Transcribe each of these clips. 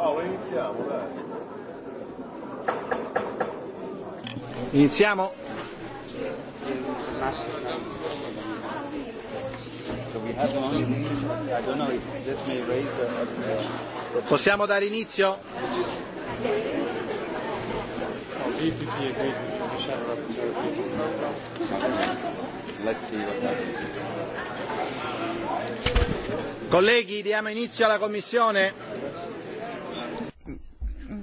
Paolo, oh, iniziamo, dai. Iniziamo. Possiamo dare inizio? Colleghi, diamo inizio alla Commissione.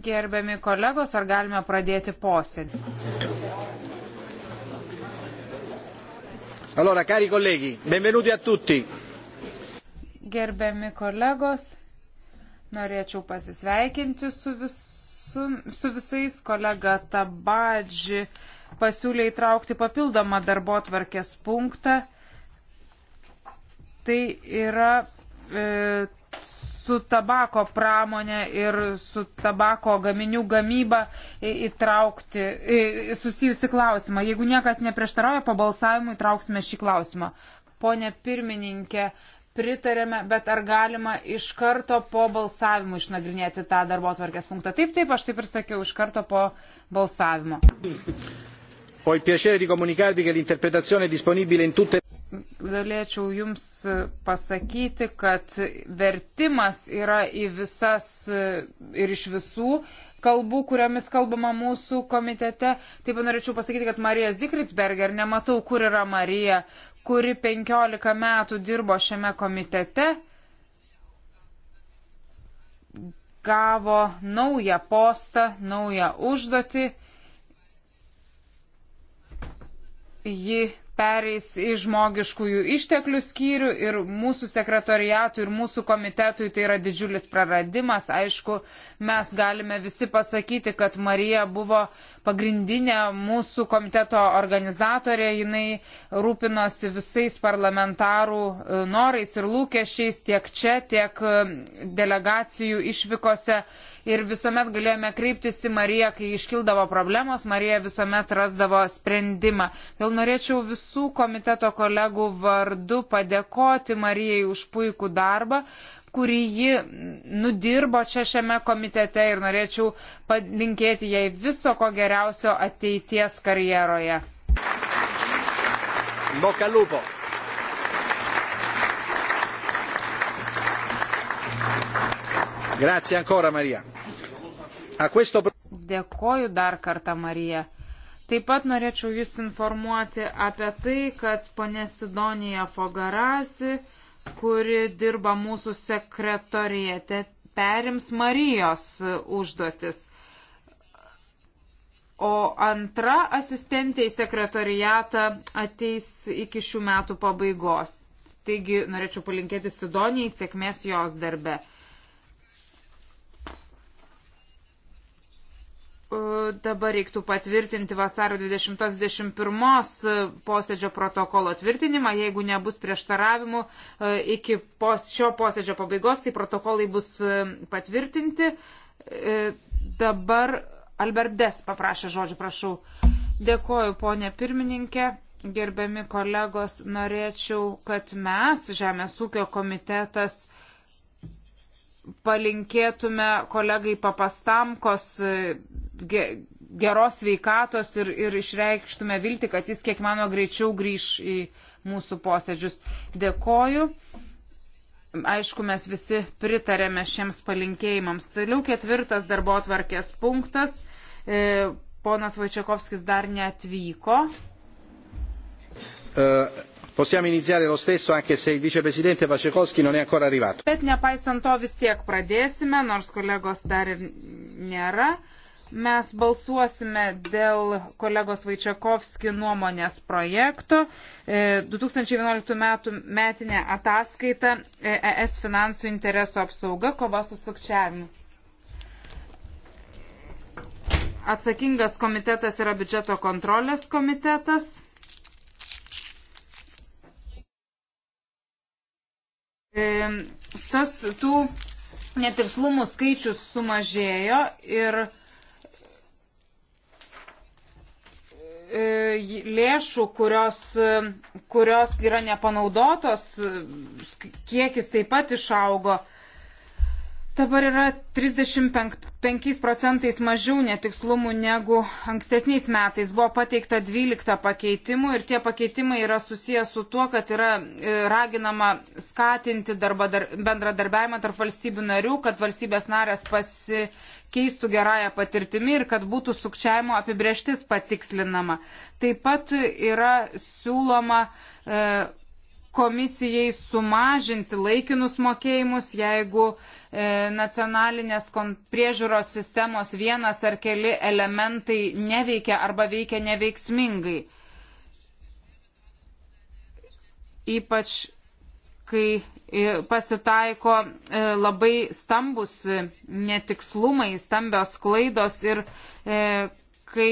Gerbiami kolegos, ar galime pradėti posėdį? Allora, cari colleghi, benvenuti a tutti. Gerbiami kolegos, norėčiau pasisveikinti su, vis, su, su visais kolega Tabadži pasiūlė įtraukti papildomą darbo tvarkės punktą. Tai yra e, su tabako pramonė ir su tabako gaminių gamyba įtraukti susijusi klausimą. Jeigu niekas neprieštarauja, po balsavimų įtrauksime šį klausimą. Pone pirmininkė, pritarėme, bet ar galima iš karto po balsavimų išnagrinėti tą darbo atvarkės punktą? Taip, taip, aš taip ir sakiau, iš karto po balsavimo. Ho il piacere di comunicarvi che l'interpretazione è disponibile in tutte galėčiau Jums pasakyti, kad vertimas yra į visas ir iš visų kalbų, kuriomis kalbama mūsų komitete. Taip norėčiau pasakyti, kad Marija Zikritsberger, nematau, kur yra Marija, kuri 15 metų dirbo šiame komitete, gavo naują postą, naują užduotį. Ji pereis į žmogiškųjų išteklių skyrių ir mūsų sekretoriatui ir mūsų komitetui tai yra didžiulis praradimas. Aišku, mes galime visi pasakyti, kad Marija buvo pagrindinė mūsų komiteto organizatorė, jinai rūpinosi visais parlamentarų e, norais ir lūkesčiais tiek čia, tiek e, delegacijų išvykose. Ir visuomet galėjome kreiptis į Mariją, kai iškildavo problemos, Marija visuomet rasdavo sprendimą. Vėl norėčiau visų komiteto kolegų vardu padėkoti Marijai už puikų darbą kurį ji nudirbo čia šiame komitete ir norėčiau palinkėti jai viso ko geriausio ateities karjeroje. Bokalupo. Grazie ancora Marija. Questo... Dėkoju dar kartą Marija. Taip pat norėčiau Jūs informuoti apie tai, kad ponė Sidonija Fogarasi kuri dirba mūsų sekretorijete, perims Marijos e, užduotis. O antra asistentė į sekretorijatą ateis iki šių metų pabaigos. Taigi norėčiau palinkėti Sidonijai sėkmės jos darbe. E, dabar reiktų patvirtinti vasario 20-21 posėdžio protokolo tvirtinimą. Jeigu nebus prieštaravimų e, iki pos, šio posėdžio pabaigos, tai protokolai bus e, patvirtinti. Dabar Albertdes paprašė žodžių, prašau. Dėkoju, ponė pirmininkė. Gerbiami kolegos, norėčiau, kad mes, Žemės ūkio komitetas, palinkėtume kolegai papastamkos e, geros veikatos ir, ir išreikštume vilti, kad jis kiek mano greičiau grįž į mūsų posėdžius. Dėkoju. Aišku, mes visi pritarėme šiems palinkėjimams. Toliau ketvirtas darbo atvarkės punktas. E, ponas Vaičiakovskis dar neatvyko. Uh. Possiamo iniziare lo stesso anche se il vicepresidente Pacekovski non è ancora arrivato. Bet nepaisant to vis tiek pradėsime, nors kolegos dar ir nėra. Mes balsuosime dėl kolegos Vaičiakovski nuomonės projekto. 2011 e, metų metinė ataskaita ES e finansų interesų apsauga, kova su sukčiavimu. Atsakingas komitetas yra biudžeto kontrolės komitetas. E, tas tų netikslumų skaičius sumažėjo ir e, lėšų, kurios, kurios yra nepanaudotos, kiekis taip pat išaugo. Dabar yra 35 procentais mažiau netikslumų negu ankstesniais metais. Buvo pateikta 12 pakeitimų ir tie pakeitimai yra susijęs su tuo, kad yra e, raginama skatinti darbadar, bendradarbiavimą tarp valstybių narių, kad valstybės narės pasikeistų gerąją patirtimį ir kad būtų sukčiavimo apibrieštis patikslinama. Taip pat yra siūloma. E, komisijai sumažinti laikinus mokėjimus, jeigu e, nacionalinės priežiūros sistemos vienas ar keli elementai neveikia arba veikia neveiksmingai. Ypač kai e, pasitaiko e, labai stambus e, netikslumai, stambios klaidos ir kai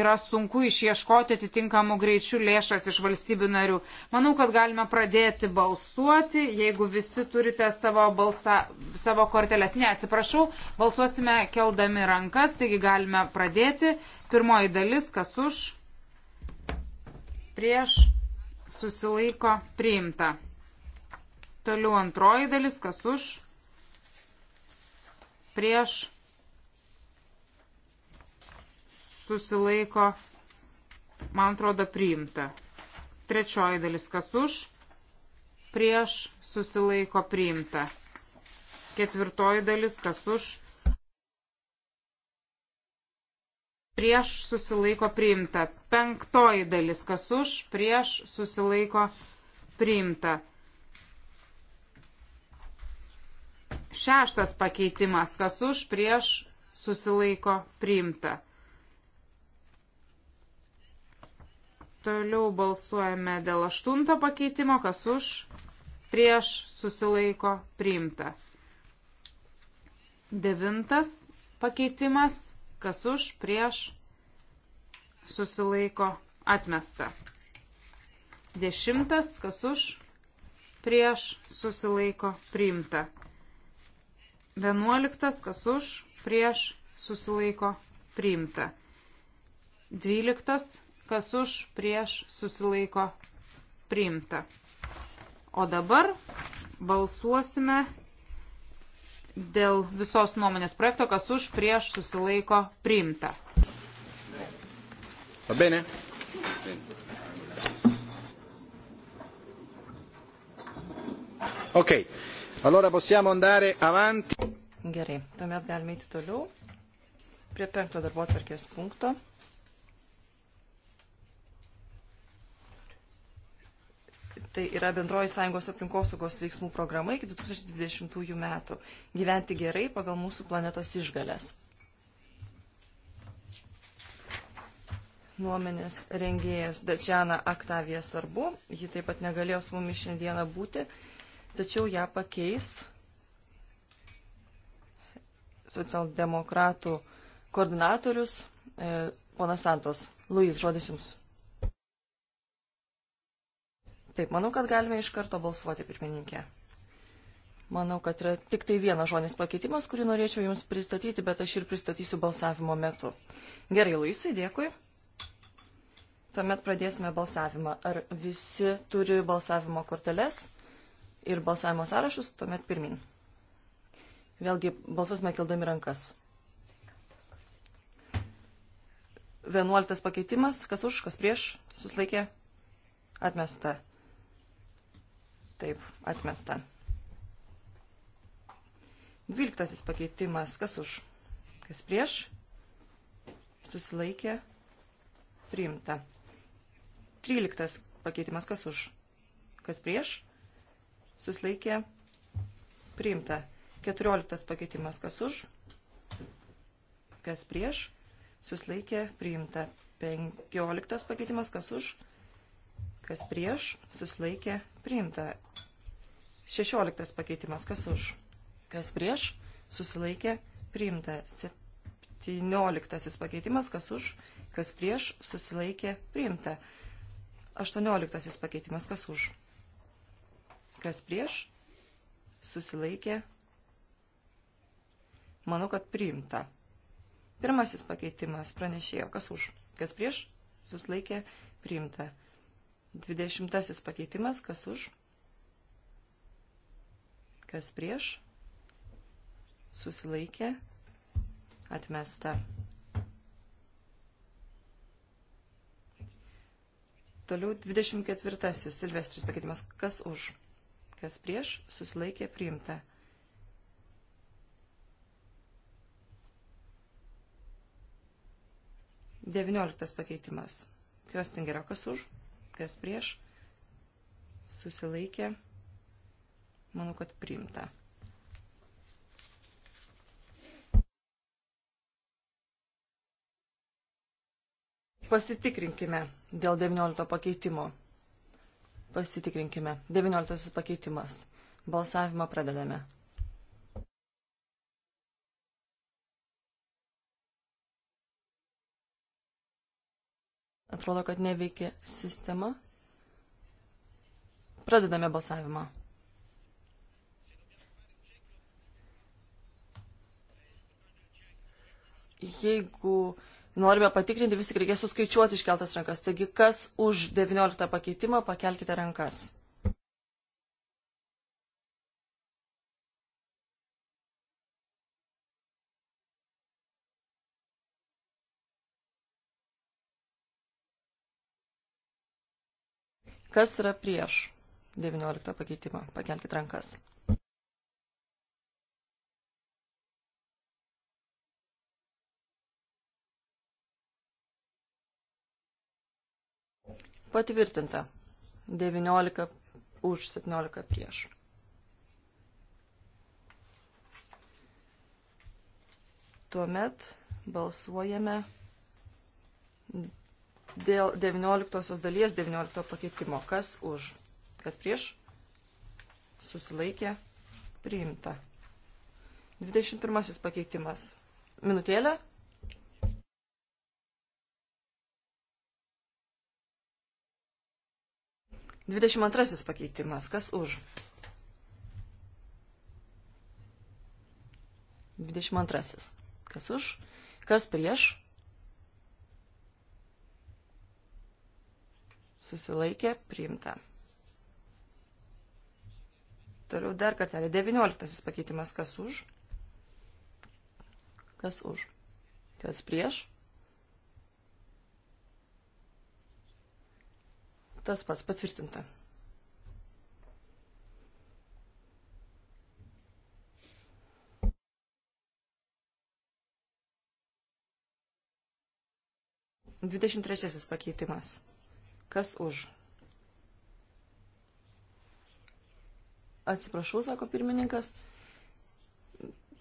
yra sunku išieškoti atitinkamų greičių lėšas iš valstybių narių. Manau, kad galime pradėti balsuoti, jeigu visi turite savo, balsa, savo korteles. Ne, atsiprašau, balsuosime keldami rankas, taigi galime pradėti. Pirmoji dalis, kas už, prieš, susilaiko, priimta. Toliau antroji dalis, kas už, prieš, susilaiko susilaiko, man atrodo, priimta. Trečioji dalis, kas už, prieš, susilaiko, priimta. Ketvirtoji dalis, kas už, prieš, susilaiko, priimta. Penktoji dalis, kas už, prieš, susilaiko, priimta. Šeštas pakeitimas, kas už, prieš, susilaiko priimta. Toliau balsuojame dėl aštunto pakeitimo, kas už, prieš, susilaiko, priimta. Devintas pakeitimas, kas už, prieš, susilaiko, atmesta. Dešimtas, kas už, prieš, susilaiko, priimta. Vienuoliktas, kas už, prieš, susilaiko, priimta. Dvyliktas, kas už prieš susilaiko priimta. O dabar balsuosime dėl visos nuomonės projekto, kas už prieš susilaiko priimta. Va bene? Ok, allora possiamo andare avanti. Gerai, tuomet galime eiti toliau prie penkto darbo atvarkės punkto. Tai yra bendroji Sąjungos aplinkosaugos veiksmų programa iki 2020 metų. Gyventi gerai pagal mūsų planetos išgalės. nuomenės rengėjas Dačiana Aktavija Sarbu. Ji taip pat negalėjo su mumis šiandieną būti, tačiau ją pakeis socialdemokratų koordinatorius e, ponas Santos. Luis, žodis jums. Taip, manau, kad galime iš karto balsuoti, pirmininkė. Manau, kad yra tik tai vienas žodis pakeitimas, kurį norėčiau Jums pristatyti, bet aš ir pristatysiu balsavimo metu. Gerai, Luisai, dėkui. Tuomet pradėsime balsavimą. Ar visi turi balsavimo korteles ir balsavimo sąrašus, tuomet pirmin. Vėlgi balsuosime keldami rankas. 11 pakeitimas, kas už, kas prieš, suslaikė, atmesta. Taip, atmesta. Dvyliktasis pakeitimas. Kas už? Kas prieš? Susilaikė. Priimta. Tryliktas pakeitimas. Kas už? Kas prieš? Susilaikė. Priimta. Keturioliktas pakeitimas. Kas už? Kas prieš? Susilaikė. Priimta. Penkioliktas pakeitimas. Kas už? Kas prieš? kas prieš, susilaikė, priimta. 16 pakeitimas, kas už, kas prieš, susilaikė, priimta. 17 pakeitimas, kas už, kas prieš, susilaikė, priimta. 18 pakeitimas, kas už, kas prieš, susilaikė, manau, kad priimta. Pirmasis pakeitimas, pranešėjo, kas už, kas prieš, susilaikė, priimta. Dvidešimtasis pakeitimas, kas už, kas prieš, susilaikė, atmesta. Toliau 24. Silvestris pakeitimas. Kas už? Kas prieš? Susilaikė priimta. Devynioliktas pakeitimas. Kiostingerio kas už? kas prieš, susilaikė, manau, kad priimta. Pasitikrinkime dėl 19 pakeitimo. Pasitikrinkime. 19 pakeitimas. Balsavimą pradedame. Atrodo, kad neveikia sistema. Pradedame balsavimą. Jeigu norime patikrinti, vis tik reikės suskaičiuoti iškeltas rankas. Taigi, kas už 19 pakeitimą, pakelkite rankas. Kas yra prieš 19 pakeitimą? Pakelkite rankas. Patvirtinta. 19 už 17 prieš. Tuomet balsuojame dėl 19 dalies 19 pakeitimo. Kas už? Kas prieš? Susilaikė. Priimta. 21 pakeitimas. Minutėlę. Dvidešimt antrasis pakeitimas. Kas už? Dvidešimt antrasis. Kas už? Kas prieš? susilaikė, priimta. Toliau dar kartelį. 19 pakeitimas. Kas už? Kas už? Kas prieš? Tas pats patvirtinta. Dvidešimt trečiasis pakeitimas. Kas už? Atsiprašau, sako pirmininkas.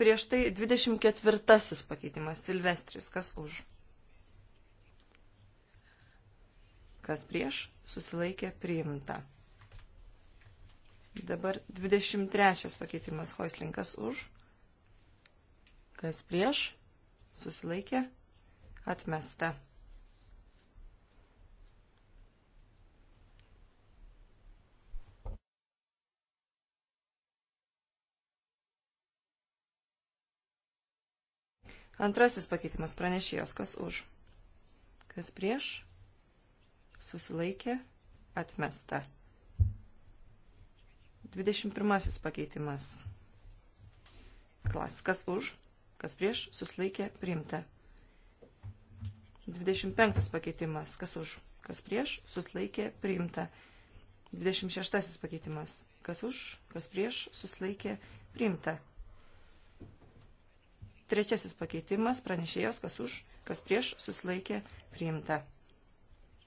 Prieš tai 24 pakeitimas Silvestris. Kas už? Kas prieš? Susilaikė priimta. Dabar 23 pakeitimas Hoislinkas už. Kas prieš? Susilaikė atmesta. Antrasis pakeitimas pranešėjos, kas už. Kas prieš, susilaikė, atmesta. 21 pakeitimas. Klas, kas už, kas prieš, susilaikė, priimta. 25 pakeitimas, kas už, kas prieš, susilaikė, priimta. 26 pakeitimas, kas už, kas prieš, susilaikė, priimta. Trečiasis pakeitimas pranešėjos, kas už, kas prieš, susilaikė, priimta.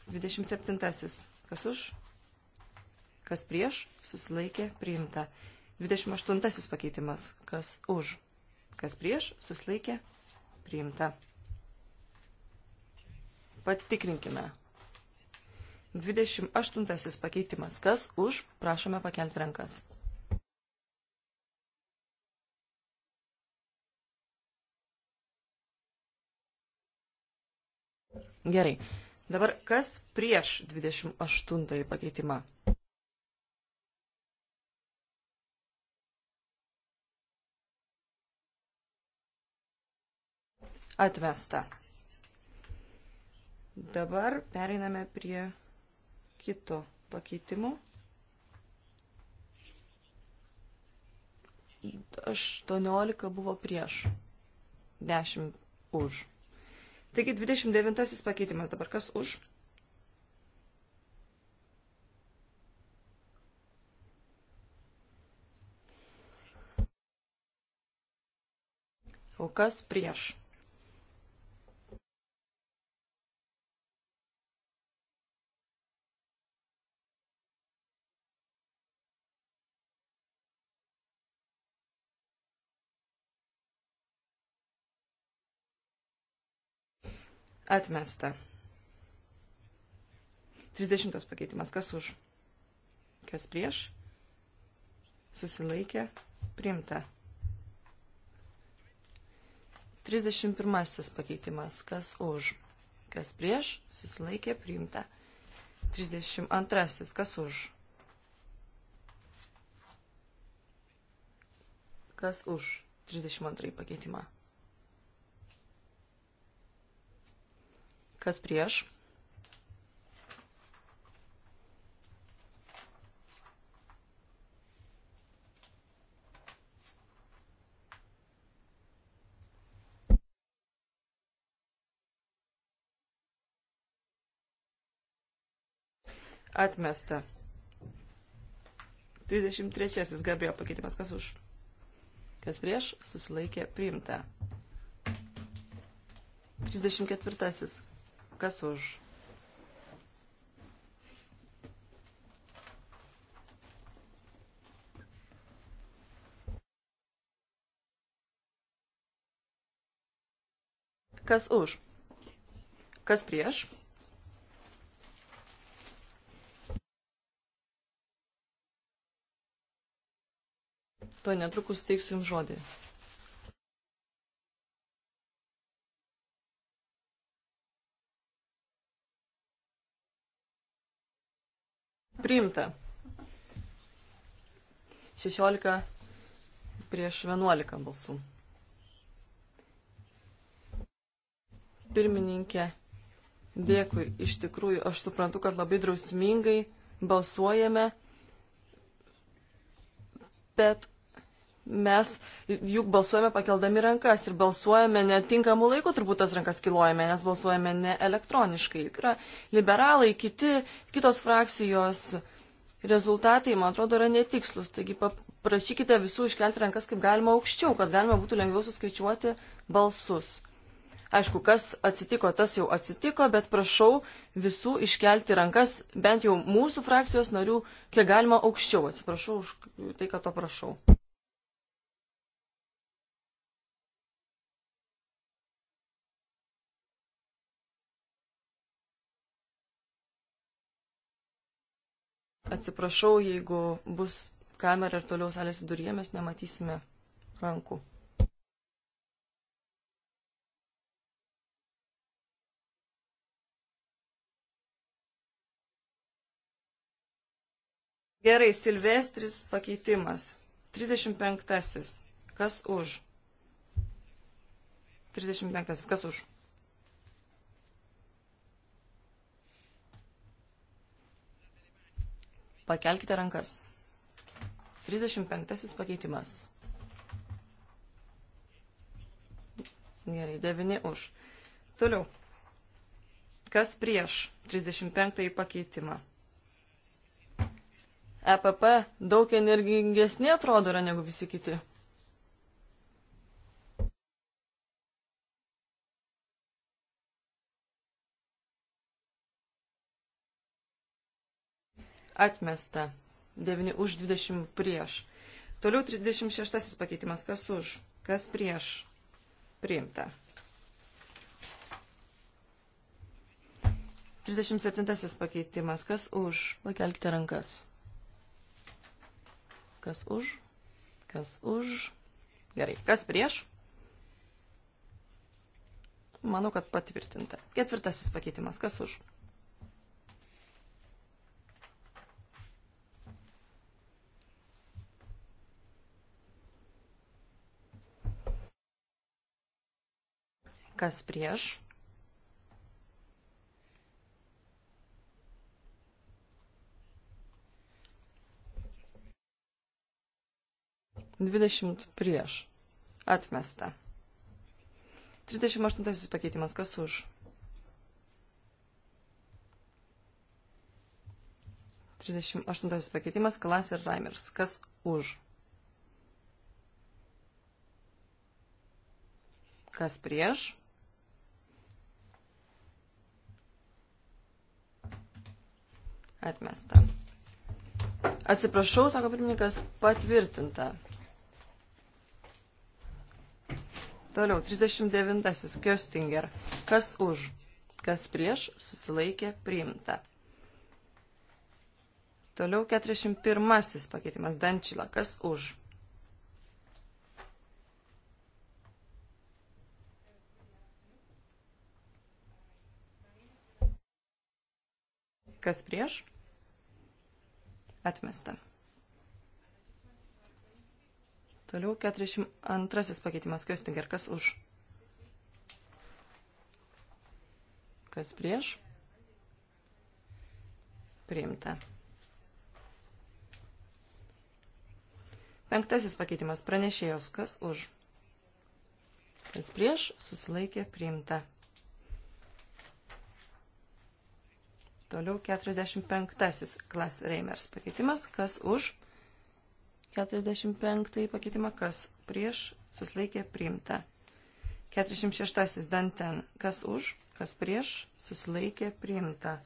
27. Kas už, kas prieš, susilaikė, priimta. 28. pakeitimas, kas už, kas prieš, susilaikė, priimta. Patikrinkime. 28. pakeitimas, kas už, prašome pakelti rankas. Gerai. Dabar kas prieš 28 pakeitimą? Atmesta. Dabar pereiname prie kito pakeitimo. 18 buvo prieš, 10 už. Taigi 29 pakeitimas dabar kas už? O kas prieš? Atmesta. 30 pakeitimas. Kas už? Kas prieš? Susilaikė. Primta. 31 pakeitimas. Kas už? Kas prieš? Susilaikė. Primta. 32. Kas už? Kas už 32 pakeitimą? Kas prieš? Atmesta. 33. Gabėjo pakeitimas. Kas už? Kas prieš? Susilaikė. Priimta. 34 kas už. Kas už? Kas prieš? Tuo netrukus teiksiu jums žodį. Priimta. 16 prieš 11 balsų. Pirmininkė, dėkui. Iš tikrųjų, aš suprantu, kad labai drausmingai balsuojame, bet mes juk balsuojame pakeldami rankas ir balsuojame netinkamu laiku, turbūt tas rankas kilojame, nes balsuojame ne elektroniškai. Juk yra liberalai, kiti, kitos frakcijos rezultatai, man atrodo, yra netikslus. Taigi paprašykite visų iškelti rankas kaip galima aukščiau, kad galima būtų lengviau suskaičiuoti balsus. Aišku, kas atsitiko, tas jau atsitiko, bet prašau visų iškelti rankas, bent jau mūsų frakcijos narių, kiek galima aukščiau. Atsiprašau už tai, kad to prašau. Atsiprašau, jeigu bus kamera ir toliau salės viduryje, mes nematysime rankų. Gerai, Silvestris pakeitimas. 35. Kas už? 35. Kas už? Pakelkite rankas. 35 pakeitimas. Gerai, 9 už. Toliau. Kas prieš 35 pakeitimą? EPP daug energingesnė atrodo yra negu visi kiti. Atmesta. 9 už 20 prieš. Toliau 36 pakeitimas. Kas už? Kas prieš? Priimta. 37 pakeitimas. Kas už? Pakelkite rankas. Kas už? Kas už? Gerai. Kas prieš? Manau, kad patvirtinta. Ketvirtasis pakeitimas. Kas už? Kas prieš? Dvidešimt prieš. Atmesta. 38 pakeitimas. Kas už? 38 pakeitimas, Kalas ir Raimers. Kas už? Kas prieš? Atmesta. Atsiprašau, sako pirmininkas, patvirtinta. Toliau, 39. Köstinger. Kas už, kas prieš, susilaikė, priimta. Toliau, 41. Pakeitimas Dančila. Kas už? Kas prieš? Atmesta. Toliau 42 pakeitimas Köstinger. Kas už? Kas prieš? Priimta. Penktasis pakeitimas pranešėjos. Kas už? Kas prieš? Susilaikė priimta. Toliau 45 klas Reimers pakeitimas, kas už 45 pakeitimą, kas prieš susilaikė priimta. 46 Danten, kas už, kas prieš susilaikė priimta.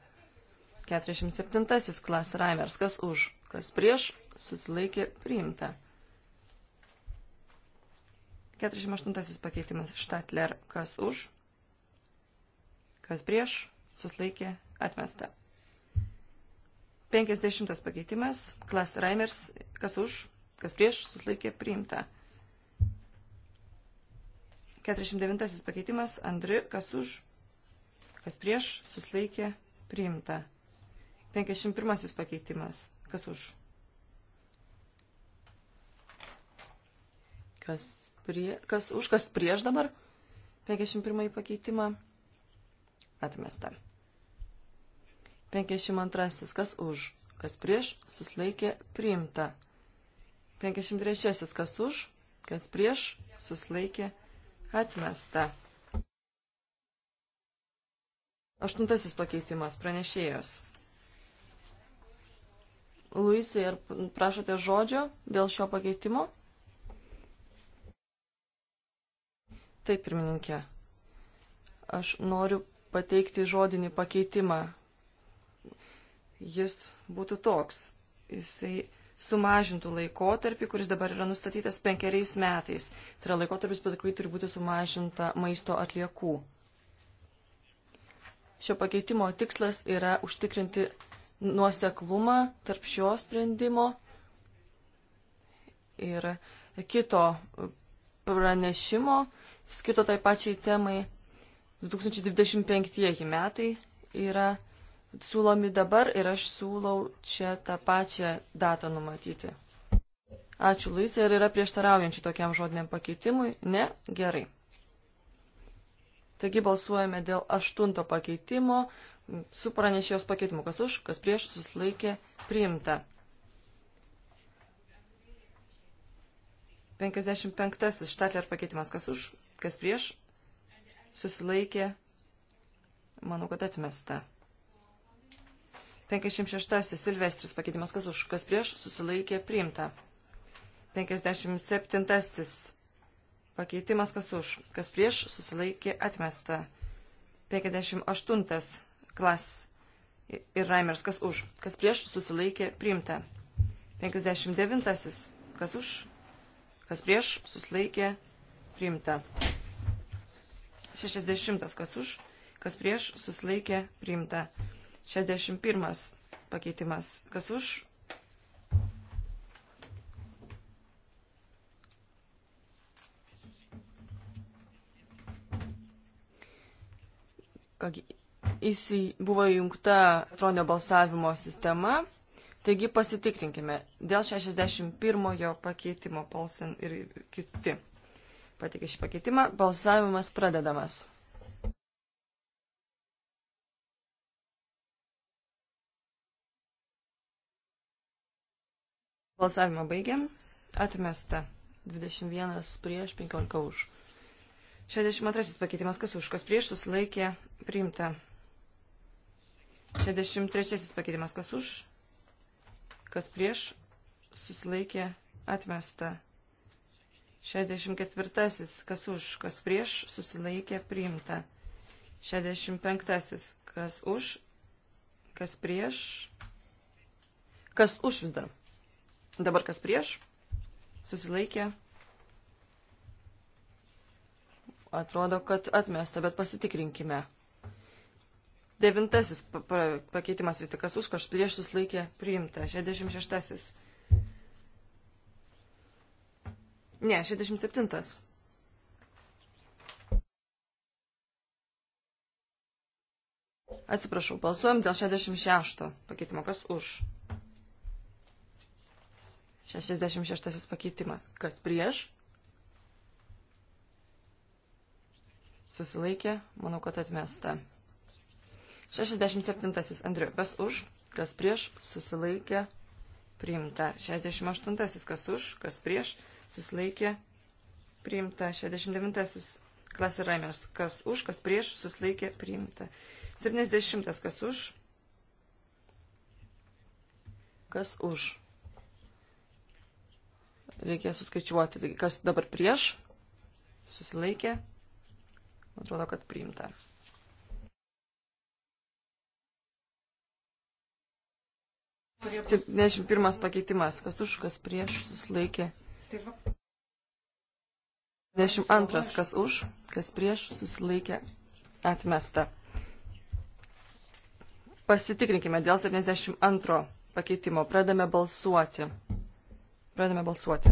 47 klas Reimers, kas už, kas prieš susilaikė priimta. 48 pakeitimas Štatler, kas už, kas prieš susilaikė Atmesta. 50 pakeitimas. Klas Raimers. Kas už, kas prieš, susilaikė priimta. 49 pakeitimas. Andri. Kas už, kas prieš, susilaikė priimta. 51 pakeitimas. Kas už? Kas, prie, kas už, kas prieš dabar? 51 pakeitimą. Atmesta. 52. Kas už? Kas prieš? Suslaikė priimta. 53. Kas už? Kas prieš? Suslaikė atmesta. Aštuntasis pakeitimas pranešėjos. Luisai, ar prašote žodžio dėl šio pakeitimo? Taip, pirmininkė. Aš noriu pateikti žodinį pakeitimą jis būtų toks. Jisai sumažintų laikotarpį, kuris dabar yra nustatytas penkeriais metais. Tai yra laikotarpis, per kurį turi būti sumažinta maisto atliekų. Šio pakeitimo tikslas yra užtikrinti nuoseklumą tarp šio sprendimo ir kito pranešimo, skirto tai pačiai temai. 2025 metai yra siūlomi dabar ir aš siūlau čia tą pačią datą numatyti. Ačiū, Luisai, ar yra prieštaraujančių tokiam žodiniam pakeitimui? Ne? Gerai. Taigi balsuojame dėl aštunto pakeitimo su pranešėjos pakeitimu. Kas už, kas prieš, susilaikė, priimta. 55. Štatler pakeitimas. Kas už, kas prieš, susilaikė, manau, kad atmesta. 56 Silvestris pakeitimas kas už, kas prieš, susilaikė priimta. 57 pakeitimas kas už, kas prieš, susilaikė atmesta. 58 klas ir Raimers kas už, kas prieš, susilaikė priimta. 59 kas už, kas prieš, susilaikė priimta. 60 kas už, kas prieš, susilaikė priimta. 61 pakeitimas. Kas už? Kągi, jis buvo įjungta elektroninio balsavimo sistema, taigi pasitikrinkime dėl 61 pakeitimo Polsen ir kiti. Patikė šį pakeitimą, balsavimas pradedamas. Balsavimą baigiam. Atmesta. 21 prieš, 15 už. 62 pakeitimas, kas už, kas prieš, susilaikė, priimta. 63 pakeitimas, kas už, kas prieš, susilaikė, atmesta. 64 kas už, kas prieš, susilaikė, priimta. 65 kas už, kas prieš, kas už vis dar. Dabar kas prieš? Susilaikė. Atrodo, kad atmesta, bet pasitikrinkime. Devintasis pakeitimas vis tik kas už, kas prieš susilaikė priimta. 66. Ne, 67. Atsiprašau, balsuojam dėl 66 pakeitimo, kas už. 66 pakeitimas. Kas prieš? Susilaikė, manau, kad atmesta. 67 Andriu, kas už, kas prieš, susilaikė, priimta. 68 kas už, kas prieš, susilaikė, priimta. 69 Klasė Raimers, kas už, kas prieš, susilaikė, priimta. 70 kas už, kas už reikės suskaičiuoti. Taigi, kas dabar prieš, susilaikė, atrodo, kad priimta. Kurie... 71 pakeitimas, kas už, kas prieš, susilaikė. 72, kas už, kas prieš, susilaikė, atmesta. Pasitikrinkime dėl 72 pakeitimo. Pradame balsuoti. Pradame balsuoti.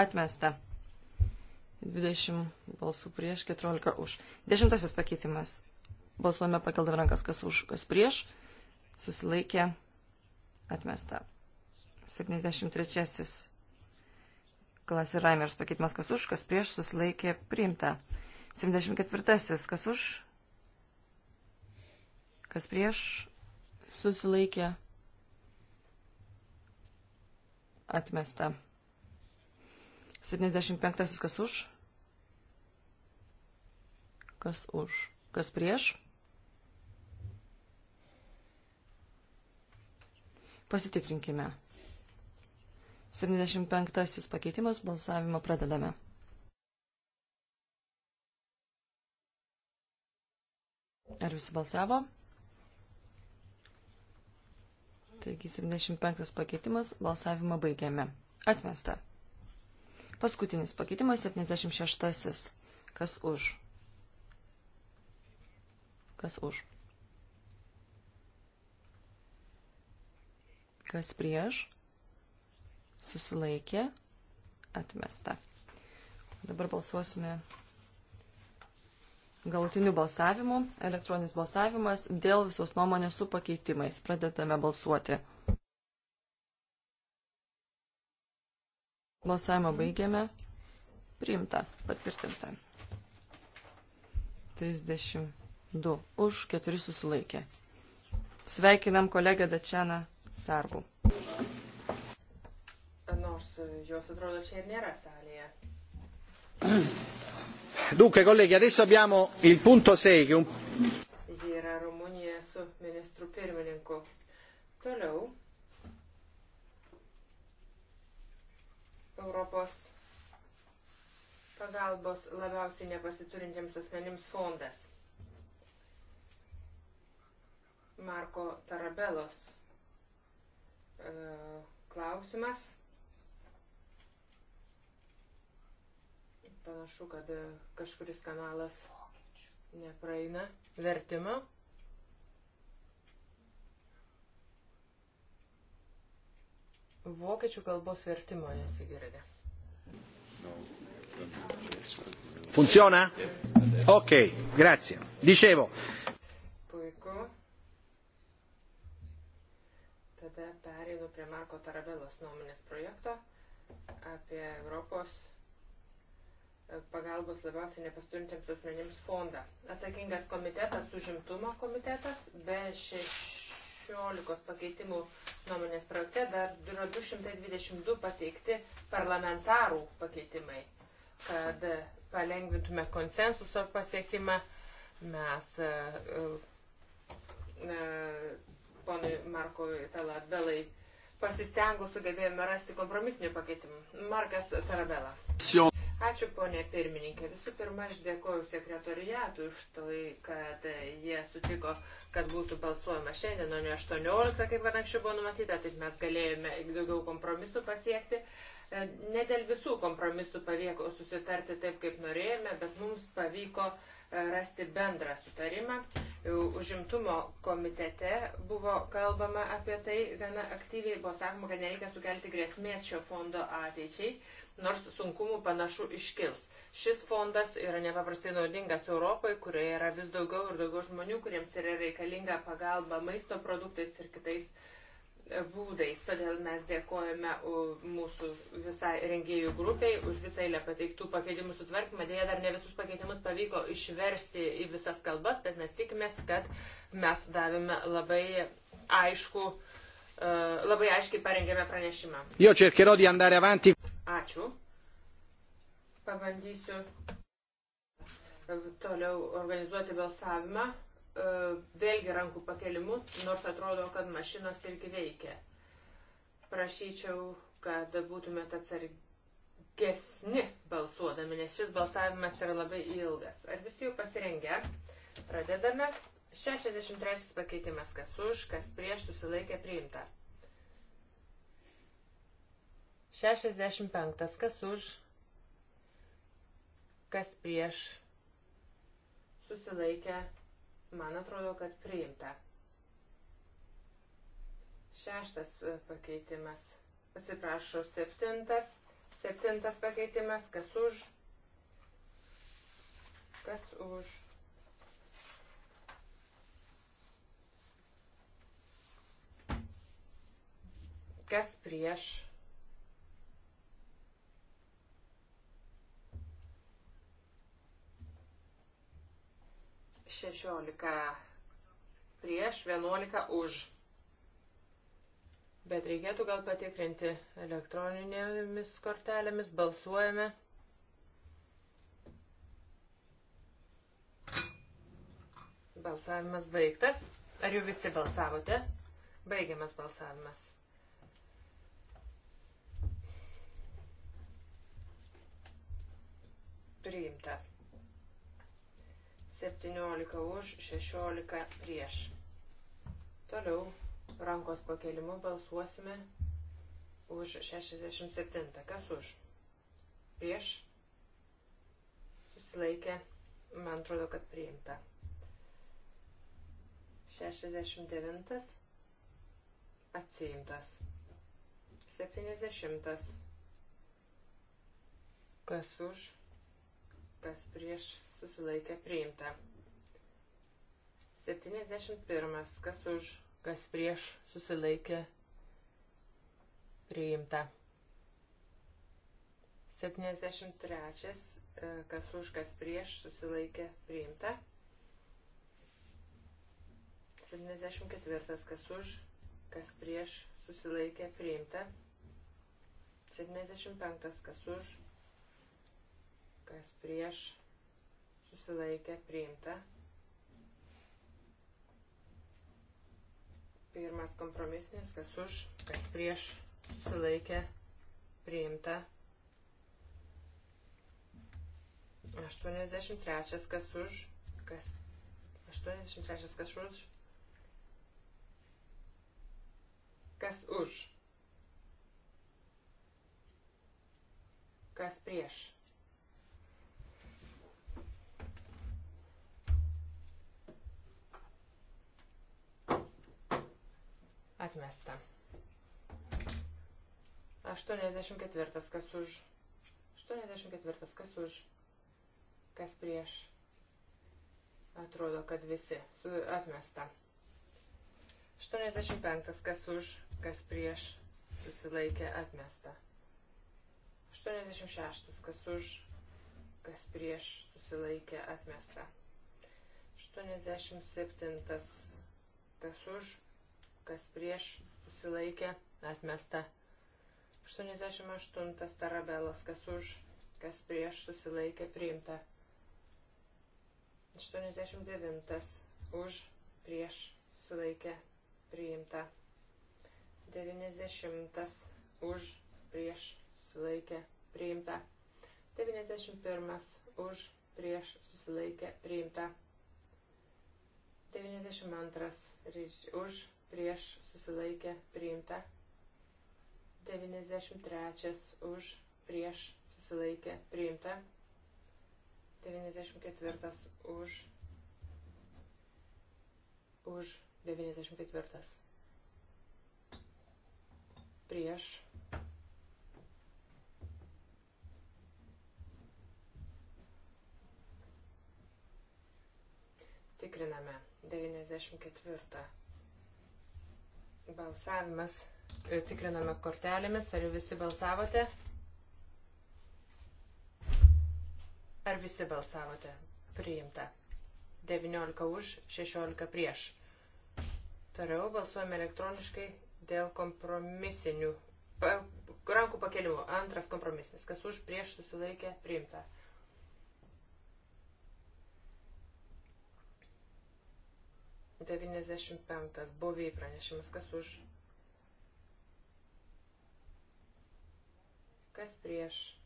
Atmesta. 20 balsų prieš, 14 už. Dešimtasis pakeitimas. Balsuojame pakeldami rankas, kas už, kas prieš. Susilaikė. Atmesta. 73. Klasė Raimers pakeitimas, kas už, kas prieš, susilaikė, priimta. 74. Kas už, kas prieš susilaikė atmesta. 75. kas už? Kas už? Kas prieš? Pasitikrinkime. 75. pakeitimas balsavimą pradedame. Ar visi balsavo? Taigi 75 pakeitimas, balsavimą baigiame. Atmesta. Paskutinis pakeitimas 76. Kas už? Kas už? Kas prieš? Susilaikė. Atmesta. Dabar balsuosime galutiniu balsavimu, elektroninis balsavimas dėl visos nuomonės su pakeitimais. Pradedame balsuoti. Balsavimą baigiame. Priimta, patvirtinta. 32 už, 4 susilaikė. Sveikinam kolegę Dačianą Sarvų. Nors jos atrodo čia ir nėra salėje. Dunque, colleghi, adesso abbiamo il punto 6 che un... Ji yra Rumunija su ministru pirmininku. Toliau. Europos pagalbos labiausiai nepasiturintiems asmenims fondas. Marko Tarabelos e, klausimas. Panašu, kad kažkuris kanalas nepraeina vertimo. Vokiečių kalbos vertimo nesigirdė. Funziona? Ok, grazie. Dicevo. Puiku. Tada pereinu prie Marko Tarabelos nuomonės projekto apie Europos pagalbos labiausiai nepasturintiems asmenims fondą. Atsakingas komitetas, užimtumo komitetas, be 16 pakeitimų nuomonės projekte dar 222 pateikti parlamentarų pakeitimai, kad palengvintume konsensuso pasiekimą. Mes e, e, ponui Markui Talabelai pasistengus sugebėjome rasti kompromisinių pakeitimų. Markas Tarabela. Ačiū, ponė pirmininkė. Visų pirma, aš dėkoju sekretoriatui už tai, kad jie sutiko, kad būtų balsuojama šiandien, o ne 18, kaip kad anksčiau buvo numatyta, taip mes galėjome daugiau kompromisų pasiekti. E, ne dėl visų kompromisų pavyko susitarti taip, kaip norėjome, bet mums pavyko e, rasti bendrą sutarimą. E, užimtumo komitete buvo kalbama apie tai gana aktyviai, buvo sakoma, kad nereikia sukelti grėsmės šio fondo ateičiai, nors sunkumų panašu iškils. Šis fondas yra nepaprastai naudingas Europai, kurioje yra vis daugiau ir daugiau žmonių, kuriems yra reikalinga pagalba maisto produktais ir kitais būdais. Todėl mes dėkojame mūsų visai rengėjų grupiai už visą eilę pateiktų pakeitimų sutvarkymą. Dėja, dar ne visus pakeitimus pavyko išversti į visas kalbas, bet mes tikimės, kad mes davėme labai aišku, e, labai aiškiai parengėme pranešimą. Jo, cercherò di andare avanti. Ačiū. Pabandysiu e, toliau organizuoti balsavimą. E, vėlgi rankų pakelimu, nors atrodo, kad mašinos irgi veikia. Prašyčiau, kad būtumėt atsargesni balsuodami, nes šis balsavimas yra labai ilgas. Ar visi jau pasirengę? Pradedame. 63 pakeitimas, kas už, kas prieš, susilaikė priimta. 65, kas už, kas prieš, susilaikė priimta Man atrodo, kad priimta. Šeštas e, pakeitimas. Atsiprašau, septintas. Septintas pakeitimas. Kas už? Kas už? Kas prieš? 16 prieš, 11 už. Bet reikėtų gal patikrinti elektroninėmis kortelėmis. Balsuojame. Balsavimas baigtas. Ar jau visi balsavote? Baigiamas balsavimas. Priimta. 17 už, 16 prieš. Toliau rankos pakelimu balsuosime už 67. Kas už? Prieš? Susilaikė. Man atrodo, kad priimta. 69. Atsiimtas. 70. Kas už? Kas prieš? susilaikė priimta. 71. Kas už, kas prieš susilaikė priimta. 73. E, kas už, kas prieš susilaikė priimta. 74. Kas už, kas prieš susilaikė priimta. 75. Kas už, kas prieš susilaikė priimta. Pirmas kompromisinis, kas už, kas prieš, susilaikė priimta. 83 kas už, kas 83 kas už, kas už, kas prieš. Atmesta. 84. Kas už? 84. Kas už? Kas prieš? Atrodo, kad visi. Su, atmesta. 85. Kas už? Kas prieš? Susilaikė atmesta. 86. Kas už? Kas prieš? Susilaikė atmesta. 87. Kas už? kas prieš susilaikė atmesta. 88 tarabelos, kas už, kas prieš susilaikė priimta. 89 už, prieš susilaikė priimta. 90 už, prieš susilaikė priimta. 91 už, prieš susilaikė priimta. 92 už, prieš susilaikė priimta. 93 už prieš susilaikė priimta. 94 už už 94 prieš tikriname 94 Balsavimas e, tikriname kortelėmis. Ar visi balsavote? Ar visi balsavote? Priimta. 19 už, 16 prieš. Toliau balsuojame elektroniškai dėl kompromisinių. Pa, rankų pakelimų. Antras kompromisinis. Kas už, prieš, susilaikė, priimta. 95. Buviai pranešimas. Kas už? Kas prieš?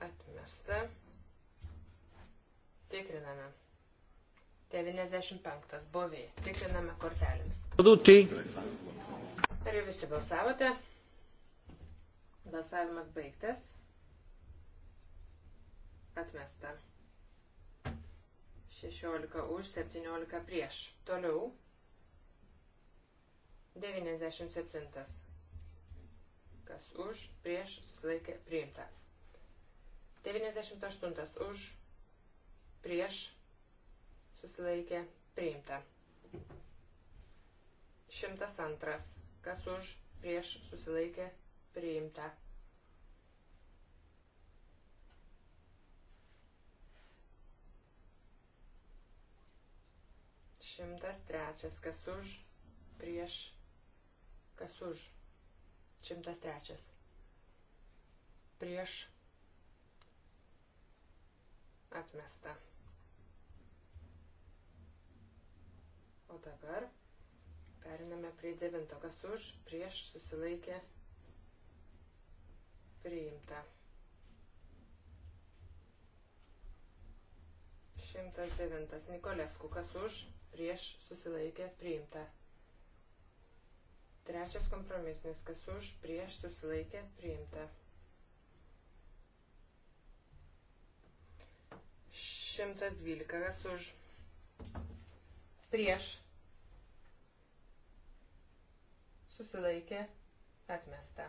Atmesta. Tikriname. 95. Buviai. Tikriname kortelėmis. Ar visi balsavote? Balsavimas baigtas. Atmesta. 16 už, 17 prieš. Toliau. 97. Kas už, prieš, susilaikė, priimta. 98 už, prieš, susilaikė, priimta. 102. Kas už, prieš, susilaikė, priimta priimta. Šimtas trečias, kas už, prieš, kas už. Šimtas trečias. Prieš atmesta. O dabar periname prie devinto, kas už, prieš susilaikė priimta. 109. Nikolesku, kas už, prieš susilaikė, priimta. Trečias kompromisnis, kas už, prieš susilaikė, priimta. 112, kas už, prieš susilaikė, atmesta.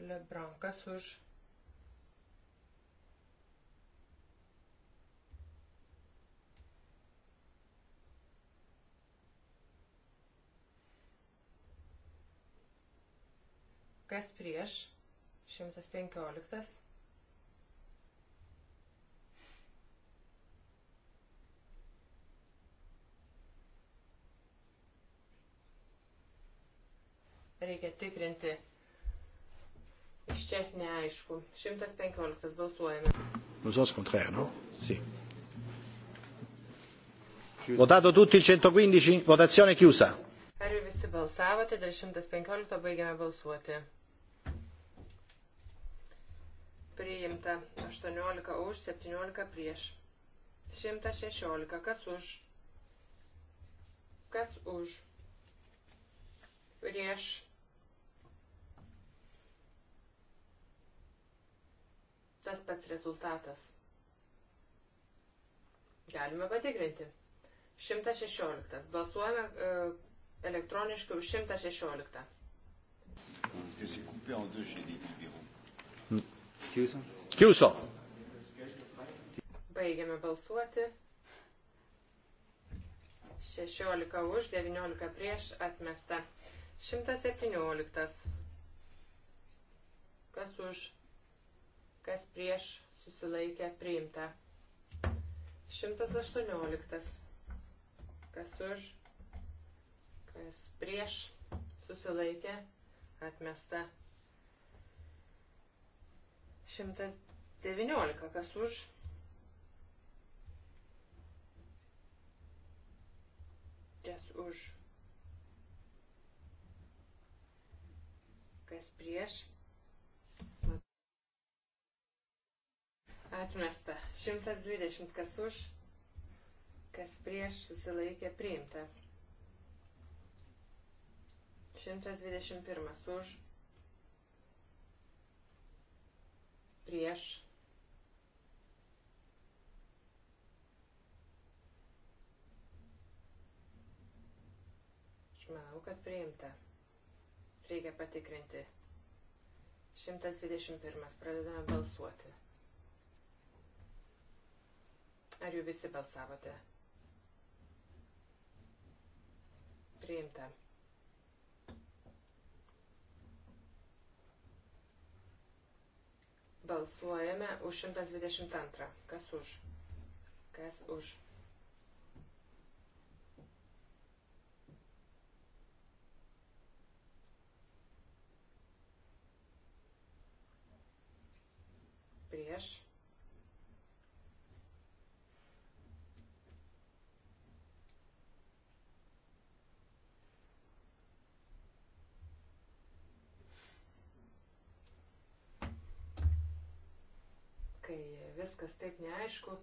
Lebrankas už. Kas prieš? 115. reikia tikrinti Iš čia neaišku. 115 balsuojame. Nusos kontrėr, no? Sì. Votato tutti il 115, votazione chiusa. Ar visi balsavote, dėl 115 baigiame balsuoti. Priimta 18 už, 17 prieš. 116, kas už? Kas už? Prieš tas pats rezultatas. Galime patikrinti. 116. Balsuojame e, elektroniškai už 116. Kiuso. Baigiame balsuoti. 16 už, 19 prieš atmesta. 117. Kas už? kas prieš susilaikė priimta. 118. Kas už, kas prieš susilaikė atmesta. 119. Kas už, kas už, kas prieš Atmesta. 120 kas už, kas prieš susilaikė priimta. 121 už, prieš. Aš manau, kad priimta. Reikia patikrinti. 121. Pradedame balsuoti. Ar jau visi balsavote? Priimta. Balsuojame už 122. Kas už? Kas už? Prieš. kai viskas taip neaišku,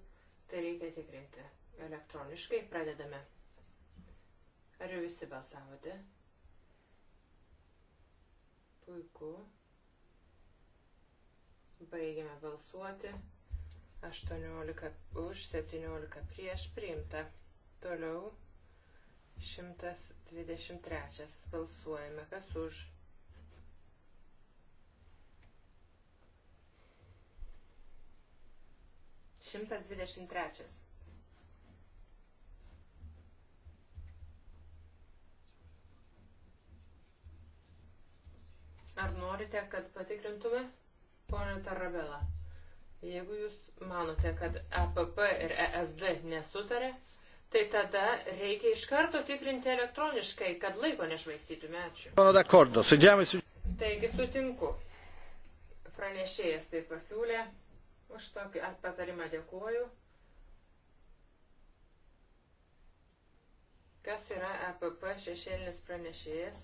tai reikia tikrinti. Elektroniškai pradedame. Ar jau visi balsavote? Puiku. Baigiame balsuoti. 18 už, 17 prieš priimta. Toliau 123 balsuojame. Kas už? 123. Ar norite, kad patikrintume, ponė Tarabela? Jeigu jūs manote, kad EPP ir ESD nesutarė, tai tada reikia iš karto tikrinti elektroniškai, kad laiko nešvaistytume. Ačiū. Taigi sutinku. Pranešėjas tai pasiūlė. Už tokį patarimą dėkuoju. Kas yra EPP šešėlinis pranešėjas?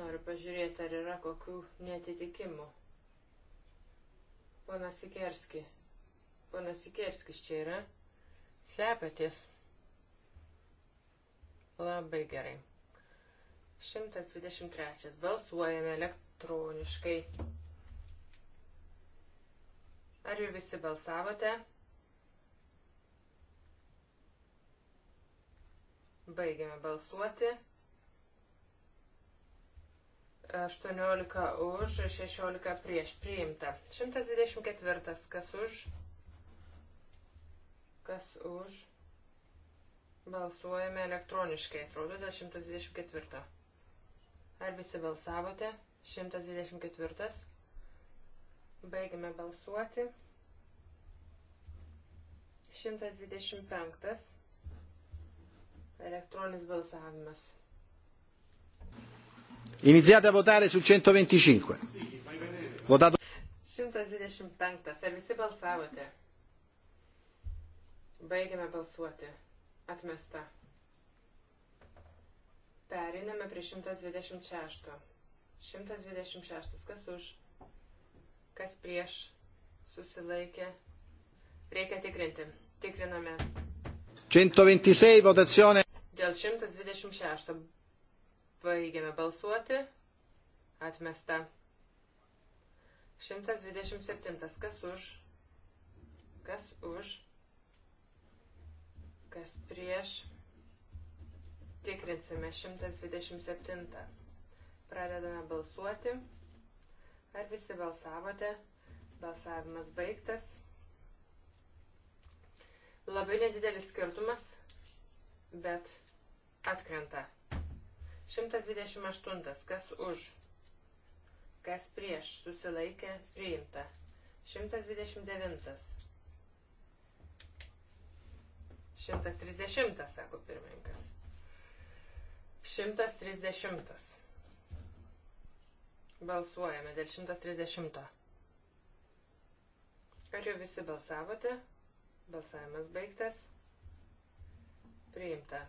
Noriu pažiūrėti, ar yra kokių netitikimų. Ponas Sikerski. Ponas Sikerskis čia yra. Slepiatės. Labai gerai. 123. Balsuojame elektroniškai. Ar jau visi balsavote? Baigiame balsuoti. 18 už, 16 prieš priimta. 124. Kas už? Kas už? Balsuojame elektroniškai. Atrodo, dėl 124. Ar visi balsavote? 124. Baigime balsuoti. 125. Elektroninis balsavimas. Iniziate a votare sul 125. Votato. 125. Ar visi balsavote? Baigiame balsuoti. Atmesta. Periname prie 126. 126. Kas už? kas prieš susilaikė. Reikia tikrinti. Tikriname. 126 votazione. Dėl 126 baigiame balsuoti. Atmesta. 127. Kas už? Kas už? Kas prieš? Tikrinsime 127. Pradedame balsuoti. Ar visi balsavote? Balsavimas baigtas. Labai nedidelis skirtumas, bet atkrenta. 128. Kas už? Kas prieš? Susilaikė? Priimta. 129. 130, sako pirmininkas. 130. Balsuojame dėl 130. Ar jau visi balsavote? Balsavimas baigtas. Priimta.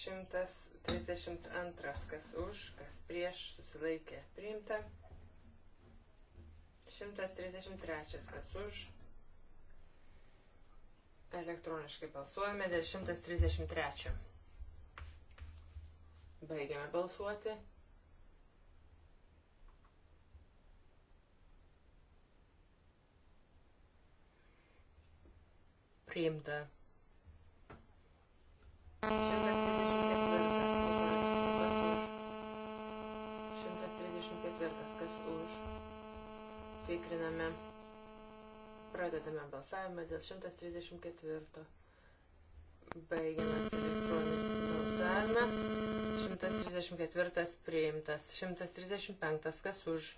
Šimtas trisdešimt antras, kas už, kas prieš, susilaikė, priimta. Šimtas trisdešimt trečias, kas už. Elektroniškai balsuojame dėl šimtas trisdešimt trečio. Baigiame balsuoti. Priimta. 134 kas už. Tikriname. Pradedame balsavimą dėl 134. Baigiamas elektroninis balsavimas. 134 priimtas. 135 kas už.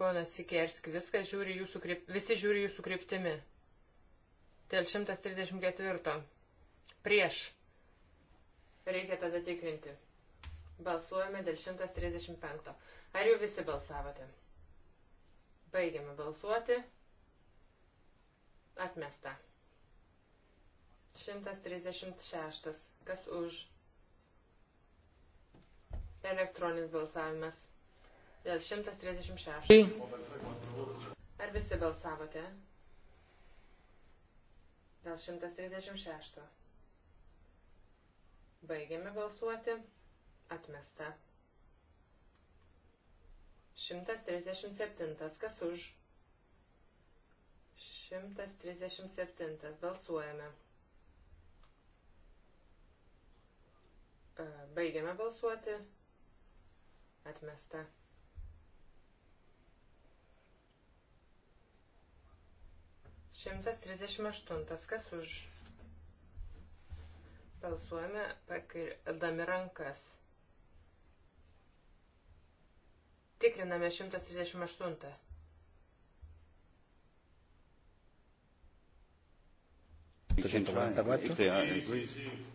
Ponas Sikerski, viskas žiūri jūsų kryp... visi žiūri jūsų kryptimi. Dėl 134. Prieš. Reikia tada tikrinti. Balsuojame dėl 135. Ar jau visi balsavote? Baigiame balsuoti. Atmesta. 136. Kas už? Elektroninis balsavimas. Dėl 136. Ar visi balsavote? Dėl 136. Baigiame balsuoti. Atmesta. 137. Kas už? 137. Balsuojame. E, baigiame balsuoti. Atmesta. Šimtas trisdešimt aštuntas. Kas už? Balsuojame pakirdami rankas. Tikriname 138.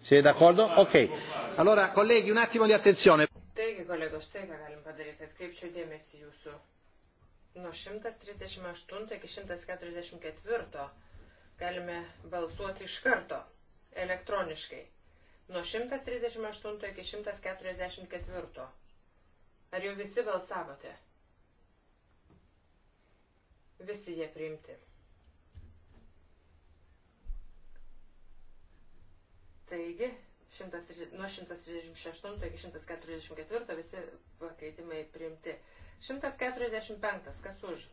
Siete d'accordo? Ok. Allora, colleghi, un attimo di attenzione. Taigi, kolegos, štai ką galim padaryti. Atkreipčiau dėmesį jūsų. Nuo 138 iki 144 galime balsuoti iš karto, elektroniškai. Nuo 138 iki 144. Ar jau visi balsavote? Visi jie priimti. Taigi, šimtas, nuo 138 iki 144 visi pakeitimai priimti. 145, kas už?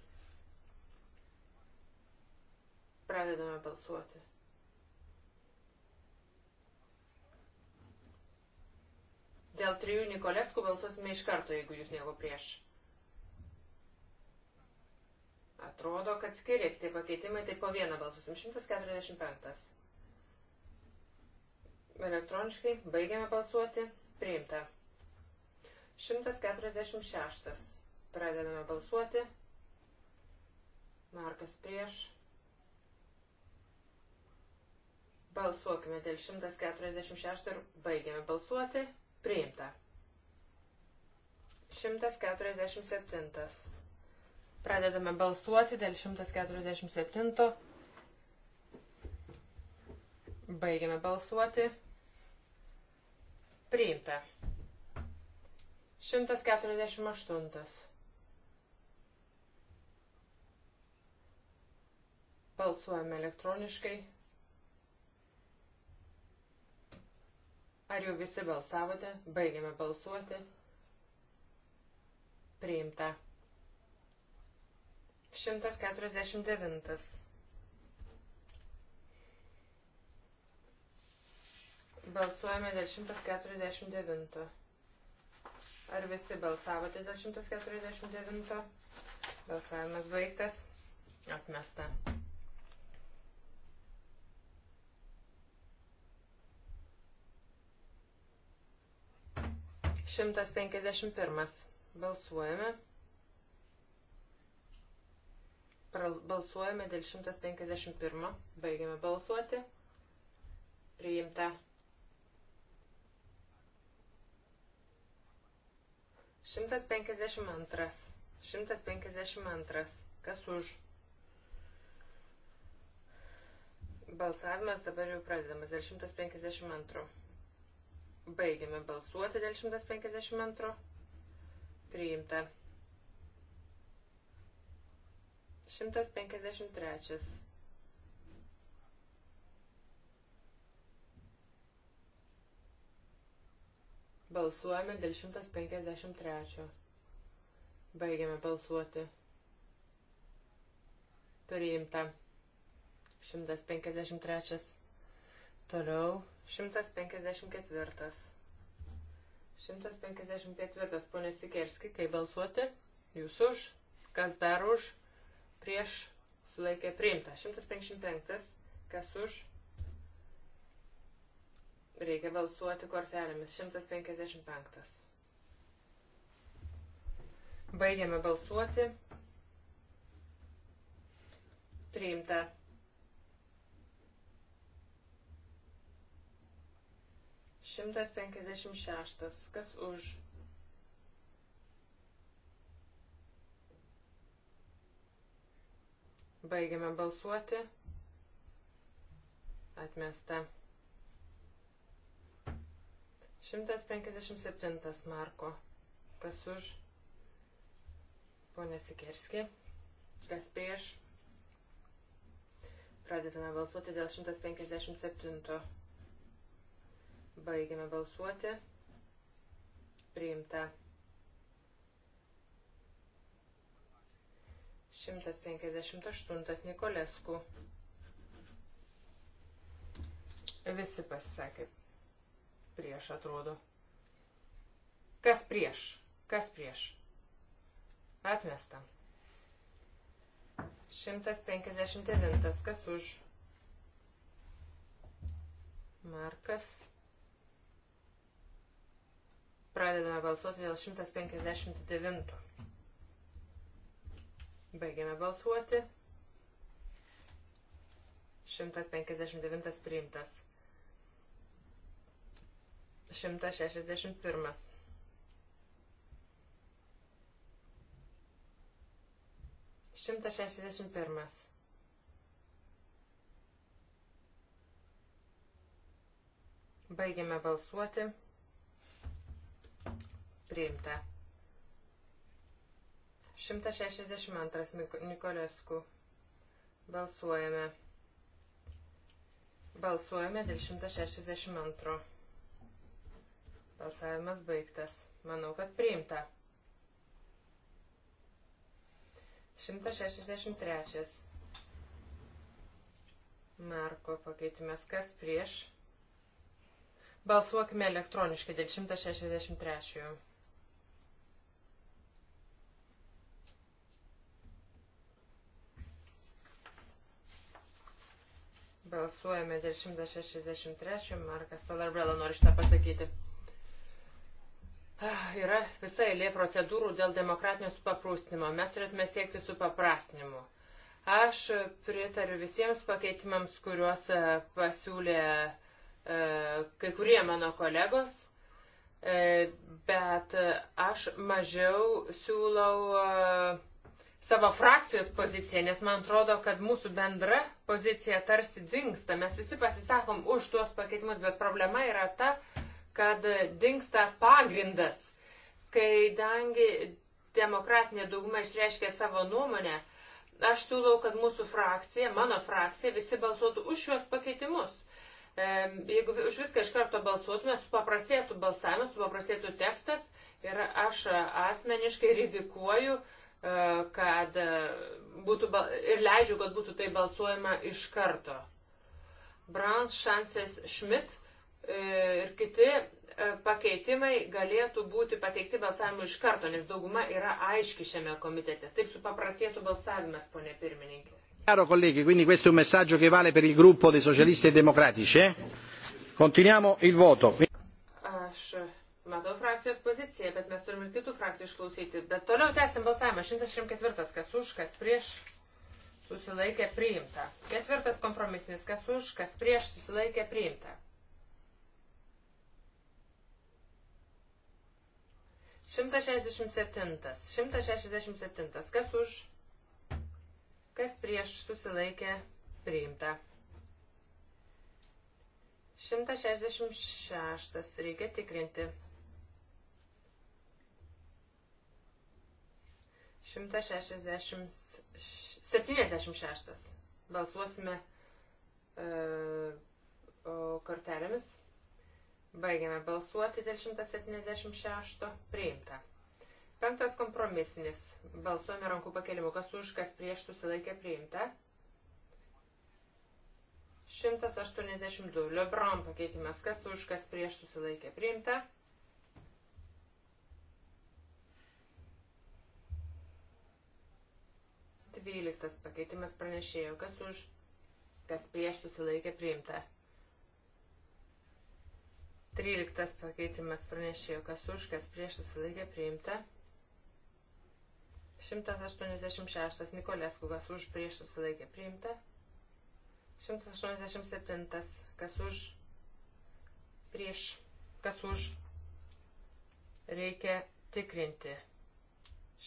Pradedame balsuoti. Dėl trijų Nikolevskų balsuosime iš karto, jeigu jūs nieko prieš. Atrodo, kad skiriasi tai pakeitimai, tai po vieną balsusim. 145. Elektroniškai baigiame balsuoti. Priimta. 146. Pradedame balsuoti. Markas prieš. Balsuokime dėl 146 ir baigiame balsuoti. Priimta. 147. Pradedame balsuoti dėl 147. Baigiame balsuoti. Priimta. 148. Balsuojame elektroniškai. Ar jau visi balsavote? Baigiame balsuoti. Priimta. 149. Balsuojame dėl 149. Ar visi balsavote dėl 149? Balsavimas baigtas. Atmesta. 151. Balsuojame. Balsuojame dėl 151. Baigiame balsuoti. Priimta. 152. 152. Kas už? Balsavimas dabar jau pradedamas dėl 152. Baigiame balsuoti dėl 152. Priimta. 153. Balsuojame dėl 153. Baigiame balsuoti. Priimta. 153. Toliau 154. 154. Pone Sikerski, kai balsuoti? Jūs už? Kas dar už? Prieš sulaikė priimta. 155. Kas už? Reikia balsuoti kortelėmis. 155. Baigiame balsuoti. Priimta. 156. Kas už? Baigiame balsuoti. Atmesta. 157 Marko. Kas už? Pone Sikerski. Kas prieš? Pradedame balsuoti dėl 157. Baigiame balsuoti. Priimta. 158 Nikolesku. Visi pasisakė. Prieš atrodo. Kas prieš? Kas prieš? Atmesta. 159. Kas už? Markas. Pradedame balsuoti dėl 159. Baigiame balsuoti. 159 priimtas. 161. Šimtas šešiasdešimt pirmas. Baigiame balsuoti. Priimta. 162 Nikolesku. Balsuojame. Balsuojame dėl 162. Balsavimas baigtas. Manau, kad priimta. 163. Marko pakeitimas kas prieš Balsuokime elektroniškai dėl 163. Balsuojame dėl 163. Markas Talarbrela nori šitą pasakyti. Ah, yra visa eilė procedūrų dėl demokratinio supaprūstinimo. Mes turėtume siekti supaprastinimo. Aš pritariu visiems pakeitimams, kuriuos eh, pasiūlė uh, E, kai kurie mano kolegos, e, bet aš mažiau siūlau e, savo frakcijos poziciją, nes man atrodo, kad mūsų bendra pozicija tarsi dinksta. Mes visi pasisakom už tuos pakeitimus, bet problema yra ta, kad dinksta pagrindas. Kai dangi demokratinė dauguma išreiškia savo nuomonę, aš siūlau, kad mūsų frakcija, mano frakcija, visi balsuotų už šios pakeitimus. Jeigu už viską iš karto balsuotume, supaprasėtų balsavimas, supaprasėtų tekstas ir aš e, asmeniškai rizikuoju, e, kad e, būtų ir leidžiu, kad būtų tai balsuojama iš karto. Brans, Šansės, Šmit ir kiti pakeitimai galėtų būti pateikti balsavimu iš karto, nes dauguma yra aiški šiame komitete. Taip supaprasėtų balsavimas, ponė pirmininkė. Caro colleghi, quindi questo è un messaggio che vale per il gruppo dei socialisti e democratici. Eh? Continuiamo il voto. Aš matau frakcijos poziciją, bet mes turime ir kitų frakcijų išklausyti. Bet toliau tęsim balsavimą. 164. Kas už, kas prieš susilaikė priimta. Ketvirtas kompromisinis. Kas už, kas prieš susilaikė priimta. 167. 167. Kas už? Kas prieš susilaikė priimta. 166 reikia tikrinti. 176. Balsuosime uh, kortelėmis. Baigiame balsuoti dėl 176. Priimta. Penktas kompromisinis. Balsuojame rankų pakelimu. Kas už, kas prieš susilaikė priimta. 182. Lebron pakeitimas. Kas už, kas prieš susilaikė priimta. 12 pakeitimas pranešėjo, kas už, kas prieš susilaikė priimta. 13 pakeitimas pranešėjo, kas už, kas prieš susilaikė priimta. 186 Nikolėskų, kas už prieš susilaikė priimta. 187 kas už prieš, kas už reikia tikrinti.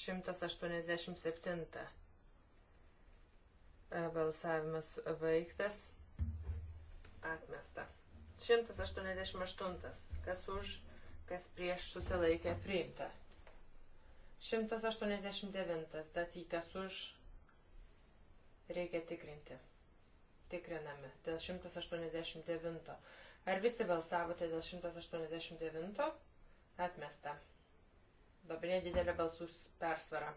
187 e, balsavimas vaiktas atmesta. 188 kas už, kas prieš susilaikė priimta. 189. Datykas už. Reikia tikrinti. Tikriname. Dėl 189. Ar visi balsavote dėl 189? Atmesta. Labai nedidelė balsų persvara.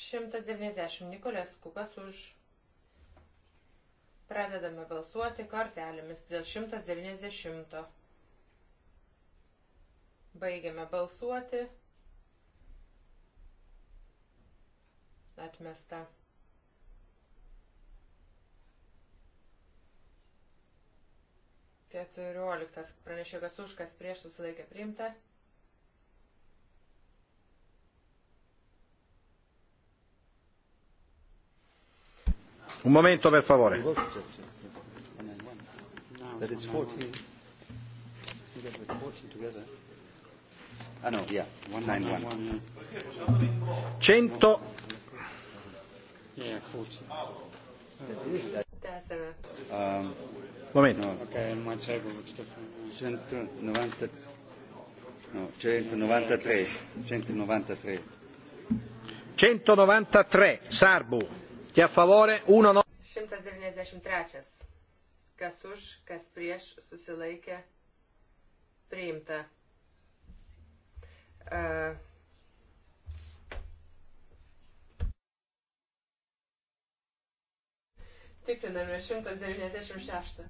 190. Nikolės Kukas už. Pradedame balsuoti kortelėmis dėl 190. Baigiame balsuoti. atmesta. Keturioliktas pranešė, kas už, kas prieš susilaikė priimta. Un momento, per favore. That is 14. See that with 14 together. Ah no, yeah, 191. 100. Yeah, 40. Tęsime. Uh, um, Momento. No, okay, my table looks different. 190, no, 193. 193. 193. Sarbu. Chi a favore? 1. No... 193. Kas už, kas prieš susilaikė. Priimta. Uh, Tikriname 196.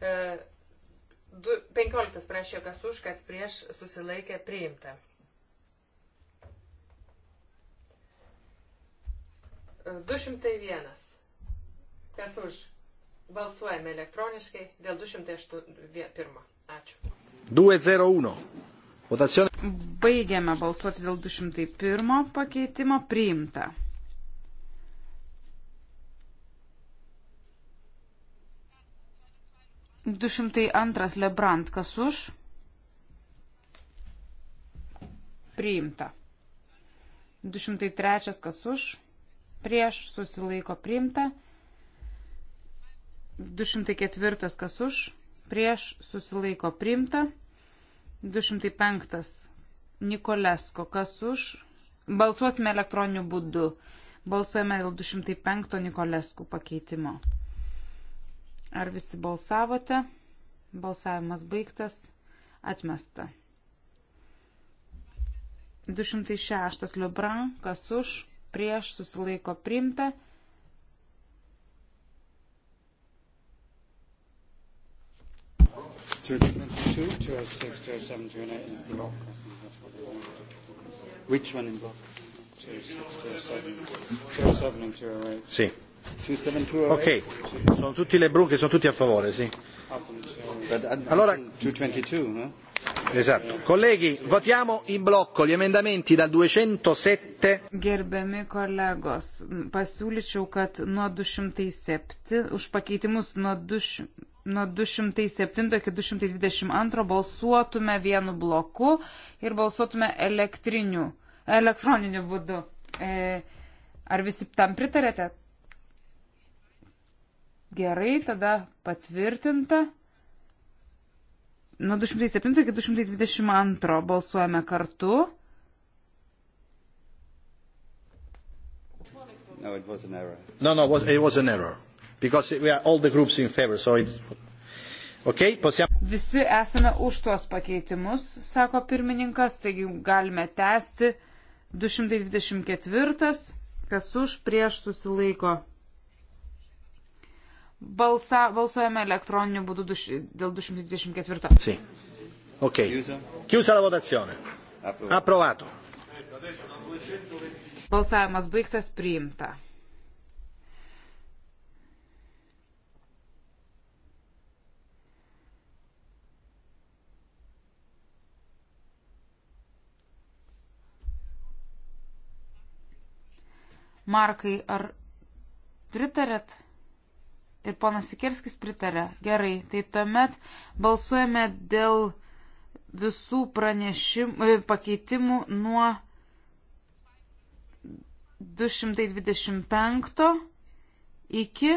E, du, 15 prašė, kas už, kas prieš susilaikė priimta. E, du šimtai vienas. Kas už? Balsuojame elektroniškai dėl 201. Ačiū. 201. Votacione. Baigiame balsuoti dėl 201 pakeitimo priimta. Du šimtai antras Lebrant, kas už? Priimta. 203 kas už, prieš susilaiko priimta, 204 kas už, prieš susilaiko priimta. 205 Nikolesko kas už. Balsuosime elektroniniu būdu. Balsuojame dėl 205 Nikoleskų pakeitimo. Ar visi balsavote? Balsavimas baigtas. Atmesta. 206 Liubran, kas už, prieš susilaiko priimta. 222, 206, 207, 208 in block. Which one in block? 206, 207, 207 and 208. Sì. 27, 208. Ok, sono tutti le brunche, sono tutti a favore, sì. Uh, allora, 222, no? Esatto. Colleghi, votiamo in blocco gli emendamenti dal 207. Gerbiami kolegos, pasiūlyčiau, kad nuo 207 už pakeitimus nuo 207 nuo 207 iki 222 balsuotume vienu bloku ir balsuotume elektriniu, elektroniniu būdu. E, ar visi tam pritarėte? Gerai, tada patvirtinta. Nuo 207 iki 222 balsuojame kartu. No, it was an error. No, no, it was, it was an error because we are all the groups in favor, so it's Okay, pasiam... Visi esame už tuos pakeitimus, sako pirmininkas, taigi galime tęsti 224, kas už prieš susilaiko. Balsa, balsuojame elektroniniu būdu duš, dėl 224. Sì. Ok. Chiusa la votazione. Approvato. Balsavimas baigtas, priimta. Markai, ar pritarėt? Ir ponas Sikerskis pritarė. Gerai, tai tuomet balsuojame dėl visų pranešimų, e, pakeitimų nuo 225 iki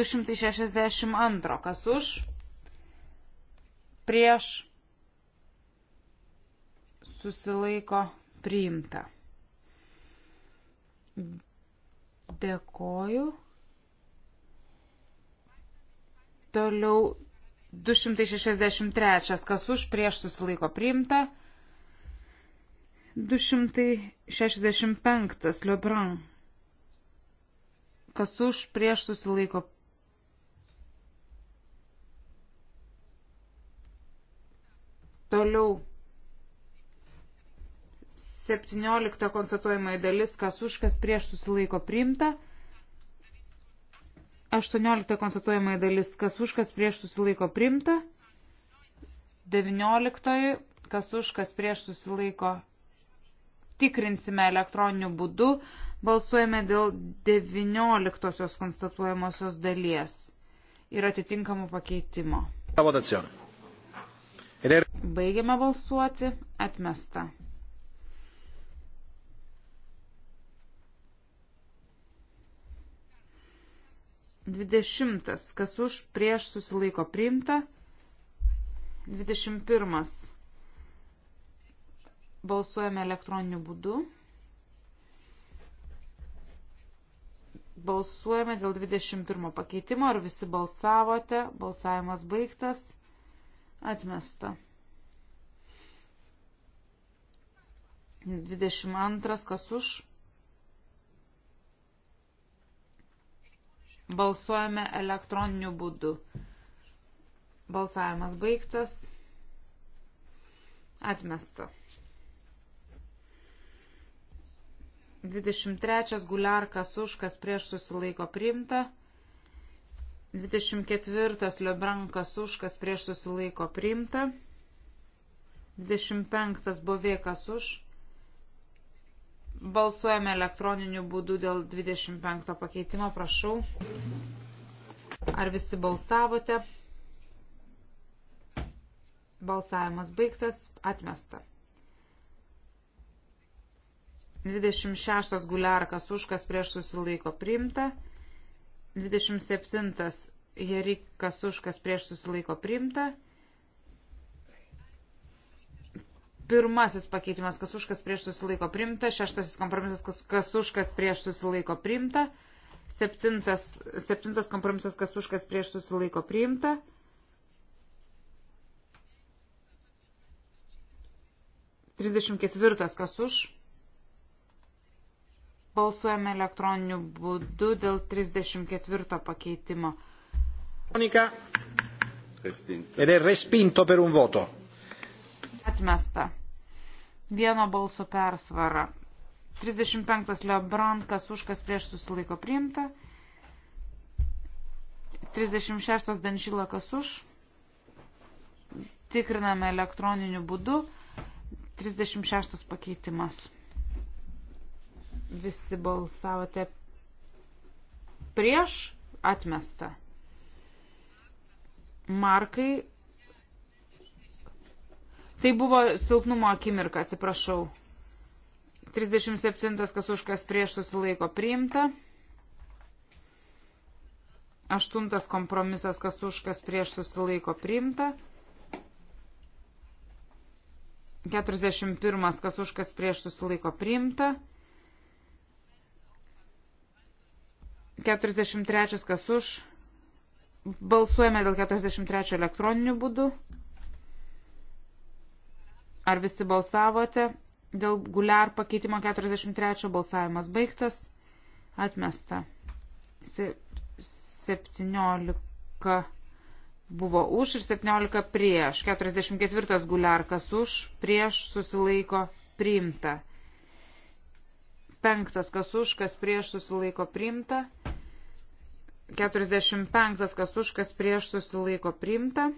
262. Kas už? Prieš susilaiko priimta. Dėkoju. Toliau 263, kas už prieš susilaiko priimta. 265, Lebrun. Kas už prieš susilaiko. Toliau 17 konstatuojama į dalis, kas už, kas prieš susilaiko priimta. 18 konstatuojama į dalis, kas už, kas prieš susilaiko priimta. 19, kas už, kas prieš susilaiko tikrinsime elektroniniu būdu, balsuojame dėl 19 konstatuojamosios dalies ir atitinkamų pakeitimo. Baigiame balsuoti, atmesta. 20. Kas už prieš susilaiko priimta. 21. Balsuojame elektroniniu būdu. Balsuojame dėl 21 pakeitimo. Ar visi balsavote? Balsavimas baigtas. Atmesta. 22. Kas už? Balsuojame elektroniniu būdu. Balsavimas baigtas. Atmesta. 23 guliarkas už, kas prieš susilaiko priimta. 24 liobrankas už, kas prieš susilaiko priimta. 25 bovėkas už, Balsuojame elektroniniu būdu dėl 25 pakeitimo, prašau. Ar visi balsavote? Balsavimas baigtas, atmesta. 26 guliarkas užkas prieš susilaiko priimta. 27 jerikas užkas prieš susilaiko priimta. Pirmasis pakeitimas, kas už, kas prieš susilaiko primta. Šeštasis kompromisas, kas, kas už, kas prieš susilaiko primta. Septintas, septintas kompromisas, kas už, kas prieš susilaiko primta. Trisdešimt ketvirtas, kas už. Balsuojame elektroniniu būdu dėl 34 pakeitimo. Monika. Ed è respinto per un voto. Atmesta vieno balso persvara. 35 Lebrankas užkas prieš susilaiko priimta. 36 Danšyla kas už. Tikriname elektroniniu būdu. 36 pakeitimas. Visi balsavote prieš atmestą. Markai Tai buvo silpnumo akimirka, atsiprašau. 37 kas už kas prieš susilaiko priimta. 8 kompromisas kas už kas prieš susilaiko priimta. 41 kas už kas prieš susilaiko priimta. 43 kas už. Balsuojame dėl 43 elektroninių būdų. Ar visi balsavote? Dėl guliar pakeitimo 43 balsavimas baigtas. Atmesta. Se, 17 buvo už ir 17 prieš. 44 guliarkas už, prieš susilaiko priimta. Penktas kas už, kas prieš susilaiko priimta. 45 kas už, kas prieš susilaiko priimta.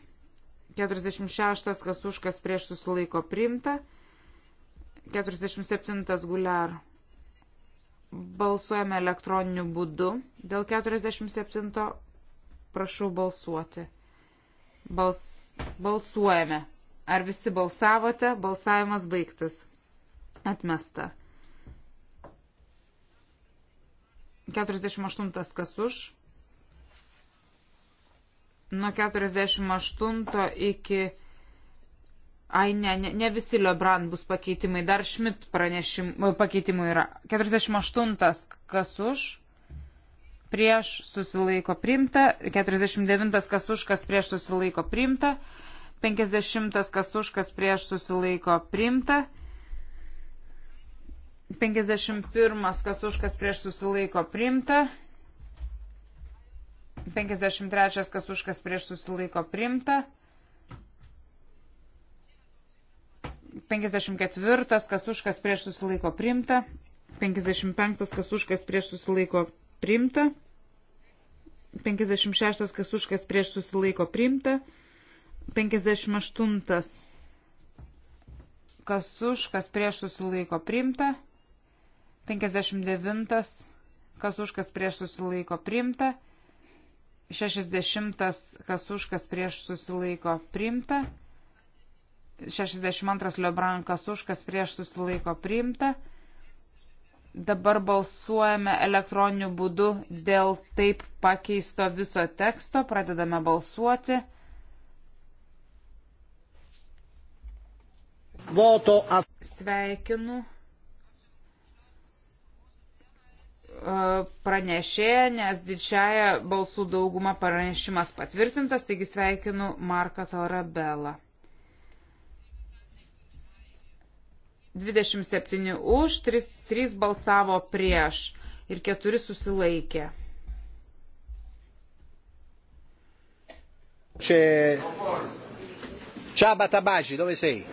46 kas už kas prieš susilaiko priimta. 47 guliar balsuojame elektroniniu būdu. Dėl 47 prašau balsuoti. Bals, balsuojame. Ar visi balsavote? Balsavimas baigtas. Atmesta. 48 kas už nuo 48 iki. Ai, ne, ne, ne visi Lebrand bus pakeitimai, dar Šmit pranešim, e, pakeitimų yra. 48 kas už, prieš susilaiko primta, 49 kas už, kas prieš susilaiko primta, 50 kas už, kas prieš susilaiko primta. 51 kas už, kas prieš susilaiko primta, 53 kas už kas prieš susilaiko primta. 54 kas už kas prieš susilaiko primta. 55 kas už kas prieš susilaiko primta. 56 kas už kas prieš susilaiko primta. 58 kas už kas prieš susilaiko primta. 59 kas už kas prieš susilaiko primta. 60 kas už, kas prieš susilaiko priimta. 62 Lebran kas už, kas prieš susilaiko priimta. Dabar balsuojame elektroniniu būdu dėl taip pakeisto viso teksto. Pradedame balsuoti. Sveikinu pranešė, nes didžiaja balsų dauguma pranešimas patvirtintas, taigi sveikinu Marką Torabelą. 27 už, 3, 3 balsavo prieš ir 4 susilaikė. C'è Ciaba Tabaci, dove sei?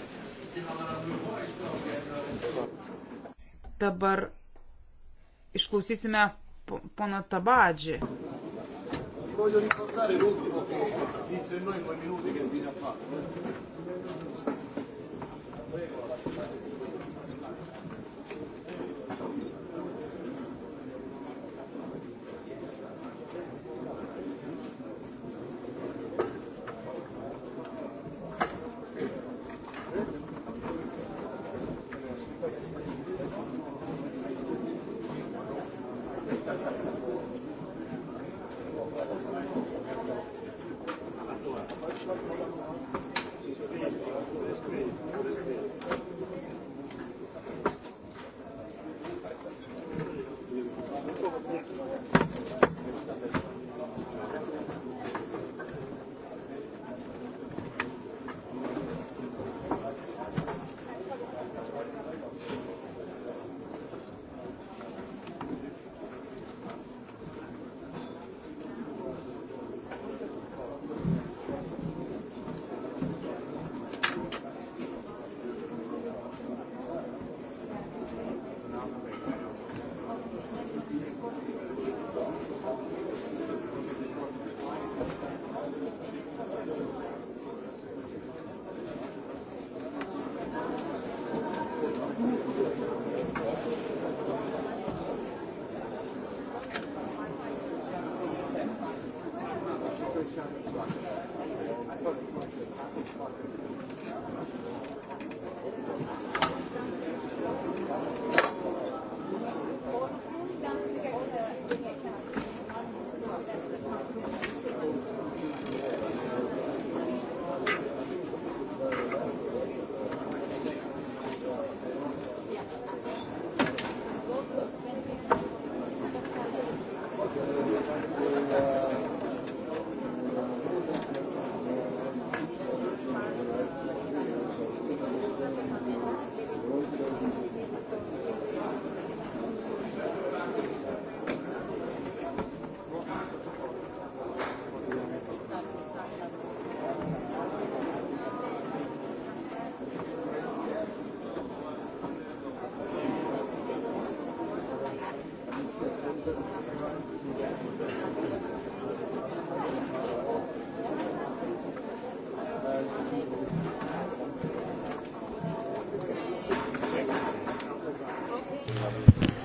Dabar Išklausysime pono Tabadžį. Voglio ricordare l'ultimo che disse noi in due minuti che fine ha fatto. Prego.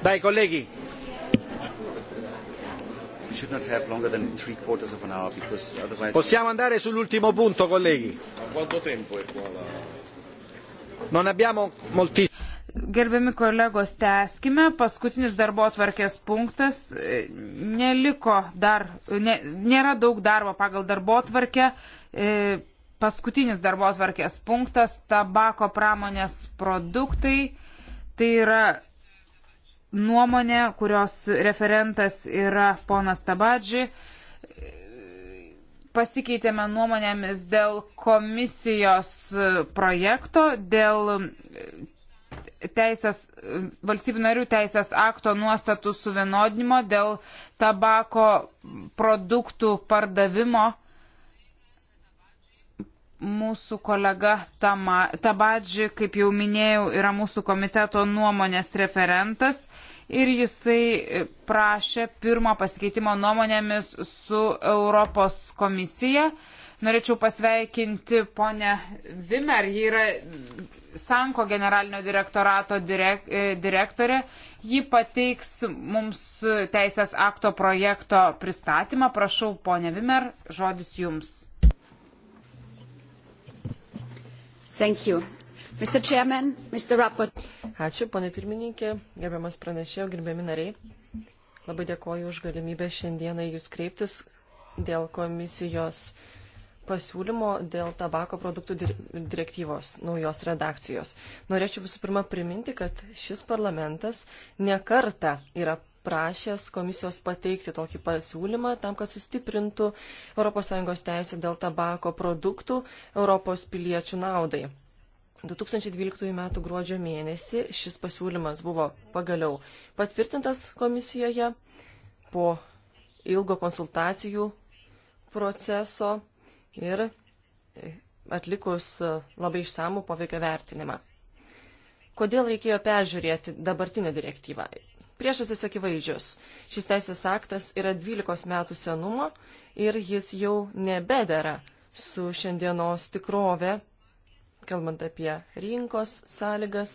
Dai colleghi. Possiamo andare sull'ultimo punto, colleghi. Quanto tempo è qua la... Non abbiamo moltissimo. Gerbiami kolegos, tęskime. Paskutinis darbo atvarkės punktas. Neliko dar, ne, nėra daug darbo pagal darbo atvarkę. E, paskutinis darbo atvarkės punktas - tabako pramonės produktai. Tai yra nuomonė, kurios referentas yra ponas Tabadži. Pasikeitėme nuomonėmis dėl komisijos projekto, dėl teisės, valstybių narių teisės akto nuostatų suvienodinimo, dėl tabako produktų pardavimo Mūsų kolega Tabadži, kaip jau minėjau, yra mūsų komiteto nuomonės referentas ir jisai prašė pirmo pasikeitimo nuomonėmis su Europos komisija. Norėčiau pasveikinti ponę Vimer, ji yra Sanko generalinio direktorato direk, e, direktorė. Ji pateiks mums teisės akto projekto pristatymą. Prašau, ponė Vimer, žodis jums. Thank you. Mr. Chairman, Mr. Rapport. Ačiū, ponė pirmininkė, gerbiamas pranešėjo, gerbiami nariai. Labai dėkoju už galimybę šiandieną jūs kreiptis dėl komisijos pasiūlymo dėl tabako produktų direktyvos naujos redakcijos. Norėčiau visų pirma priminti, kad šis parlamentas nekarta yra prašęs komisijos pateikti tokį pasiūlymą tam, kad sustiprintų ES teisę dėl tabako produktų Europos piliečių naudai. 2012 m. gruodžio mėnesį šis pasiūlymas buvo pagaliau patvirtintas komisijoje po ilgo konsultacijų proceso ir atlikus labai išsamų poveikio vertinimą. Kodėl reikėjo peržiūrėti dabartinę direktyvą? Priežasis akivaizdžios. Šis teisės aktas yra 12 metų senumo ir jis jau nebedera su šiandienos tikrove, kalbant apie rinkos sąlygas,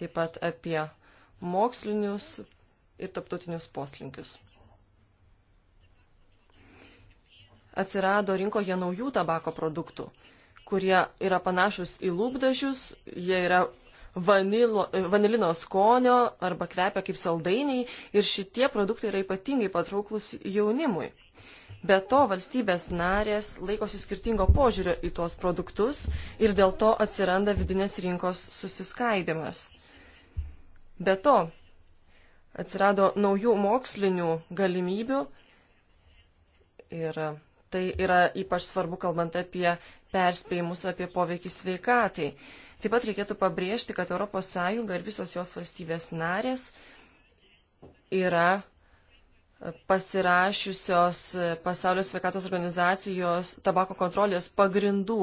taip pat apie mokslinius ir taptautinius poslinkius. Atsirado rinkoje naujų tabako produktų, kurie yra panašus į lūpdažius, jie yra vanilo, vanilino skonio arba kvepia kaip saldainiai ir šitie produktai yra ypatingai patrauklus jaunimui. Be to, valstybės narės laikosi skirtingo požiūrio į tuos produktus ir dėl to atsiranda vidinės rinkos susiskaidimas. Be to, atsirado naujų mokslinių galimybių ir tai yra ypač svarbu kalbant apie perspėjimus apie poveikį sveikatai. Taip pat reikėtų pabrėžti, kad ES ir visos jos valstybės narės yra pasirašiusios pasaulio sveikatos organizacijos tabako kontrolės pagrindų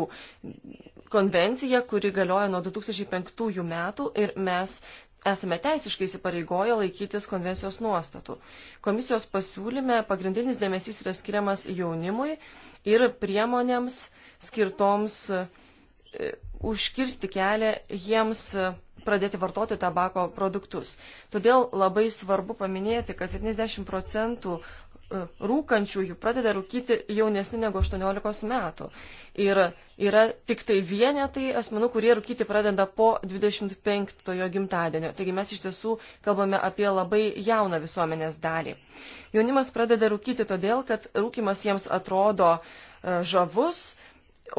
konvenciją, kuri galioja nuo 2005 metų ir mes esame teisiškai įsipareigoję laikytis konvencijos nuostatų. Komisijos pasiūlyme pagrindinis dėmesys yra skiriamas jaunimui ir priemonėms skirtoms uh, užkirsti kelią jiems pradėti vartoti tabako produktus. Todėl labai svarbu paminėti, kad 70 procentų e, rūkančiųjų pradeda rūkyti jaunesni negu 18 metų. Ir yra tik tai vienetai asmenų, kurie rūkyti pradeda po 25-ojo gimtadienio. Taigi mes iš tiesų kalbame apie labai jauną visuomenės dalį. Jaunimas pradeda rūkyti todėl, kad rūkimas jiems atrodo e, žavus,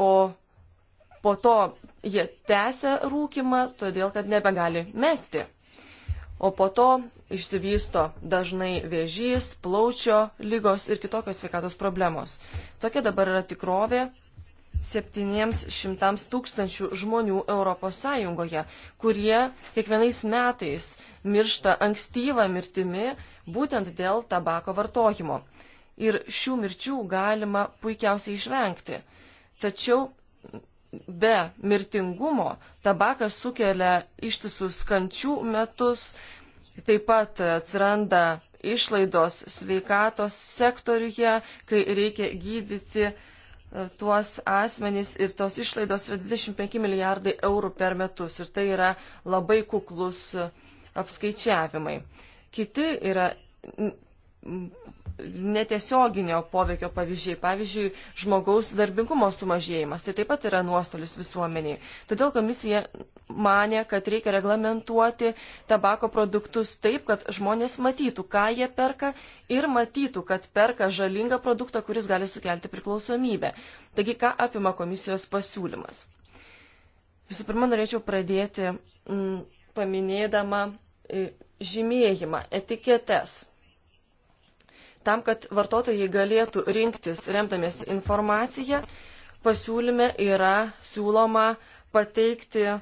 o Po to jie tęsia rūkimą, todėl kad nebegali mesti. O po to išsivysto dažnai vėžys, plaučio lygos ir kitokios sveikatos problemos. Tokia dabar yra tikrovė, 700 tūkstančių žmonių ES, kurie kiekvienais metais miršta ankstyvą mirtimi būtent dėl tabako vartojimo. Ir šių mirčių galima puikiausiai išvengti. Tačiau be mirtingumo tabakas sukelia ištisus kančių metus, taip pat atsiranda išlaidos sveikatos sektoriuje, kai reikia gydyti e, tuos asmenys ir tos išlaidos yra 25 milijardai eurų per metus ir tai yra labai kuklus e, apskaičiavimai. Kiti yra netiesioginio poveikio pavyzdžiai. Pavyzdžiui, žmogaus darbingumo sumažėjimas. Tai taip pat yra nuostolis visuomeniai. Todėl komisija mane, kad reikia reglamentuoti tabako produktus taip, kad žmonės matytų, ką jie perka ir matytų, kad perka žalingą produktą, kuris gali sukelti priklausomybę. Taigi, ką apima komisijos pasiūlymas? Visų pirma, norėčiau pradėti m, mm, paminėdama e, žymėjimą, etiketes Tam, kad vartotojai galėtų rinktis remdamės informaciją, pasiūlyme yra siūloma pateikti e,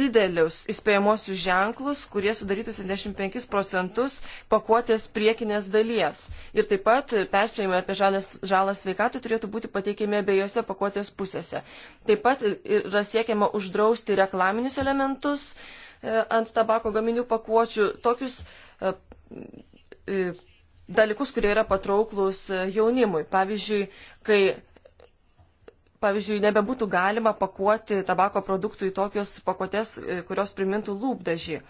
didelius įspėjamosius ženklus, kurie sudarytų 75 procentus pakuotės priekinės dalies. Ir taip pat perspėjimai apie žalės, žalą sveikatai turėtų būti pateikiami abiejose pakuotės pusėse. Taip pat yra siekiama uždrausti reklaminius elementus e, ant tabako gaminių pakuočių, tokius e, e, dalykus, kurie yra patrauklus e, jaunimui. Pavyzdžiui, kai pavyzdžiui, nebebūtų galima pakuoti tabako produktų į tokius pakuotės, e, kurios primintų lūpdažį.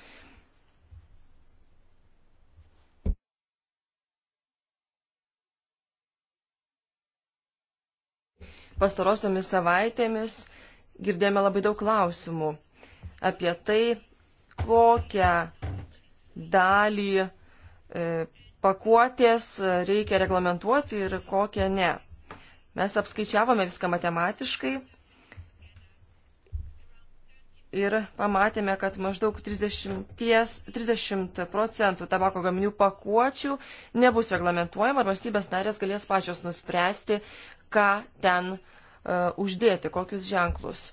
Pastarosiomis savaitėmis girdėjome labai daug klausimų apie tai, kokią dalį e, pakuotės reikia reglamentuoti ir kokią ne. Mes apskaičiavome viską matematiškai ir pamatėme, kad maždaug 30, 30 procentų tabako gaminių pakuočių nebus reglamentuojama ir valstybės narės galės pačios nuspręsti, ką ten uh, uždėti, kokius ženklus.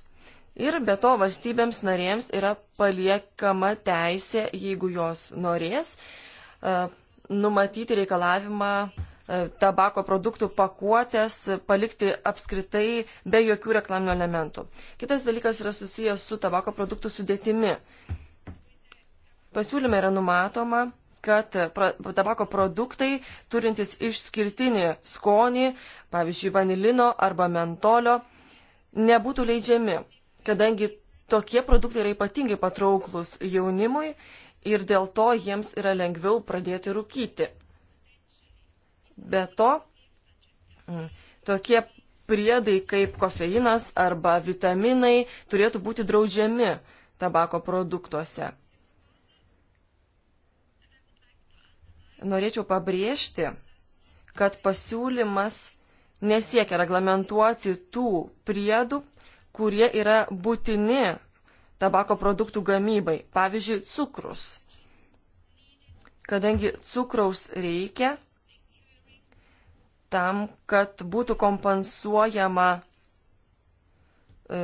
Ir be to valstybėms narėms yra paliekama teisė, jeigu jos norės, uh, numatyti reikalavimą e, tabako produktų pakuotės palikti apskritai be jokių reklaminių elementų. Kitas dalykas yra susijęs su tabako produktų sudėtimi. Pasiūlyme yra numatoma, kad tabako produktai turintys išskirtinį skonį, pavyzdžiui, vanilino arba mentolio, nebūtų leidžiami, kadangi tokie produktai yra ypatingai patrauklus jaunimui ir dėl to jiems yra lengviau pradėti rūkyti. Be to, mm, tokie priedai kaip kofeinas arba vitaminai turėtų būti draudžiami tabako produktuose. Norėčiau pabrėžti, kad pasiūlymas nesiekia reglamentuoti tų priedų, kurie yra būtini tabako produktų gamybai, pavyzdžiui, cukrus. Kadangi cukraus reikia tam, kad būtų kompensuojama e,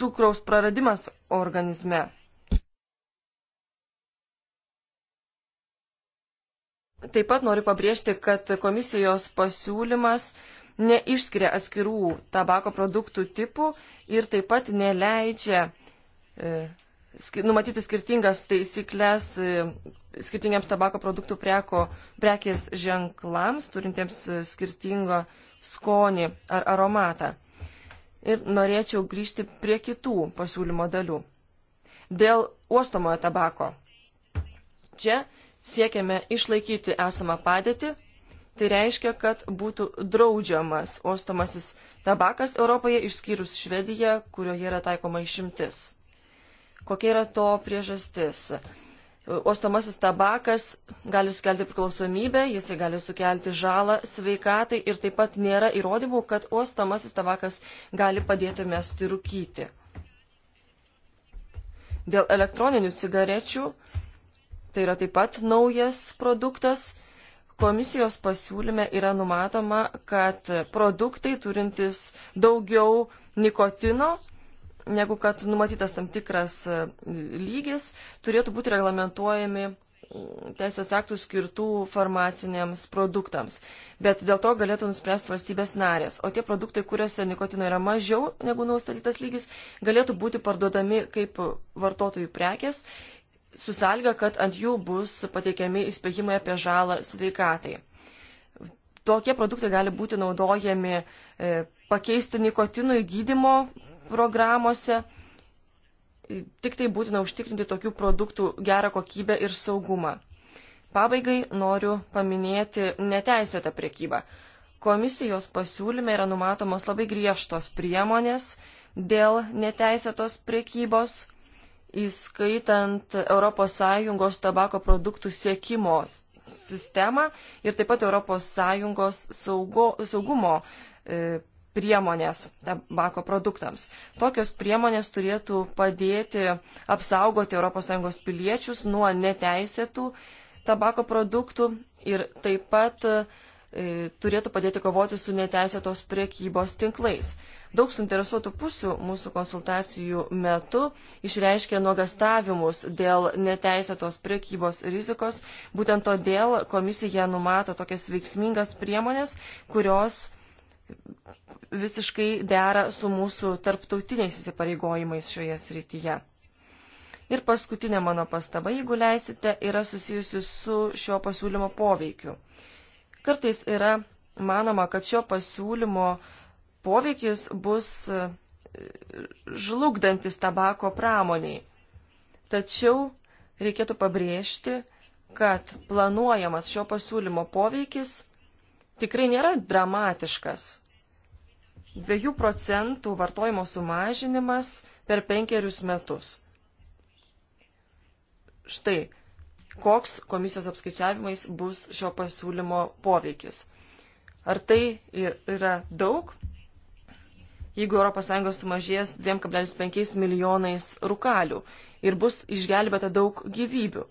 cukraus praradimas organizme. Taip pat noriu pabrėžti, kad komisijos pasiūlymas neišskiria atskirų tabako produktų tipų ir taip pat neleidžia E, numatyti skirtingas taisyklės e, skirtingiams tabako produktų preko, prekės ženklams, turintiems e, skirtingą skonį ar aromatą. Ir norėčiau grįžti prie kitų pasiūlymo dalių. Dėl uostomojo tabako. Čia siekiame išlaikyti esamą padėtį, tai reiškia, kad būtų draudžiamas uostomasis tabakas Europoje išskyrus Švediją, kurioje yra taikoma išimtis. Kokia yra to priežastis? Ostomasis tabakas gali sukelti priklausomybę, jisai gali sukelti žalą sveikatai ir taip pat nėra įrodymų, kad ostomasis tabakas gali padėti mesti rūkyti. Dėl elektroninių cigarečių, tai yra taip pat naujas produktas, komisijos pasiūlyme yra numatoma, kad produktai turintys daugiau nikotino negu kad numatytas tam tikras e, lygis, turėtų būti reglamentuojami mm, teisės aktų skirtų farmaciniams produktams. Bet dėl to galėtų nuspręsti valstybės narės. O tie produktai, kuriuose nikotino yra mažiau negu nustatytas lygis, galėtų būti parduodami kaip vartotojų prekes, susalga, kad ant jų bus pateikiami įspėjimai apie žalą sveikatai. Tokie produktai gali būti naudojami e, pakeisti nikotinui gydimo programuose. Tik tai būtina užtikrinti tokių produktų gerą kokybę ir saugumą. Pabaigai noriu paminėti neteisėtą priekybą. Komisijos pasiūlyme yra numatomos labai griežtos priemonės dėl neteisėtos priekybos, įskaitant ES tabako produktų siekimo sistemą ir taip pat ES saugo, saugumo e, priemonės tabako produktams. Tokios priemonės turėtų padėti apsaugoti ES piliečius nuo neteisėtų tabako produktų ir taip pat e, turėtų padėti kovoti su neteisėtos priekybos tinklais. Daug suinteresuotų pusių mūsų konsultacijų metu išreiškė nuogastavimus dėl neteisėtos priekybos rizikos, būtent todėl komisija numato tokias veiksmingas priemonės, kurios visiškai dera su mūsų tarptautiniais įsipareigojimais šioje srityje. Ir paskutinė mano pastaba, jeigu leisite, yra susijusi su šio pasiūlymo poveikiu. Kartais yra manoma, kad šio pasiūlymo poveikis bus e, žlugdantis tabako pramoniai. Tačiau reikėtų pabrėžti, kad planuojamas šio pasiūlymo poveikis tikrai nėra dramatiškas. 2 procentų vartojimo sumažinimas per penkerius metus. Štai, koks komisijos apskaičiavimais bus šio pasiūlymo poveikis. Ar tai yra daug? Jeigu ES sumažės 2,5 milijonais rūkalių ir bus išgelbėta daug gyvybių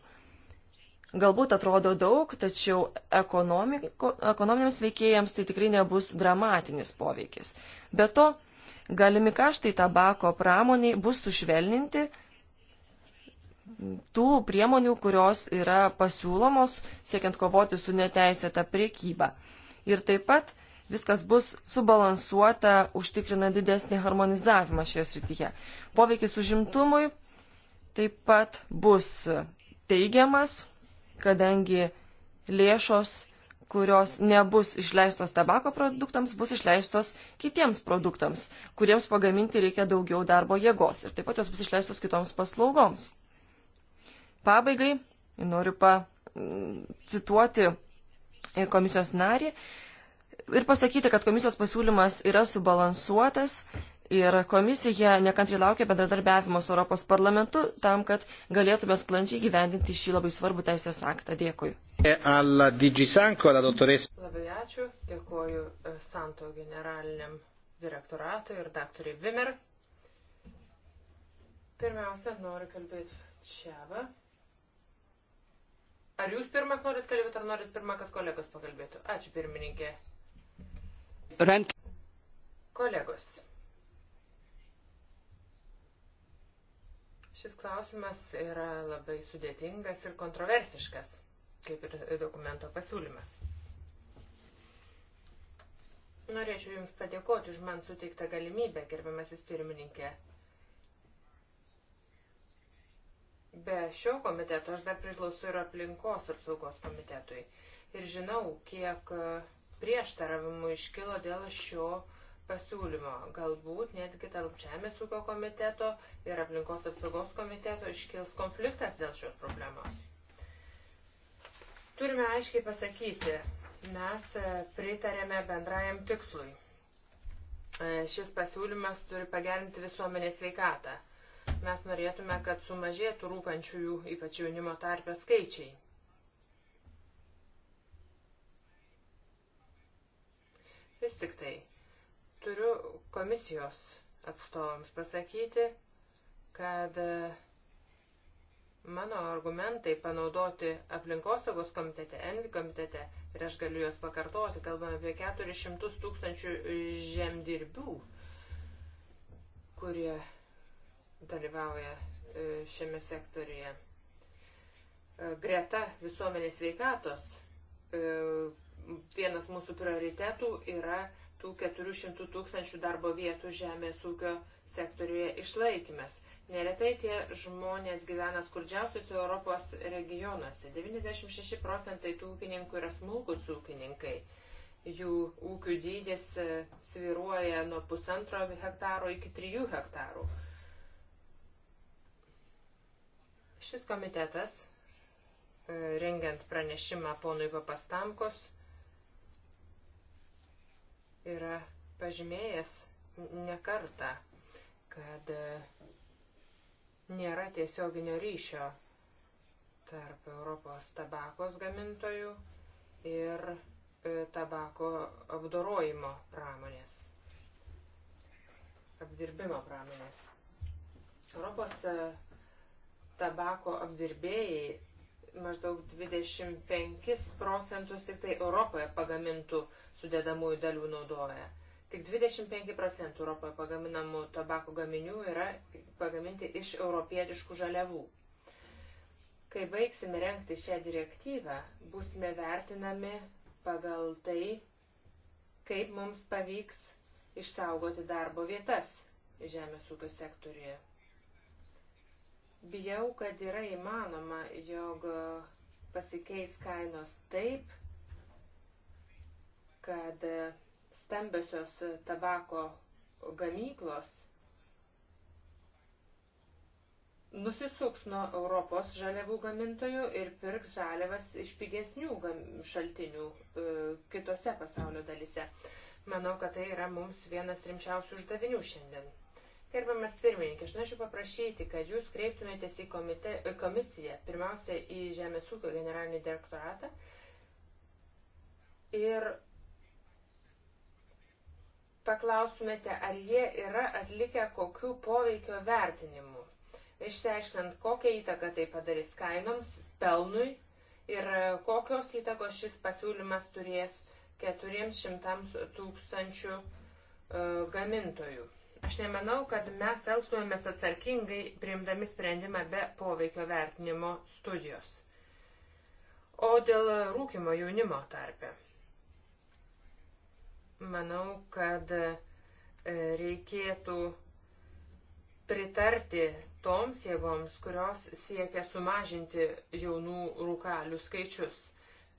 galbūt atrodo daug, tačiau ekonominiams veikėjams tai tikrai nebus dramatinis poveikis. Be to, galimi kaštai tabako pramoniai bus sušvelninti tų priemonių, kurios yra pasiūlomos siekiant kovoti su neteisėta priekyba. Ir taip pat viskas bus subalansuota, užtikrina didesnį harmonizavimą šioje srityje. Poveikis užimtumui taip pat bus teigiamas kadangi lėšos, kurios nebus išleistos tabako produktams, bus išleistos kitiems produktams, kuriems pagaminti reikia daugiau darbo jėgos ir taip pat jos bus išleistos kitoms paslaugoms. Pabaigai noriu pacituoti mm, komisijos narį ir pasakyti, kad komisijos pasiūlymas yra subalansuotas Ir komisija nekantriai laukia bendradarbiavimo su Europos parlamentu tam, kad galėtume sklandžiai gyvendinti šį labai svarbų teisės aktą. Dėkui. E labai ačiū. Dėkuoju e, Santo generaliniam direktoratui ir daktarui Vimer. Pirmiausia, noriu kalbėti Čiava. Ar jūs pirmas norit kalbėti, ar norit pirmą, kad kolegos pakalbėtų? Ačiū, pirmininkė. Rent. Kolegos. Šis klausimas yra labai sudėtingas ir kontroversiškas, kaip ir dokumento pasiūlymas. Norėčiau Jums padėkoti už man suteiktą galimybę, gerbiamasis pirmininkė. Be šio komiteto aš dar priklausau ir aplinkos apsaugos komitetui. Ir žinau, kiek prieštaravimų iškilo dėl šio komiteto pasiūlymo. Galbūt netgi tarp Žemės ūkio komiteto ir aplinkos apsaugos komiteto iškils konfliktas dėl šios problemos. Turime aiškiai pasakyti, mes e, pritarėme bendrajam tikslui. E, šis pasiūlymas turi pagerinti visuomenės veikatą. Mes norėtume, kad sumažėtų rūkančiųjų, ypač jaunimo tarpę skaičiai. Vis tik tai Turiu komisijos atstovams pasakyti, kad e, mano argumentai panaudoti aplinkosaugos komitete, ENVI komitete, ir aš galiu juos pakartoti, kalbame apie 400 tūkstančių žemdirbių, kurie dalyvauja e, šiame sektorije. E, greta visuomenės veikatos vienas mūsų prioritetų yra tų 400 tūkstančių darbo vietų žemės ūkio sektoriuje išlaikymas. Neretai tie žmonės gyvena skurdžiausiuose Europos regionuose. 96 procentai tų ūkininkų yra smulkus ūkininkai. Jų ūkių dydis e, sviruoja nuo pusantro hektaro iki trijų hektarų. Šis komitetas, e, rengiant pranešimą ponui Papastamkos, yra pažymėjęs nekarta, kad e, nėra tiesioginio ryšio tarp Europos tabakos gamintojų ir e, tabako apdorojimo pramonės, apdirbimo pramonės. Europos e, tabako apdirbėjai maždaug 25 procentus tik tai Europoje pagamintų sudėdamųjų dalių naudoja. Tik 25 procentų Europoje pagaminamų tabako gaminių yra pagaminti iš europietiškų žaliavų. Kai baigsime renkti šią direktyvą, būsime vertinami pagal tai, kaip mums pavyks išsaugoti darbo vietas žemės ūkio sektoriuje. Bijau, kad yra įmanoma, jog pasikeis kainos taip, kad stambiosios tabako gamyklos nusisuks nuo Europos žaliavų gamintojų ir pirks žaliavas iš pigesnių šaltinių e, kitose pasaulio dalise. Manau, kad tai yra mums vienas rimčiausių uždavinių šiandien. Gerbiamas pirmininkė, aš norėčiau paprašyti, kad jūs kreiptumėtės į komite, komisiją, pirmiausia į Žemės ūkio generalinį direktoratą ir paklaustumėte, ar jie yra atlikę kokių poveikio vertinimų, išsiaiškinant, kokią įtaką tai padarys kainoms, pelnui ir kokios įtakos šis pasiūlymas turės 400 tūkstančių e, gamintojų. Aš nemanau, kad mes elgtumėmės atsakingai priimdami sprendimą be poveikio vertinimo studijos. O dėl rūkimo jaunimo tarpe. Manau, kad e, reikėtų pritarti toms jėgoms, kurios siekia sumažinti jaunų rūkalių skaičius.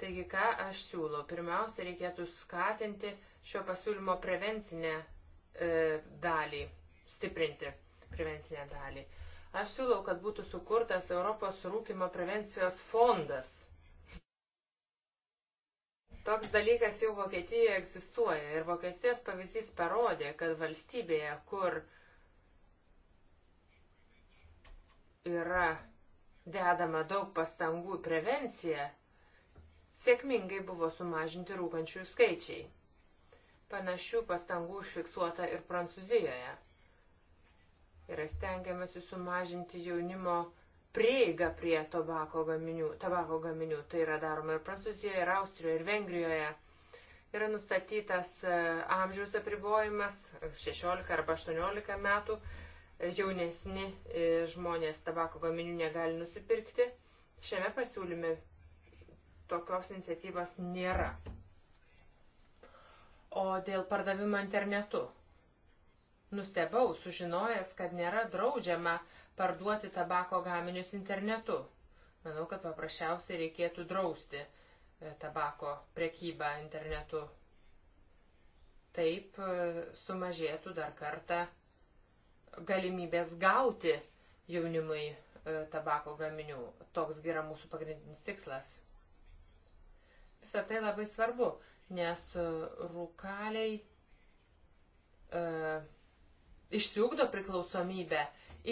Taigi, ką aš siūlau? Pirmiausia, reikėtų skatinti šio pasiūlymo prevencinę E, dalį, stiprinti prevencinę dalį. Aš siūlau, kad būtų sukurtas Europos rūkimo prevencijos fondas. Toks dalykas jau Vokietijoje egzistuoja ir Vokietijos pavyzdys parodė, kad valstybėje, kur yra dedama daug pastangų prevencija, sėkmingai buvo sumažinti rūkančių skaičiai. Panašių pastangų užfiksuota ir Prancūzijoje. Yra stengiamasi sumažinti jaunimo prieigą prie tobako gaminių, tabako gaminių. Tai yra daroma ir Prancūzijoje, ir Austrijoje, ir Vengrijoje. Yra nustatytas e, amžiaus apribojimas 16 arba 18 metų. E, jaunesni e, žmonės tabako gaminių negali nusipirkti. Šiame pasiūlyme tokios iniciatyvos nėra. O dėl pardavimo internetu. Nustebau, sužinojęs, kad nėra draudžiama parduoti tabako gaminius internetu. Manau, kad paprasčiausiai reikėtų drausti e, tabako prekybą internetu. Taip e, sumažėtų dar kartą galimybės gauti jaunimui e, tabako gaminių. Toks yra mūsų pagrindinis tikslas. Visą tai labai svarbu nes rūkaliai e, išsiugdo priklausomybę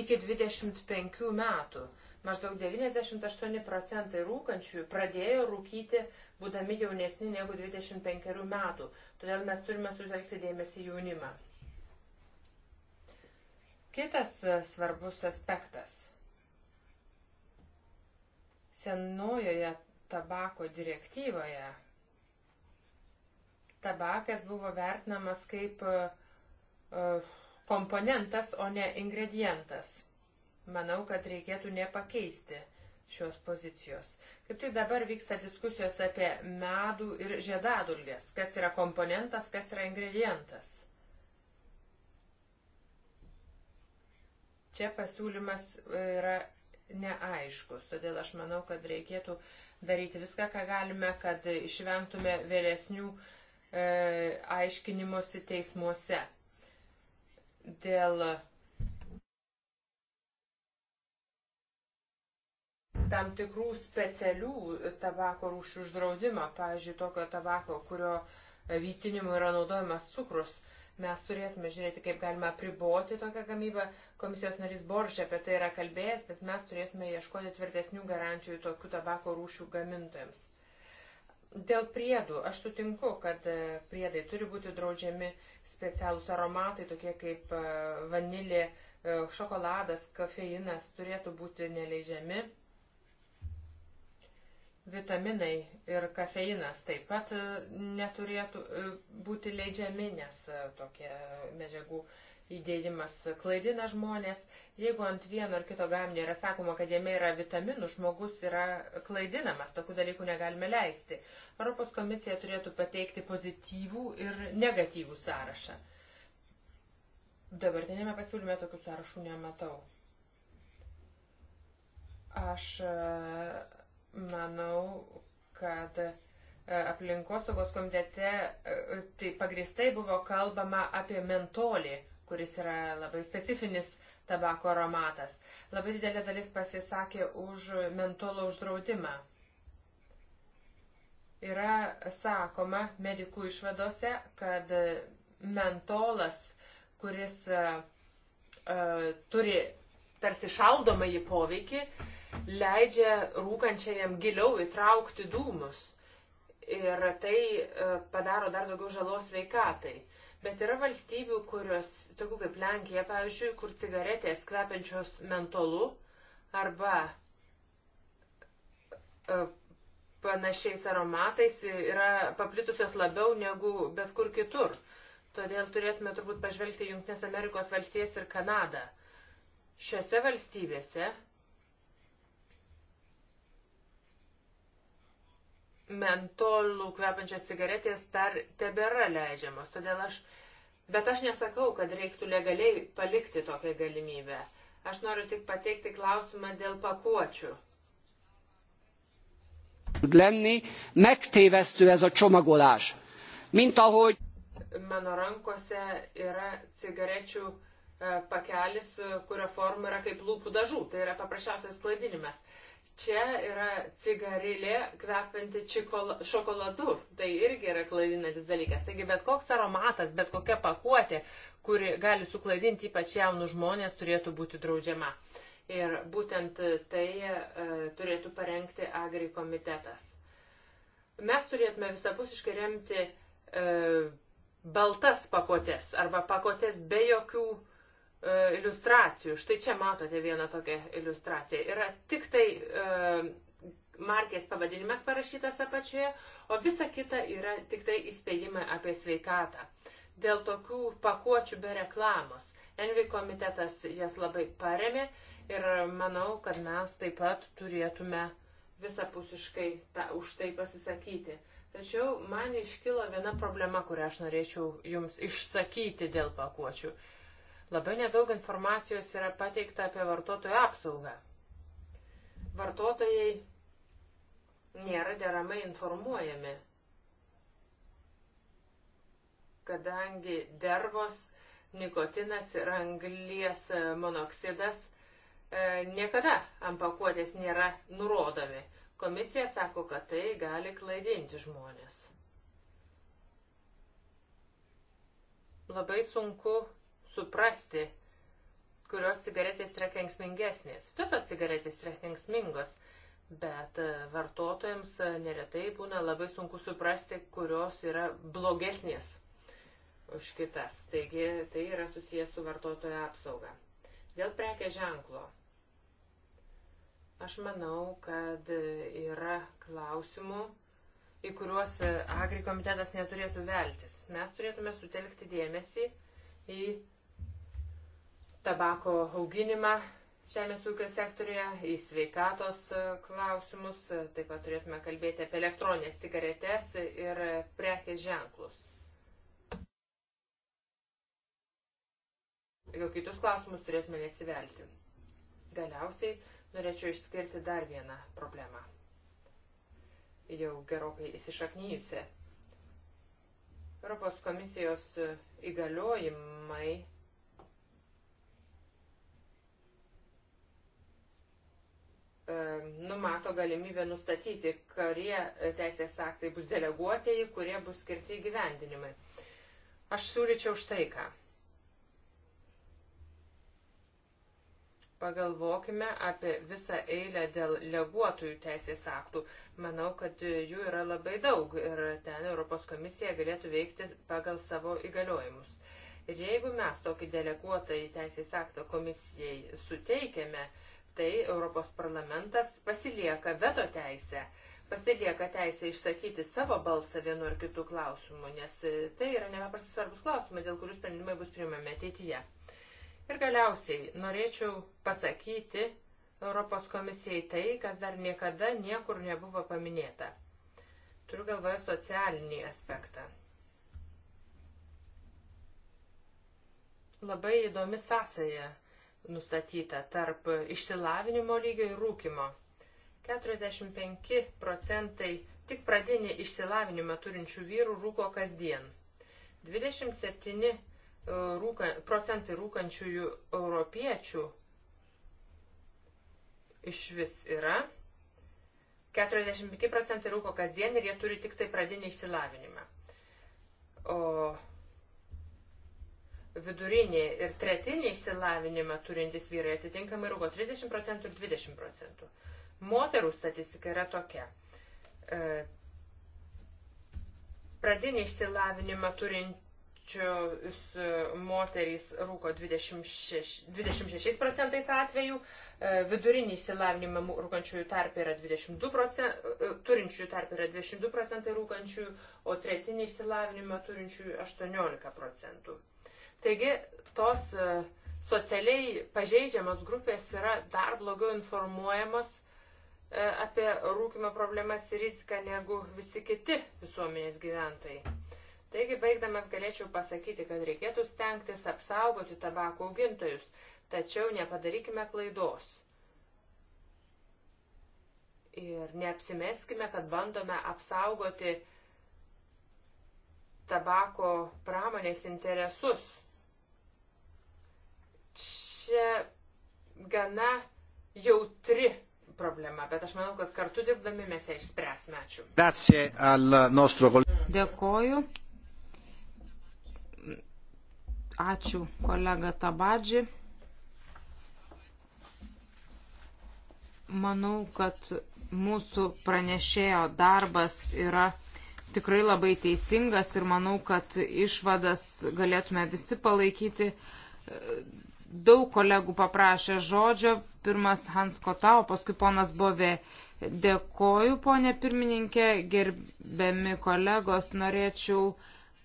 iki 25 metų. Maždaug 98 procentai rūkančių pradėjo rūkyti, būdami jaunesni negu 25 metų. Todėl mes turime sutelkti dėmesį jaunimą. Kitas e, svarbus aspektas. Senojoje tabako direktyvoje tabakas buvo vertinamas kaip e, e, komponentas, o ne ingredientas. Manau, kad reikėtų nepakeisti šios pozicijos. Kaip tik dabar vyksta diskusijos apie medų ir žiedadulgės, kas yra komponentas, kas yra ingredientas. Čia pasiūlymas e, yra neaiškus, todėl aš manau, kad reikėtų daryti viską, ką galime, kad išvengtume vėlesnių uh, E, aiškinimusi teismuose. Dėl tam tikrų specialių tabako rūšių uždraudimą, pavyzdžiui, tokio tabako, kurio vytinimu yra naudojamas cukrus, mes turėtume žiūrėti, kaip galima priboti tokią gamybą. Komisijos narys Boršė apie tai yra kalbėjęs, bet mes turėtume ieškoti tvirtesnių garantijų tokių tabako rūšių gamintojams. Dėl priedų aš sutinku, kad e, priedai turi būti draudžiami specialūs aromatai, tokie kaip e, vanilė, e, šokoladas, kafeinas turėtų būti neleidžiami. Vitaminai ir kafeinas taip pat neturėtų būti leidžiami, nes tokie medžiagų uh, įdėjimas klaidina žmonės. Jeigu ant vieno ar kito gaminio yra sakoma, kad jame yra vitaminų, žmogus yra klaidinamas, tokių dalykų negalime leisti. Europos komisija turėtų pateikti pozityvų ir negatyvų sąrašą. Dabartinėme pasiūlyme tokių sąrašų nematau. Aš e, manau, kad e, aplinkosaugos komitete e, tai pagristai buvo kalbama apie mentolį kuris yra labai specifinis tabako aromatas. Labai didelė dalis pasisakė už mentolo uždraudimą. Yra sakoma medikų išvadose, kad mentolas, kuris uh, turi tarsi šaldomą į poveikį, leidžia rūkančiajam giliau įtraukti dūmus. Ir tai uh, padaro dar daugiau žalos sveikatai. Uh, Bet yra valstybių, kurios, tokių kaip Lenkija, pavyzdžiui, kur cigaretės kvepiančios mentolu arba e, panašiais aromatais yra paplitusios labiau negu bet kur kitur. Todėl turėtume turbūt pažvelgti Junktinės Amerikos valstijas ir Kanadą. Šiuose valstybėse mentolų kvepiančios cigaretės dar tebėra leidžiamos. Todėl aš, bet aš nesakau, kad reiktų legaliai palikti tokią galimybę. Aš noriu tik pateikti klausimą dėl pakuočių. lenni, megtévesztő ez a csomagolás. Mint ahogy... Mano rankose yra cigarečių e, pakelis, e, kurio forma yra kaip lūpų dažų. Tai yra paprasčiausias klaidinimas Čia yra cigarilė kvepianti čikol, šokoladu. Tai irgi yra klaidinantis dalykas. Taigi bet koks aromatas, bet kokia pakuotė, kuri gali suklaidinti ypač jaunus žmonės, turėtų būti draudžiama. Ir būtent tai e, turėtų parengti agri komitetas. Mes turėtume visapusiškai remti e, baltas pakotės arba pakotės be jokių e, E, iliustracijų. Štai čia matote vieną tokią iliustraciją. Yra tik tai e, markės pavadinimas parašytas apačioje, o visa kita yra tik tai įspėjimai apie sveikatą. Dėl tokių pakuočių be reklamos. Envi komitetas jas labai paremė ir manau, kad mes taip pat turėtume visapusiškai ta, už tai pasisakyti. Tačiau man iškilo viena problema, kurią aš norėčiau jums išsakyti dėl pakuočių. Uh, Labai nedaug informacijos yra pateikta apie vartotojų apsaugą. Vartotojai nėra deramai informuojami, kadangi dervos, nikotinas ir anglies monoksidas e, niekada ant pakuotės nėra nurodomi. Komisija sako, kad tai gali klaidinti žmonės. Labai sunku suprasti, kurios cigaretės yra kenksmingesnės. Visos cigaretės yra kenksmingos, bet e, vartotojams e, neretai būna labai sunku suprasti, kurios yra blogesnės už kitas. Taigi tai yra susijęs su vartotojo apsauga. Dėl prekės ženklo. Aš manau, kad e, yra klausimų, į kuriuos agrikomitetas neturėtų veltis. Mes turėtume sutelkti dėmesį į tabako auginimą žemės ūkio sektorėje, į sveikatos klausimus, taip pat turėtume kalbėti apie elektroninės cigaretės ir prekės ženklus. Jau kitus klausimus turėtume nesivelti. Galiausiai norėčiau išskirti dar vieną problemą. Jau gerokai įsišaknyjusi. Europos komisijos įgaliojimai E, numato galimybę nustatyti, kurie teisės aktai bus deleguotieji, kurie bus skirti gyvendinimai. Aš siūlyčiau štai ką. Pagalvokime apie visą eilę dėl leguotojų teisės aktų. Manau, kad jų yra labai daug ir ten Europos komisija galėtų veikti pagal savo įgaliojimus. Ir jeigu mes tokį deleguotą į teisės aktą komisijai suteikėme, uh, tai Europos parlamentas pasilieka veto teisę, pasilieka teisę išsakyti savo balsą vienu ar kitu klausimu, nes tai yra nepaprastai svarbus klausimai, dėl kurių sprendimai bus priimami ateityje. Ir galiausiai norėčiau pasakyti Europos komisijai tai, kas dar niekada niekur nebuvo paminėta. Turiu galvoje socialinį aspektą. Labai įdomi sąsaja nustatyta tarp išsilavinimo lygio ir rūkimo. 45 procentai tik pradinį išsilavinimą turinčių vyrų rūko kasdien. 27 e, rūka, procentai rūkančiųjų europiečių iš vis yra. 45 procentai rūko kasdien ir jie turi tik tai pradinį išsilavinimą. O vidurinį ir tretinį išsilavinimą turintys vyrai atitinkamai rūko 30 procentų ir 20 procentų. Moterų statistika yra tokia. E, pradinį išsilavinimą turinčios e, moterys rūko 26, 26 procentais atvejų, e, vidurinį išsilavinimą rūkančiųjų tarp yra 22 procentai, turinčiųjų tarp yra 22 procentai rūkančiųjų, o tretinį išsilavinimą turinčiųjų 18 procentų. Taigi tos e, socialiai pažeidžiamos grupės yra dar blogiau informuojamos e, apie rūkimo problemas ir riziką negu visi kiti visuomenės gyventojai. Taigi, baigdamas galėčiau pasakyti, kad reikėtų stengtis apsaugoti tabako augintojus, tačiau nepadarykime klaidos. Ir neapsimeskime, kad bandome apsaugoti tabako pramonės interesus čia gana jautri problema, bet aš manau, kad kartu dirbdami mes ją išspręsime. Ačiū. Dėkoju. Ačiū kolega Tabadži. Manau, kad mūsų pranešėjo darbas yra tikrai labai teisingas ir manau, kad išvadas galėtume visi palaikyti Daug kolegų paprašė žodžio. Pirmas Hans Kota, o paskui ponas Bovė. Dėkoju, ponė pirmininkė, gerbiami kolegos, norėčiau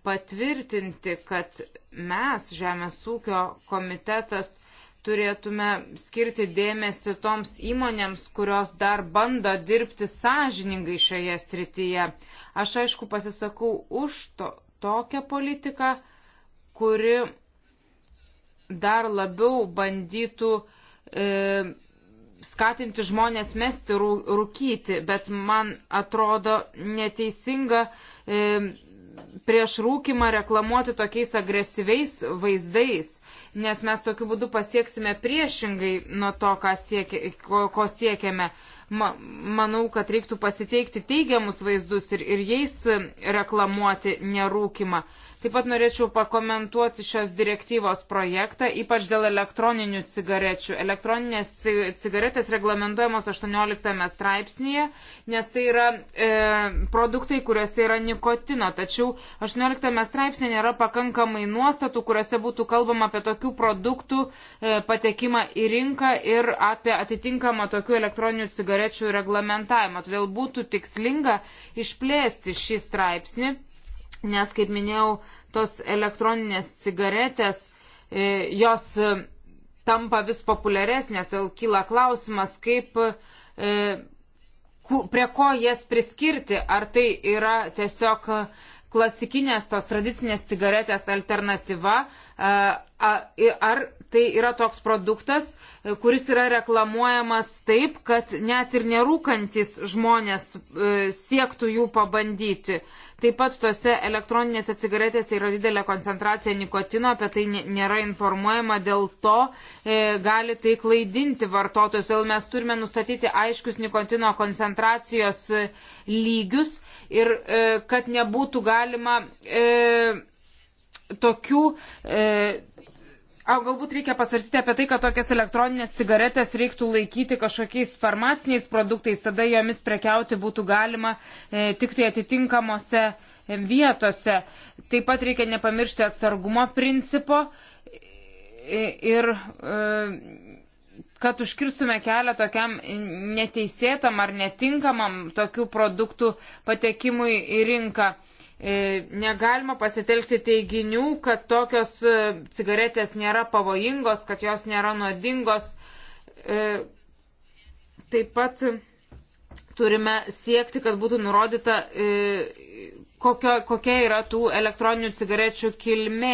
patvirtinti, kad mes, Žemės ūkio komitetas, turėtume skirti dėmesį toms įmonėms, kurios dar bando dirbti sąžiningai šioje srityje. Aš aišku pasisakau už to, tokią politiką, kuri dar labiau bandytų e, skatinti žmonės mesti rūkyti, bet man atrodo neteisinga e, prieš rūkimą reklamuoti tokiais agresyviais vaizdais, nes mes tokiu būdu pasieksime priešingai nuo to, siekia, ko, ko siekiame. E, ma, manau, kad reiktų pasiteikti teigiamus vaizdus ir, ir jais e, reklamuoti nerūkimą. Taip pat norėčiau pakomentuoti šios direktyvos projektą, ypač dėl elektroninių cigarečių. Elektroninės cigaretės reglamentuojamos 18 straipsnėje, nes tai yra e, produktai, kuriuose yra nikotino. Tačiau 18 straipsnėje nėra pakankamai nuostatų, kuriuose būtų kalbama apie tokių produktų e, patekimą į rinką ir apie atitinkamą tokių elektroninių cigarečių cigarečių reglamentavimą. Todėl būtų tikslinga išplėsti šį straipsnį, nes, kaip minėjau, tos elektroninės cigaretės, e, jos e, tampa vis populiaresnės, todėl kyla klausimas, kaip e, prie ko jas priskirti, ar tai yra tiesiog klasikinės tos tradicinės cigaretės alternatyva, ar tai yra toks produktas, e, kuris yra reklamuojamas taip, kad net ir nerūkantis žmonės e, siektų jų pabandyti. Taip pat tose elektroninėse cigaretėse yra didelė koncentracija nikotino, apie tai nėra informuojama, dėl to e, gali tai klaidinti vartotojus. Todėl mes turime nustatyti aiškius nikotino koncentracijos e, lygius ir e, kad nebūtų galima. E, tokių. E, O galbūt reikia pasvarstyti apie tai, kad tokias elektroninės cigaretės reiktų laikyti kažkokiais farmaciniais produktais, tada jomis prekiauti būtų galima e, tik tai atitinkamose e, vietose. Taip pat reikia nepamiršti atsargumo principo ir e, kad užkirstume kelią tokiam neteisėtam ar netinkamam tokių produktų patekimui į rinką. E, E, negalima pasitelkti teiginių, kad tokios e, cigaretės nėra pavojingos, kad jos nėra nuodingos. E, taip pat turime siekti, kad būtų nurodyta kokio, kokia yra tų elektroninių cigarečių kilmė.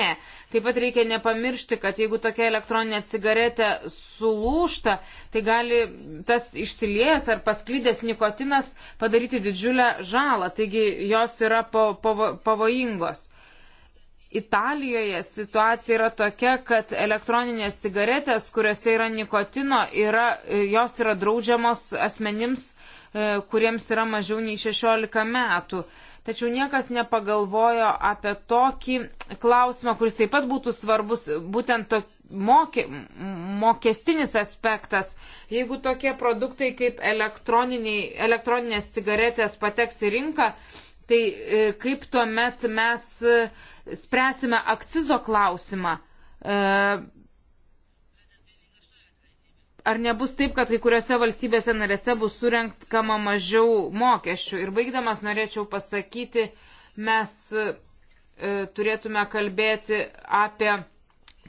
Taip pat reikia nepamiršti, kad jeigu tokia elektroninė cigaretė sulūšta, tai gali tas išsilies ar pasklydęs nikotinas padaryti didžiulę žalą, taigi jos yra pavojingos. Italijoje situacija yra tokia, kad elektroninės cigaretės, kuriuose yra nikotino, yra, jos yra draudžiamos asmenims, e, kuriems yra mažiau nei 16 metų tačiau niekas nepagalvojo apie tokį klausimą, kuris taip pat būtų svarbus, būtent to, mokė, mokestinis aspektas. Jeigu tokie produktai kaip elektroninės cigaretės pateks į rinką, tai e, kaip tuomet mes e, spręsime akcizo klausimą? E, ar nebus taip, kad kai kuriuose valstybėse narėse bus surenktama mažiau mokesčių. Ir baigdamas norėčiau pasakyti, mes e, turėtume kalbėti apie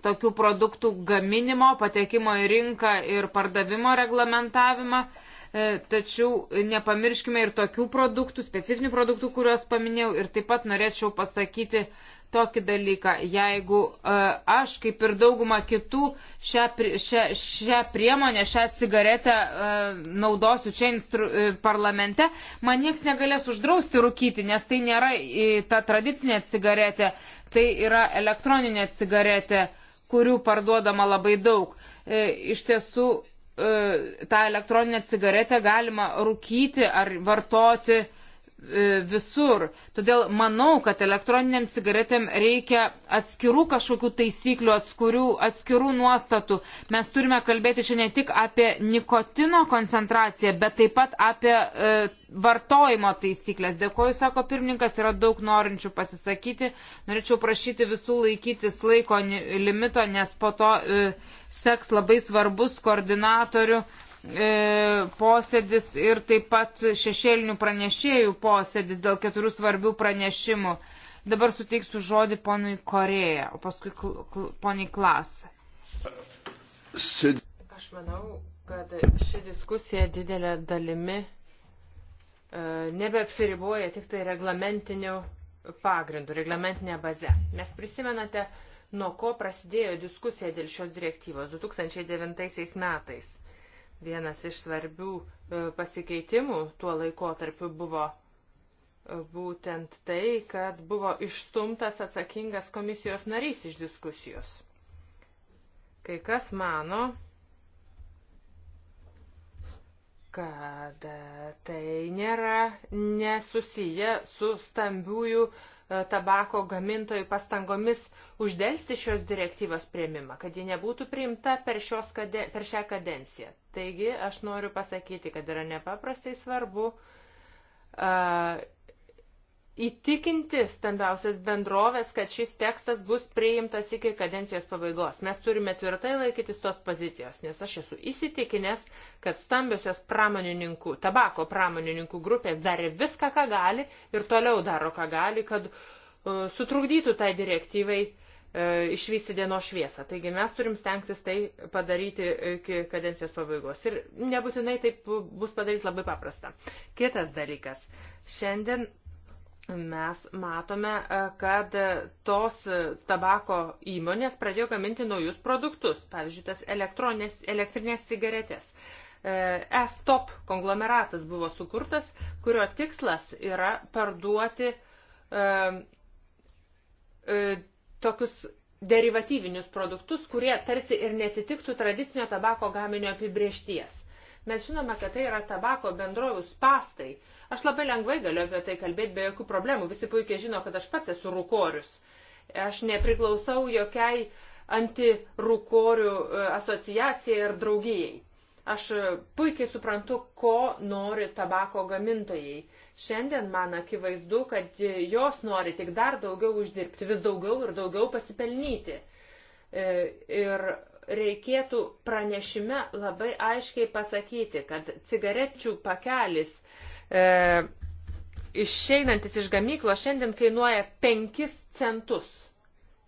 tokių produktų gaminimo, patekimo į rinką ir pardavimo reglamentavimą. E, tačiau nepamirškime ir tokių produktų, specifinių produktų, kuriuos paminėjau. Ir taip pat norėčiau pasakyti, tokį dalyką. Jeigu e, aš, kaip ir dauguma kitų, šią, šią, šią priemonę, šią cigaretę e, naudosiu čia instru, e, parlamente, man nieks negalės uždrausti rūkyti, nes tai nėra ta tradicinė cigaretė, tai yra elektroninė cigaretė, kurių parduodama labai daug. Iš tiesų, tą elektroninę cigaretę galima rūkyti ar vartoti E, visur. Todėl manau, kad elektroniniam cigaretėm reikia atskirų kažkokių taisyklių, atskirų, atskirų nuostatų. Mes turime kalbėti čia ne tik apie nikotino koncentraciją, bet taip pat apie e, vartojimo taisyklės. Dėkoju, sako pirmininkas, yra daug norinčių pasisakyti. Norėčiau prašyti visų laikytis laiko limito, nes po to e, seks labai svarbus koordinatorių E, posėdis ir taip pat šešėlinių pranešėjų posėdis dėl keturių svarbių pranešimų. Dabar suteiksiu žodį ponui Korėja, o paskui kl kl poniai Klas. Aš manau, kad ši diskusija didelė dalimi e, nebeapsiriboja tik tai reglamentiniu pagrindu, reglamentinė baze. Mes prisimenate, nuo ko prasidėjo diskusija dėl šios direktyvos 2009 metais Vienas iš svarbių e, pasikeitimų tuo laikotarpiu buvo e, būtent tai, kad buvo išstumtas atsakingas komisijos narys iš diskusijos. Kai kas mano, kad e, tai nėra nesusiję su stambiųjų E, tabako gamintojų pastangomis uždėlsti šios direktyvos prieimimą, kad ji nebūtų priimta per, kade, per šią kadenciją. Taigi aš noriu pasakyti, kad yra nepaprastai svarbu uh, įtikinti stambiausias bendrovės, kad šis tekstas bus priimtas iki kadencijos pabaigos. Mes turime tvirtai laikytis tos pozicijos, nes aš esu įsitikinęs, kad stambiosios pramonininkų, tabako pramonininkų grupės darė viską, ką gali ir toliau daro, ką gali, kad uh, sutrukdytų tai direktyvai uh, išvysti dienos šviesą. Taigi mes turim stengtis tai padaryti iki kadencijos pabaigos. Ir nebūtinai taip bus padaryti labai paprasta. Kitas dalykas. Šiandien mes matome, e, kad tos tabako įmonės pradėjo gaminti naujus produktus, pavyzdžiui, tas elektrinės cigaretės. E-Stop konglomeratas buvo sukurtas, kurio tikslas yra parduoti e, e, tokius derivatyvinius produktus, kurie tarsi ir netitiktų tradicinio tabako gaminio apibriešties. Mes žinome, kad tai yra tabako bendrovių spastai. Aš labai lengvai galiu apie tai kalbėti be jokių problemų. Visi puikiai žino, kad aš pats esu rūkorius. Aš nepriklausau jokiai antirūkorių e, asociacijai ir draugijai. Aš e, puikiai suprantu, ko nori tabako gamintojai. Šiandien man akivaizdu, kad e, jos nori tik dar daugiau uždirbti, vis daugiau ir daugiau pasipelnyti. Ir reikėtų pranešime labai aiškiai pasakyti, kad cigarečių pakelis e, išeinantis iš gamyklo šiandien kainuoja 5 centus.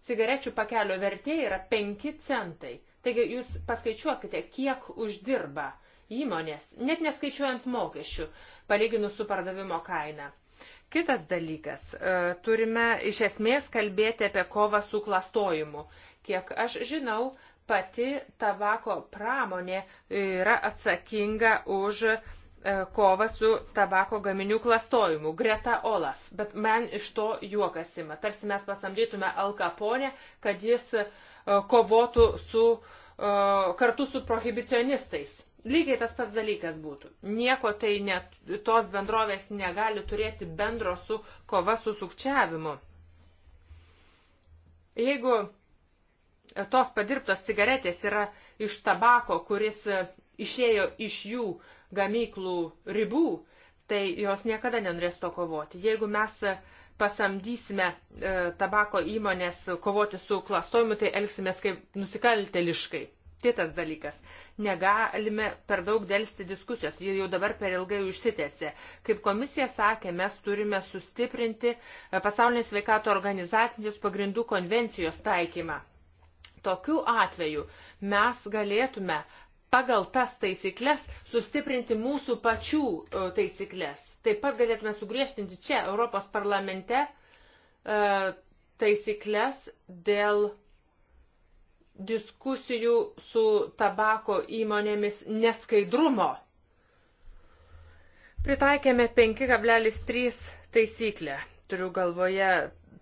Cigarečių pakelio vertė yra 5 centai. Taigi jūs paskaičiuokite, kiek uždirba įmonės, net neskaičiuojant mokesčių, palyginus su pardavimo kaina. Kitas dalykas, e, turime iš esmės kalbėti apie kovą su klastojimu. Kiek aš žinau, pati tabako pramonė yra atsakinga už e, kovą su tabako gaminių klastojimu. Greta Olaf. Bet man iš to juokasima. Tarsi mes pasamdytume Alkaponę, kad jis e, kovotų su, e, kartu su prohibicionistais. Lygiai tas pats dalykas būtų. Nieko tai net, tos bendrovės negali turėti bendro su kova su sukčiavimu. Jeigu tos padirbtos cigaretės yra iš tabako, kuris e, išėjo iš jų gamyklų ribų, tai jos niekada nenorės to kovoti. Jeigu mes e, pasamdysime e, tabako įmonės kovoti su klastojimu, tai elgsimės kaip nusikalteliškai. Kitas dalykas. Negalime per daug dėlsti diskusijos. Jie jau dabar per ilgai užsitęsė. Kaip komisija sakė, mes turime sustiprinti e, pasaulinės veikato organizacijos pagrindų konvencijos taikymą tokiu atveju mes galėtume pagal tas taisyklės sustiprinti mūsų pačių e, taisyklės. Taip pat galėtume sugriežtinti čia Europos parlamente e, taisyklės dėl diskusijų su tabako įmonėmis neskaidrumo. Pritaikėme 5,3 taisyklę. Turiu galvoje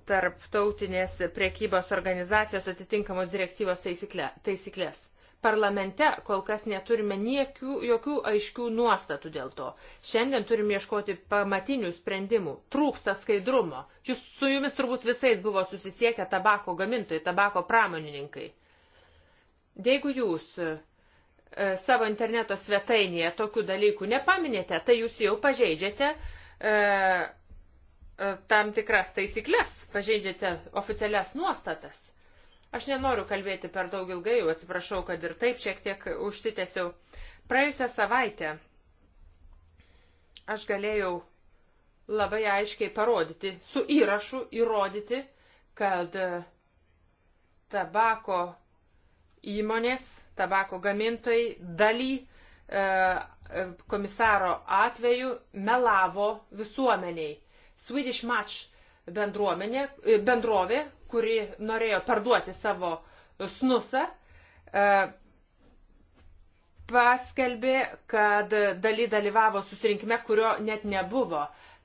tarptautinės priekybos organizacijos atitinkamos direktyvos taisyklės. Parlamente kol kas neturime niekių, jokių aiškių nuostatų dėl to. Šiandien turime ieškoti pamatinių sprendimų. Trūksta skaidrumo. Jūs, su jumis turbūt visais buvo susisiekę tabako gamintojai, tabako pramonininkai. Jeigu jūs e, savo interneto svetainėje tokių dalykų nepaminėte, tai jūs jau pažeidžiate e, E, tam tikras taisyklės, pažeidžiate oficialias nuostatas. Aš nenoriu kalbėti per daug ilgai, jau atsiprašau, kad ir taip šiek tiek užsitęsiau. Praėjusią savaitę aš galėjau labai aiškiai parodyti, su įrašu įrodyti, kad e, tabako įmonės, tabako gamintojai daly e, e komisaro atveju melavo visuomeniai. Swedish Match bendruomenė, e, bendrovė, kuri norėjo parduoti savo snusą, e, paskelbė, kad daly dalyvavo susirinkime, kurio net nebuvo.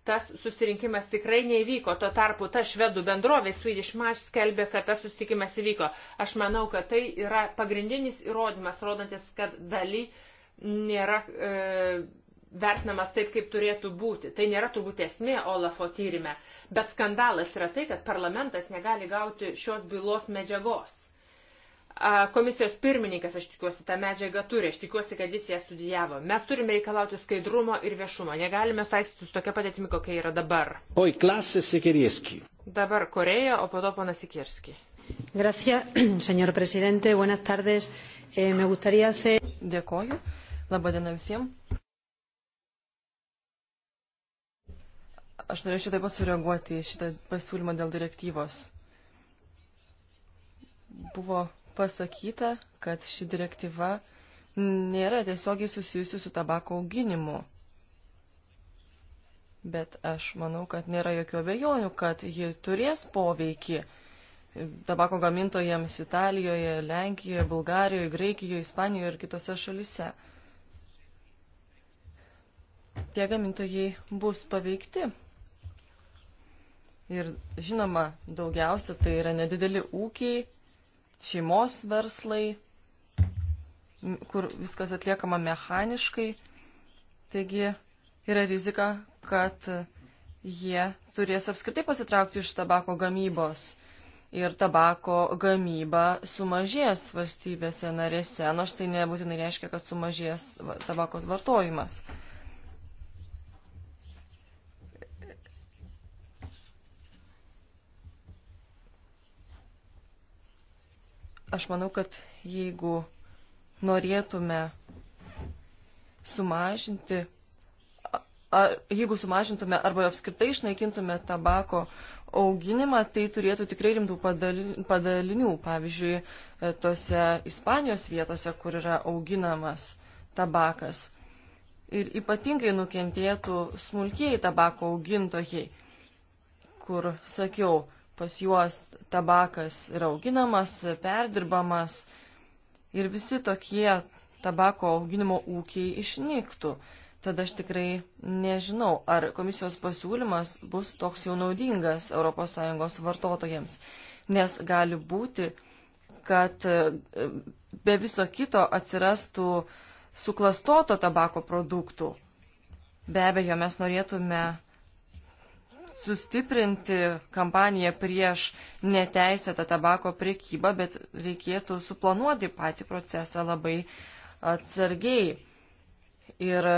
Tas susirinkimas tikrai nevyko, tuo tarpu ta švedų bendrovė Swedish Match skelbė, kad tas susitikimas įvyko. Aš manau, kad tai yra pagrindinis įrodymas, rodantis, kad daly nėra. E, vertinamas taip, kaip turėtų būti. Tai nėra turbūt esmė Olafo tyrimė, bet skandalas yra tai, kad parlamentas negali gauti šios bylos medžiagos. Komisijos pirmininkas, aš tikiuosi, tą medžiagą turi, aš tikiuosi, kad jis ją studijavo. Mes turime reikalauti skaidrumo ir viešumo. Negalime saistyti su tokia padėtimi, kokia yra dabar. Oi, klasė Sikirieski. Dabar Koreja, o po to pana Sikirski. Gracias, señor presidente. Buenas tardes. Eh, me gustaría hacer. Dėkoju. Labadiena visiems. Aš norėčiau taip pat sureaguoti į šitą pasiūlymą dėl direktyvos. Buvo pasakyta, kad ši direktyva nėra tiesiogiai susijusi su tabako auginimu. Bet aš manau, kad nėra jokių abejonių, kad ji turės poveikį tabako gamintojams Italijoje, Lenkijoje, Bulgarijoje, Graikijoje, Ispanijoje ir kitose šalise. Tie gamintojai bus paveikti Ir žinoma, daugiausia tai yra nedideli ūkiai, šeimos verslai, kur viskas atliekama mechaniškai. Taigi yra rizika, kad jie turės apskritai pasitraukti iš tabako gamybos. Ir tabako gamyba sumažės valstybėse narėse, nors tai nebūtinai reiškia, kad sumažės tabakos vartojimas. Aš manau, kad jeigu norėtume sumažinti, ar, jeigu sumažintume arba apskritai išnaikintume tabako auginimą, tai turėtų tikrai rimtų padalinių. Pavyzdžiui, e, tose Ispanijos vietose, kur yra auginamas tabakas. Ir ypatingai nukentėtų smulkiai tabako augintojai, kur, sakiau, pas juos tabakas yra auginamas, perdirbamas ir visi tokie tabako auginimo ūkiai išnyktų. Tad aš tikrai nežinau, ar komisijos pasiūlymas bus toks jau naudingas ES vartotojams, nes gali būti, kad e, be viso kito atsirastų suklastoto tabako produktų. Be abejo, mes norėtume sustiprinti kampaniją prieš neteisėtą tabako priekybą, bet reikėtų suplanuoti patį procesą labai atsargiai ir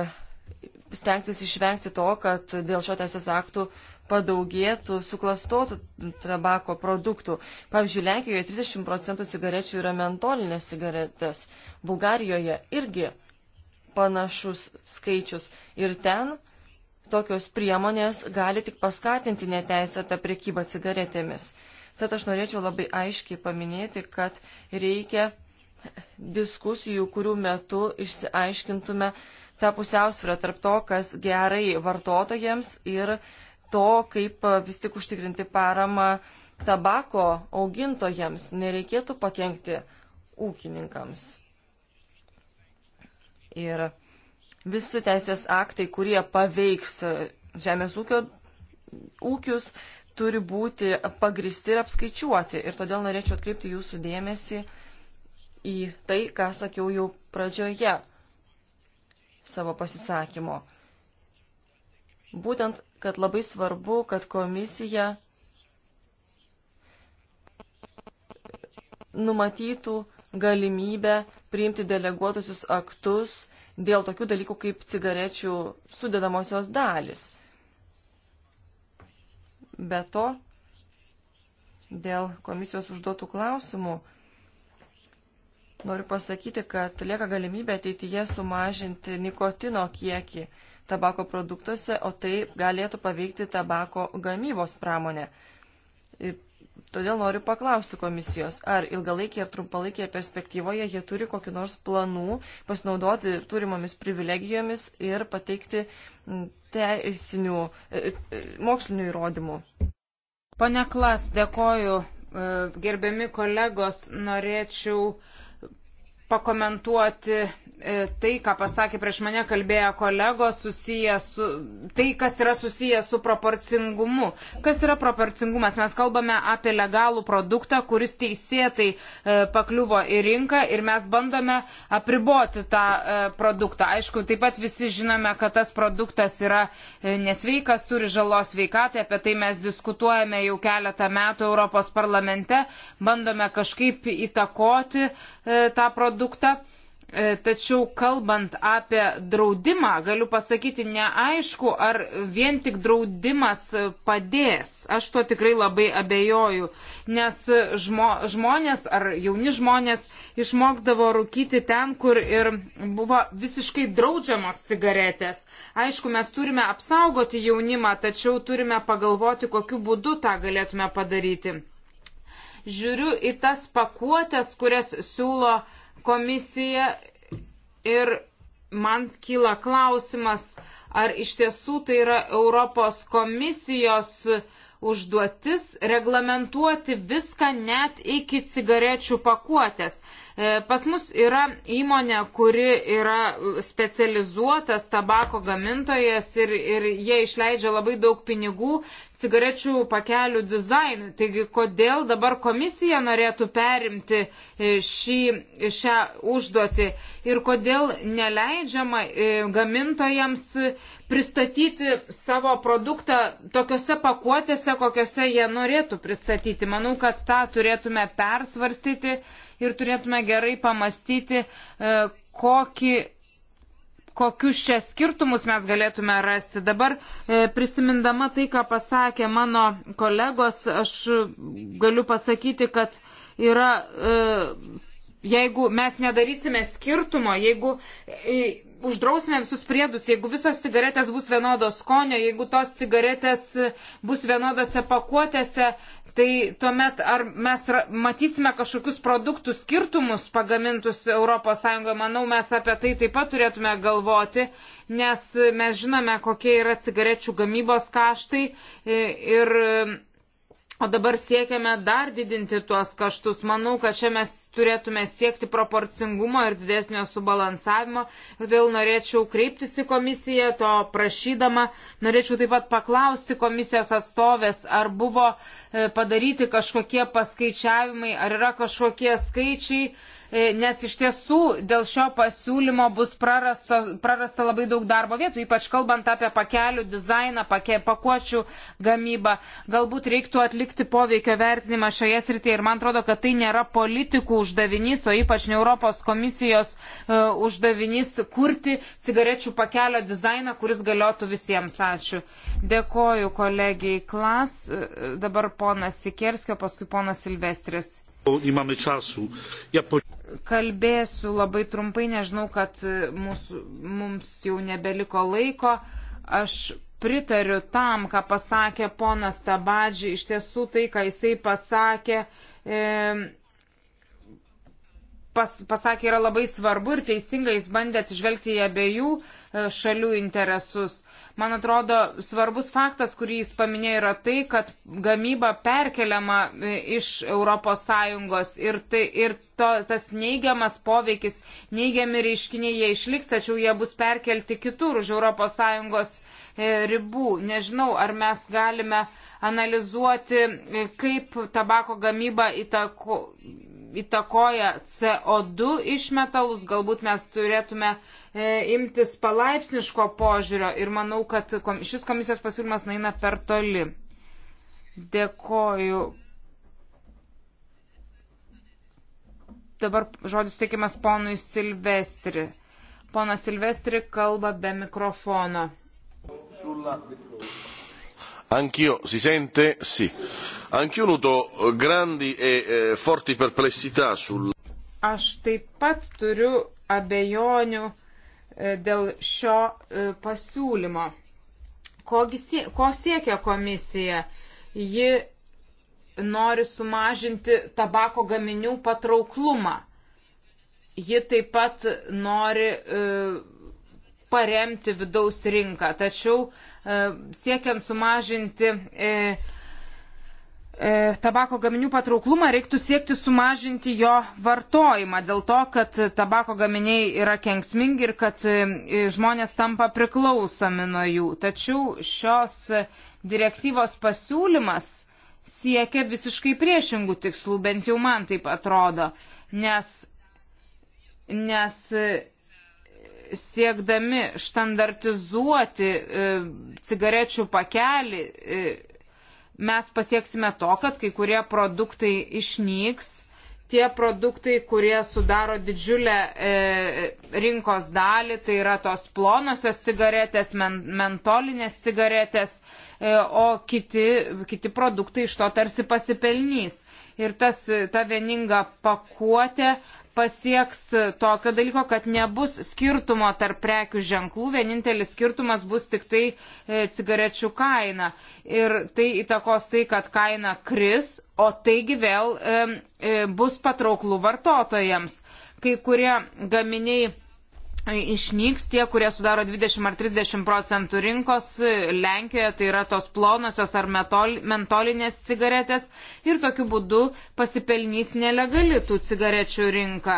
stengtis išvengti to, kad dėl šio teisės aktų padaugėtų suklastotų tabako produktų. Pavyzdžiui, Lenkijoje 30 procentų cigarečių yra mentolinės cigaretės, Bulgarijoje irgi panašus skaičius. Ir ten tokios priemonės gali tik paskatinti neteisėtą priekybą cigaretėmis. Tad aš norėčiau labai aiškiai paminėti, kad reikia diskusijų, kurių metu išsiaiškintume tą pusiausvyrą tarp to, kas gerai vartotojams ir to, kaip vis tik užtikrinti paramą tabako augintojams. Nereikėtų pakengti ūkininkams. Ir visi teisės aktai, kurie paveiks žemės ūkio ūkius, turi būti pagristi ir apskaičiuoti. Ir todėl norėčiau atkreipti jūsų dėmesį į tai, ką sakiau jau pradžioje savo pasisakymo. Būtent, kad labai svarbu, kad komisija numatytų galimybę priimti deleguotusius aktus dėl tokių dalykų kaip cigarečių sudedamosios dalis. Be to, dėl komisijos užduotų klausimų, noriu pasakyti, kad lieka galimybė ateityje sumažinti nikotino kiekį tabako produktuose, o tai galėtų paveikti tabako gamybos pramonę. Ir Todėl noriu paklausti komisijos, ar ilgalaikėje ar trumpalaikėje perspektyvoje jie turi kokiu nors planų pasinaudoti turimomis privilegijomis ir pateikti teisinių, e, e, mokslinių įrodymų. Pane Klas, dėkoju. E, gerbiami kolegos, norėčiau uh, pakomentuoti e, tai, ką pasakė prieš mane kalbėję kolegos, su, tai, kas yra susiję su proporcingumu. Kas yra proporcingumas? Mes kalbame apie legalų produktą, kuris teisėtai e, pakliuvo į rinką ir mes bandome apriboti tą e, produktą. Aišku, taip pat visi žinome, kad tas produktas yra e, nesveikas, turi žalos veikatai, apie tai mes diskutuojame jau keletą metų Europos parlamente, bandome kažkaip įtakoti e, E, tą produktą. E, tačiau kalbant apie draudimą, galiu pasakyti neaišku, ar vien tik draudimas padės. Aš tuo tikrai labai abejoju, nes žmo, žmonės ar jauni žmonės išmokdavo rūkyti ten, kur ir buvo visiškai draudžiamos cigaretės. Aišku, mes turime apsaugoti jaunimą, tačiau turime pagalvoti, kokiu būdu tą galėtume padaryti žiūriu į tas pakuotės, kurias siūlo komisija ir man kyla klausimas, ar iš tiesų tai yra Europos komisijos užduotis reglamentuoti viską net iki cigarečių pakuotės. E, pas mus yra įmonė, kuri yra specializuotas tabako gamintojas ir, ir jie išleidžia labai daug pinigų cigarečių pakelių dizainui. Taigi, kodėl dabar komisija norėtų perimti e, šį, šią užduotį ir kodėl neleidžiama e, gamintojams pristatyti savo produktą tokiuose pakuotėse, kokiuose jie norėtų pristatyti. Manau, kad tą turėtume persvarstyti ir turėtume gerai pamastyti, e, kokį kokius čia skirtumus mes galėtume rasti. Dabar e, prisimindama tai, ką pasakė mano kolegos, aš galiu pasakyti, kad yra, e, jeigu mes nedarysime skirtumo, jeigu uždrausime visus priedus, jeigu visos cigaretės bus vienodos skonio, jeigu tos cigaretės bus vienodose pakuotėse, tai tuomet ar mes matysime kažkokius produktų skirtumus pagamintus ES, manau, mes apie tai taip pat turėtume galvoti, nes mes žinome, kokie yra cigarečių gamybos kaštai e, ir O dabar siekiame dar didinti tuos kaštus. Manau, kad čia mes turėtume siekti proporcingumo ir didesnio subalansavimo. Todėl norėčiau kreiptis į komisiją, to prašydama. Norėčiau taip pat paklausti komisijos atstovės, ar buvo e, padaryti kažkokie paskaičiavimai, ar yra kažkokie skaičiai E, nes iš tiesų dėl šio pasiūlymo bus prarasta, prarasta labai daug darbo vietų, ypač kalbant apie pakelių dizainą, pake, pakuočių gamybą. Galbūt reiktų atlikti poveikio vertinimą šioje srityje ir man atrodo, kad tai nėra politikų uždavinys, o ypač ne Europos komisijos uh, uždavinys kurti cigarečių pakelio dizainą, kuris galiotų visiems. Ačiū. Dėkoju kolegijai Klas, e, dabar ponas Sikerskio, paskui ponas Silvestris. Kalbėsiu labai trumpai, nežinau, kad mūsų, mums jau nebeliko laiko. Aš pritariu tam, ką pasakė ponas Tabadži. Iš tiesų tai, ką jisai pasakė, e, pas, pasakė yra labai svarbu ir teisingai jis bandė atsižvelgti į abiejų e, šalių interesus. Man atrodo, svarbus faktas, kurį jis paminėjo, yra tai, kad gamyba perkeliama e, iš ES ir, tai, ir to, tas neigiamas poveikis, neigiami reiškiniai jie išliks, tačiau jie bus perkelti kitur už ES e, ribų. Nežinau, ar mes galime analizuoti, kaip tabako gamyba įtako, įtakoja CO2 išmetalus, galbūt mes turėtume e, imtis palaipsniško požiūrio ir manau, kad kom, šis komisijos pasiūlymas naina per toli. Dėkoju. Dabar žodis teikiamas ponui Silvestri. Ponas Silvestri kalba be mikrofono. Anch'io, si sente? Sì. Si. Anch'io noto eh, grandi e eh, forti perplessità sul. Aš taip pat turiu abejonių eh, dėl šio pasiūlymo. Kogi, ko siekia komisija? Ji nori sumažinti tabako gaminių patrauklumą. Ji taip pat nori paremti vidaus rinką. Tačiau siekiant sumažinti e, E, tabako gaminių patrauklumą, reiktų siekti sumažinti jo vartojimą dėl to, kad tabako gaminiai yra kenksmingi ir kad e, žmonės tampa priklausomi nuo jų. Tačiau šios direktyvos pasiūlymas siekia visiškai priešingų tikslų, bent jau man taip atrodo, nes, nes e, siekdami štandartizuoti e, cigarečių pakelį, e, mes pasieksime to, kad kai kurie produktai išnyks, tie produktai, kurie sudaro didžiulę e, rinkos dalį, tai yra tos plonosios cigaretės, men, mentolinės cigaretės, e, o kiti, kiti produktai iš to tarsi pasipelnys ir tas, ta vieninga pakuotė pasieks tokio dalyko, kad nebus skirtumo tarp prekių ženklų, vienintelis skirtumas bus tik tai e, cigarečių kaina. Ir tai įtakos tai, kad kaina kris, o taigi vėl e, e, bus patrauklų vartotojams. Kai kurie gaminiai išnyks tie, kurie sudaro 20 ar 30 procentų rinkos Lenkijoje, tai yra tos plonosios ar metol, mentolinės cigaretės ir tokiu būdu pasipelnys nelegali tų cigarečių rinka.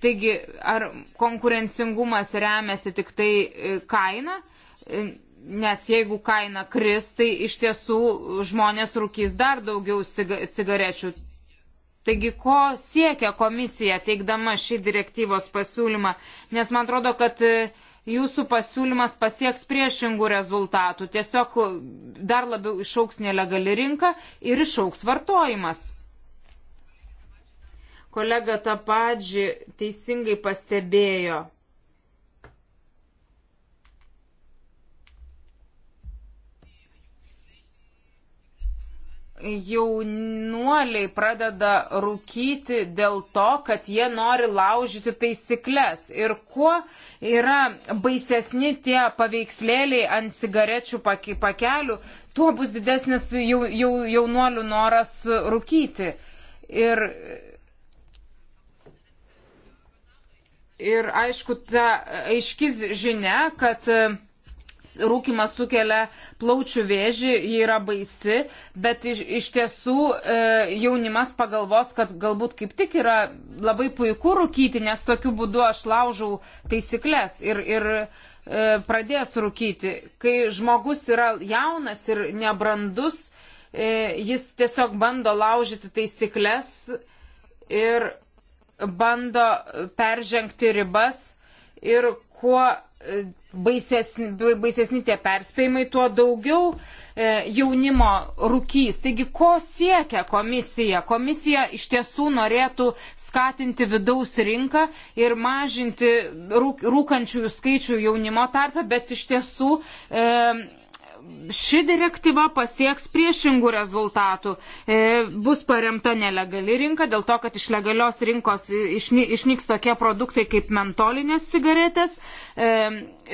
Taigi, ar konkurencingumas remiasi tik tai e, kaina? E, nes jeigu kaina kris, tai iš tiesų žmonės rūkys dar daugiau cigarečių. Taigi, ko siekia komisija teikdama šį direktyvos pasiūlymą? Nes man atrodo, kad e, jūsų pasiūlymas pasieks priešingų rezultatų. Tiesiog e, dar labiau išauks nelegali rinka ir išauks vartojimas. Kolega Tapadži teisingai pastebėjo, jaunuoliai pradeda rūkyti dėl to, kad jie nori laužyti taisyklės. Ir kuo yra baisesni tie paveikslėliai ant cigarečių pakelių, tuo bus didesnis jau, jau, jaunuolių noras rūkyti. Ir, ir aišku, ta aiškis žinia, kad rūkimas sukelia plaučių vėžį, ji yra baisi, bet iš, iš tiesų e, jaunimas pagalvos, kad galbūt kaip tik yra labai puiku rūkyti, nes tokiu būdu aš laužau taisyklės ir, ir e, pradės rūkyti. Kai žmogus yra jaunas ir nebrandus, e, jis tiesiog bando laužyti taisyklės ir bando peržengti ribas ir kuo baisesni, baisesni tie perspėjimai, tuo daugiau e, jaunimo rūkys. Taigi, ko siekia komisija? Komisija iš tiesų norėtų skatinti vidaus rinką ir mažinti rūk, rūkančiųjų skaičių jaunimo tarpę, bet iš tiesų e, ši direktyva pasieks priešingų rezultatų. E, bus paremta nelegali rinka dėl to, kad iš legalios rinkos išny, išnyks tokie produktai kaip mentolinės cigaretės. E,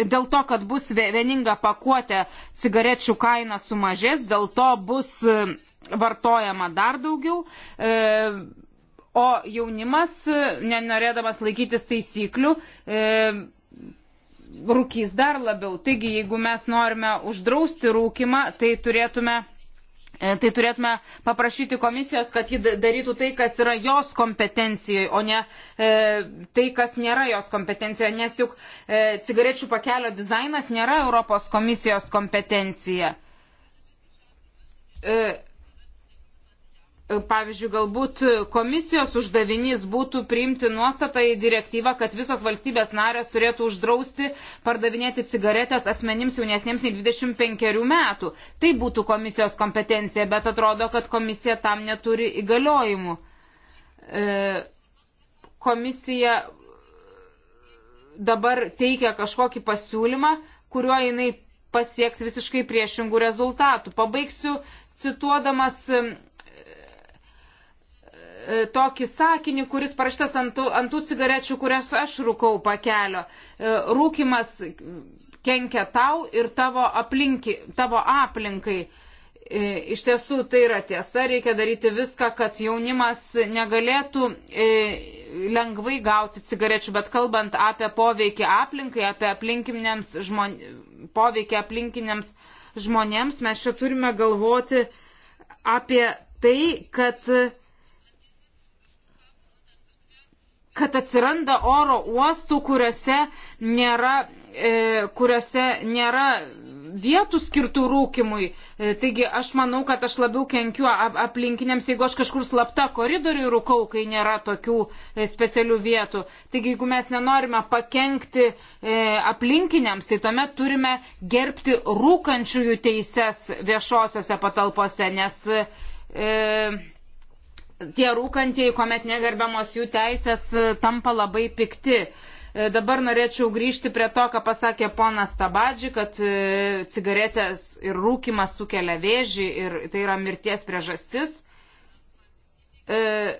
dėl to, kad bus vieninga pakuotė, cigarečių kaina sumažės, dėl to bus e, vartojama dar daugiau. E, o jaunimas, nenorėdamas laikytis taisyklių, e, rūkys dar labiau. Taigi, jeigu mes norime uždrausti rūkimą, tai turėtume e, Tai turėtume paprašyti komisijos, kad ji darytų tai, kas yra jos kompetencijoje, o ne e, tai, kas nėra jos kompetencijoje, nes juk e, cigarečių pakelio dizainas nėra Europos komisijos kompetencija. E, pavyzdžiui, galbūt komisijos uždavinys būtų priimti nuostatą į direktyvą, kad visos valstybės narės turėtų uždrausti pardavinėti cigaretės asmenims jaunesniems nei 25 metų. Tai būtų komisijos kompetencija, bet atrodo, kad komisija tam neturi įgaliojimų. E, komisija dabar teikia kažkokį pasiūlymą, kuriuo jinai pasieks visiškai priešingų rezultatų. Pabaigsiu cituodamas E, tokį sakinį, kuris paraštas ant tų cigarečių, kurias aš rūkau pakelio. E, Rūkimas kenkia tau ir tavo, aplinki, tavo aplinkai. E, iš tiesų tai yra tiesa, reikia daryti viską, kad jaunimas negalėtų lengvai gauti cigarečių, bet kalbant apie poveikį aplinkai, apie aplinkiniams žmon... poveikį aplinkiniams žmonėms, mes čia turime galvoti apie tai, kad kad atsiranda oro uostų, kuriuose nėra, e, kuriuose nėra vietų skirtų rūkimui. E, taigi aš manau, kad aš labiau kenkiu aplinkiniams, jeigu aš kažkur slapta koridoriui rūkau, kai nėra tokių e, specialių vietų. Taigi jeigu mes nenorime pakengti e, aplinkiniams, tai tuomet turime gerbti rūkančiųjų teises viešosiose patalpose, nes e, tie rūkantieji, kuomet negerbiamos jų teisės, e, tampa labai pikti. E, dabar norėčiau grįžti prie to, ką pasakė ponas Tabadži, kad e, cigaretės ir rūkimas sukelia vėžį ir tai yra mirties priežastis. E,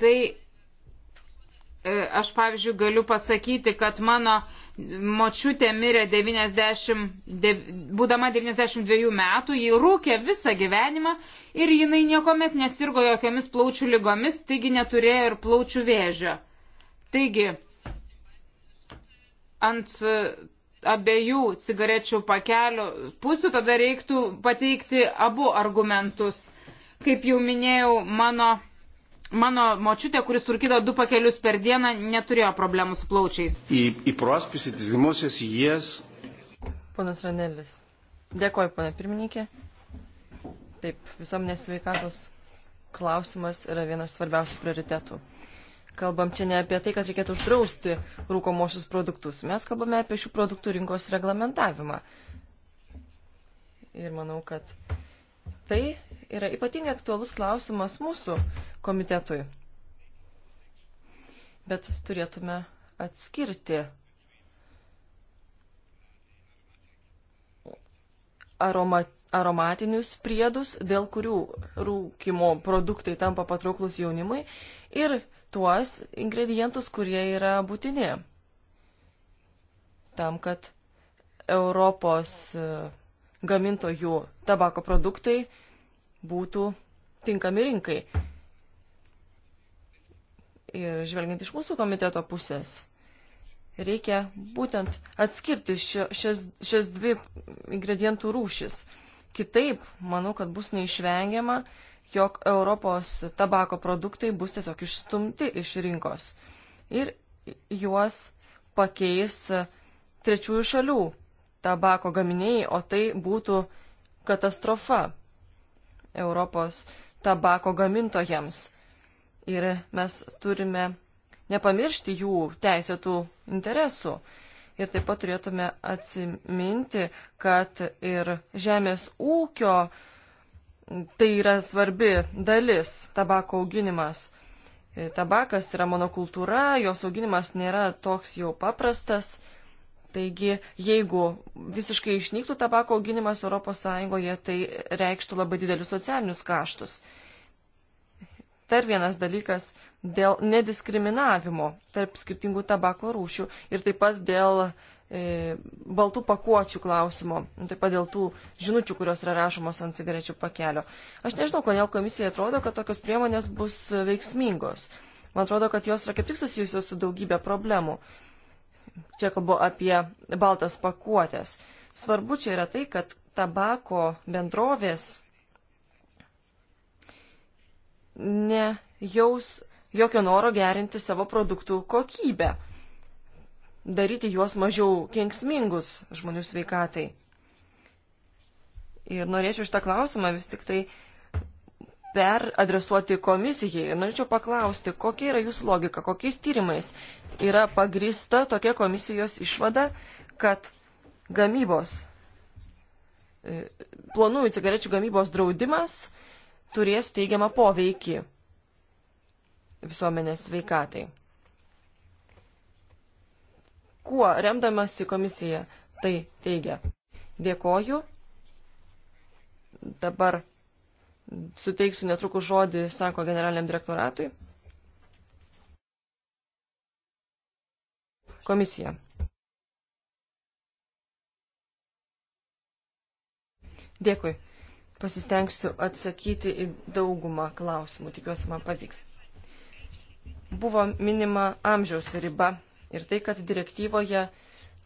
tai e, aš, pavyzdžiui, galiu pasakyti, kad mano e, močiutė mirė 90, de, būdama 92 metų, ji rūkė visą gyvenimą ir jinai niekuomet nesirgo jokiamis plaučių lygomis, taigi neturėjo ir plaučių vėžio. Taigi, ant abiejų cigarečių pakelių pusių tada reiktų pateikti abu argumentus. Kaip jau minėjau, mano Mano močiutė, kuris surkido du pakelius per dieną, neturėjo problemų su plaučiais. Į, į proaspisi tis gimosios įjės. Ponas Ranelis. Dėkoju, ponė pirmininkė. Taip, visuomenės sveikatos klausimas yra vienas svarbiausių prioritetų. Kalbam čia ne apie tai, kad reikėtų uždrausti rūkomosius produktus. Mes kalbame apie šių produktų rinkos reglamentavimą. Ir manau, kad tai yra ypatingai aktualus klausimas mūsų komitetui. Bet turėtume atskirti aroma, aromatinius priedus, dėl kurių rūkimo produktai tampa patrauklus jaunimui, ir tuos ingredientus, kurie yra būtini tam, kad Europos e, gamintojų tabako produktai būtų tinkami rinkai. Ir žvelgiant iš mūsų komiteto pusės, reikia būtent atskirti šio, šias, šias dvi ingredientų rūšis. Kitaip, manau, kad bus neišvengiama, jog Europos tabako produktai bus tiesiog išstumti iš rinkos ir juos pakeis trečiųjų šalių tabako gaminiai, o tai būtų katastrofa. Europos tabako gamintojams. Ir mes turime nepamiršti jų teisėtų interesų. Ir taip pat turėtume atsiminti, kad ir žemės ūkio tai yra svarbi dalis tabako auginimas. Tabakas yra monokultūra, jos auginimas nėra toks jau paprastas. Taigi, jeigu visiškai išnyktų tabako auginimas ES, tai reikštų labai didelius socialinius kaštus. Dar vienas dalykas dėl nediskriminavimo tarp skirtingų tabako rūšių ir taip pat dėl e, baltų pakuočių klausimo, taip pat dėl tų žinučių, kurios yra rašomos ant cigarečių pakelio. Aš nežinau, kodėl komisija atrodo, kad tokios priemonės bus veiksmingos. Man atrodo, kad jos yra kaip tik susijusios su daugybė problemų čia kalbu apie baltas pakuotės. Svarbu čia yra tai, kad tabako bendrovės nejaus jokio noro gerinti savo produktų kokybę, daryti juos mažiau kenksmingus žmonių sveikatai. Ir norėčiau šitą klausimą vis tik tai peradresuoti komisijai. Ir norėčiau paklausti, kokia yra jūsų logika, kokiais tyrimais yra pagrįsta tokia komisijos išvada, kad gamybos, e, planųjų cigarečių gamybos draudimas turės teigiamą poveikį visuomenės sveikatai. Kuo remdamasi komisija tai teigia? Dėkoju. Dabar suteiksiu netrukus žodį, sako generaliniam direktoratui. Komisija. Dėkui. Pasistengsiu atsakyti į daugumą klausimų. Tikiuosi, man pavyks. Buvo minima amžiaus riba ir tai, kad direktyvoje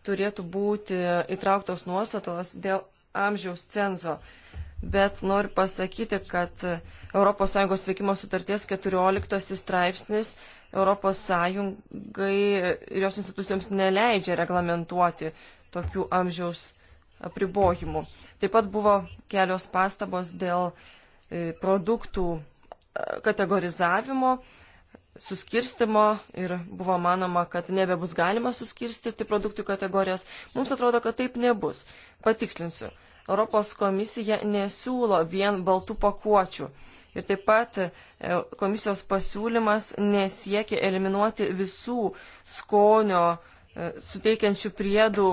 turėtų būti įtrauktos nuostatos dėl amžiaus cenzo bet noriu pasakyti, kad ES veikimo sutarties 14 straipsnis ES ir jos institucijoms neleidžia reglamentuoti tokių amžiaus apribojimų. Taip pat buvo kelios pastabos dėl e, produktų e, kategorizavimo, suskirstimo ir buvo manoma, kad nebebus galima suskirstyti produktų kategorijas. Mums atrodo, kad taip nebus. Patikslinsiu Europos komisija nesiūlo vien baltų pakuočių. Ir taip pat e, komisijos pasiūlymas nesiekia eliminuoti visų skonio e, suteikiančių priedų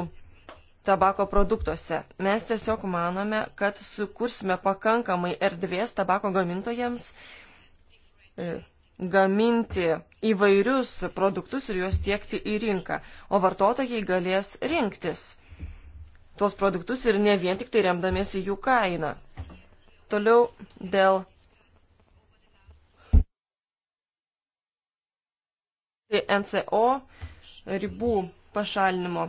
tabako produktuose. Mes tiesiog manome, kad sukursime pakankamai erdvės tabako gamintojams e, gaminti įvairius produktus ir juos tiekti į rinką, o vartotojai galės rinktis tuos produktus ir ne vien tik tai remdamiesi jų kainą. Toliau dėl. NCO ribų pašalinimo.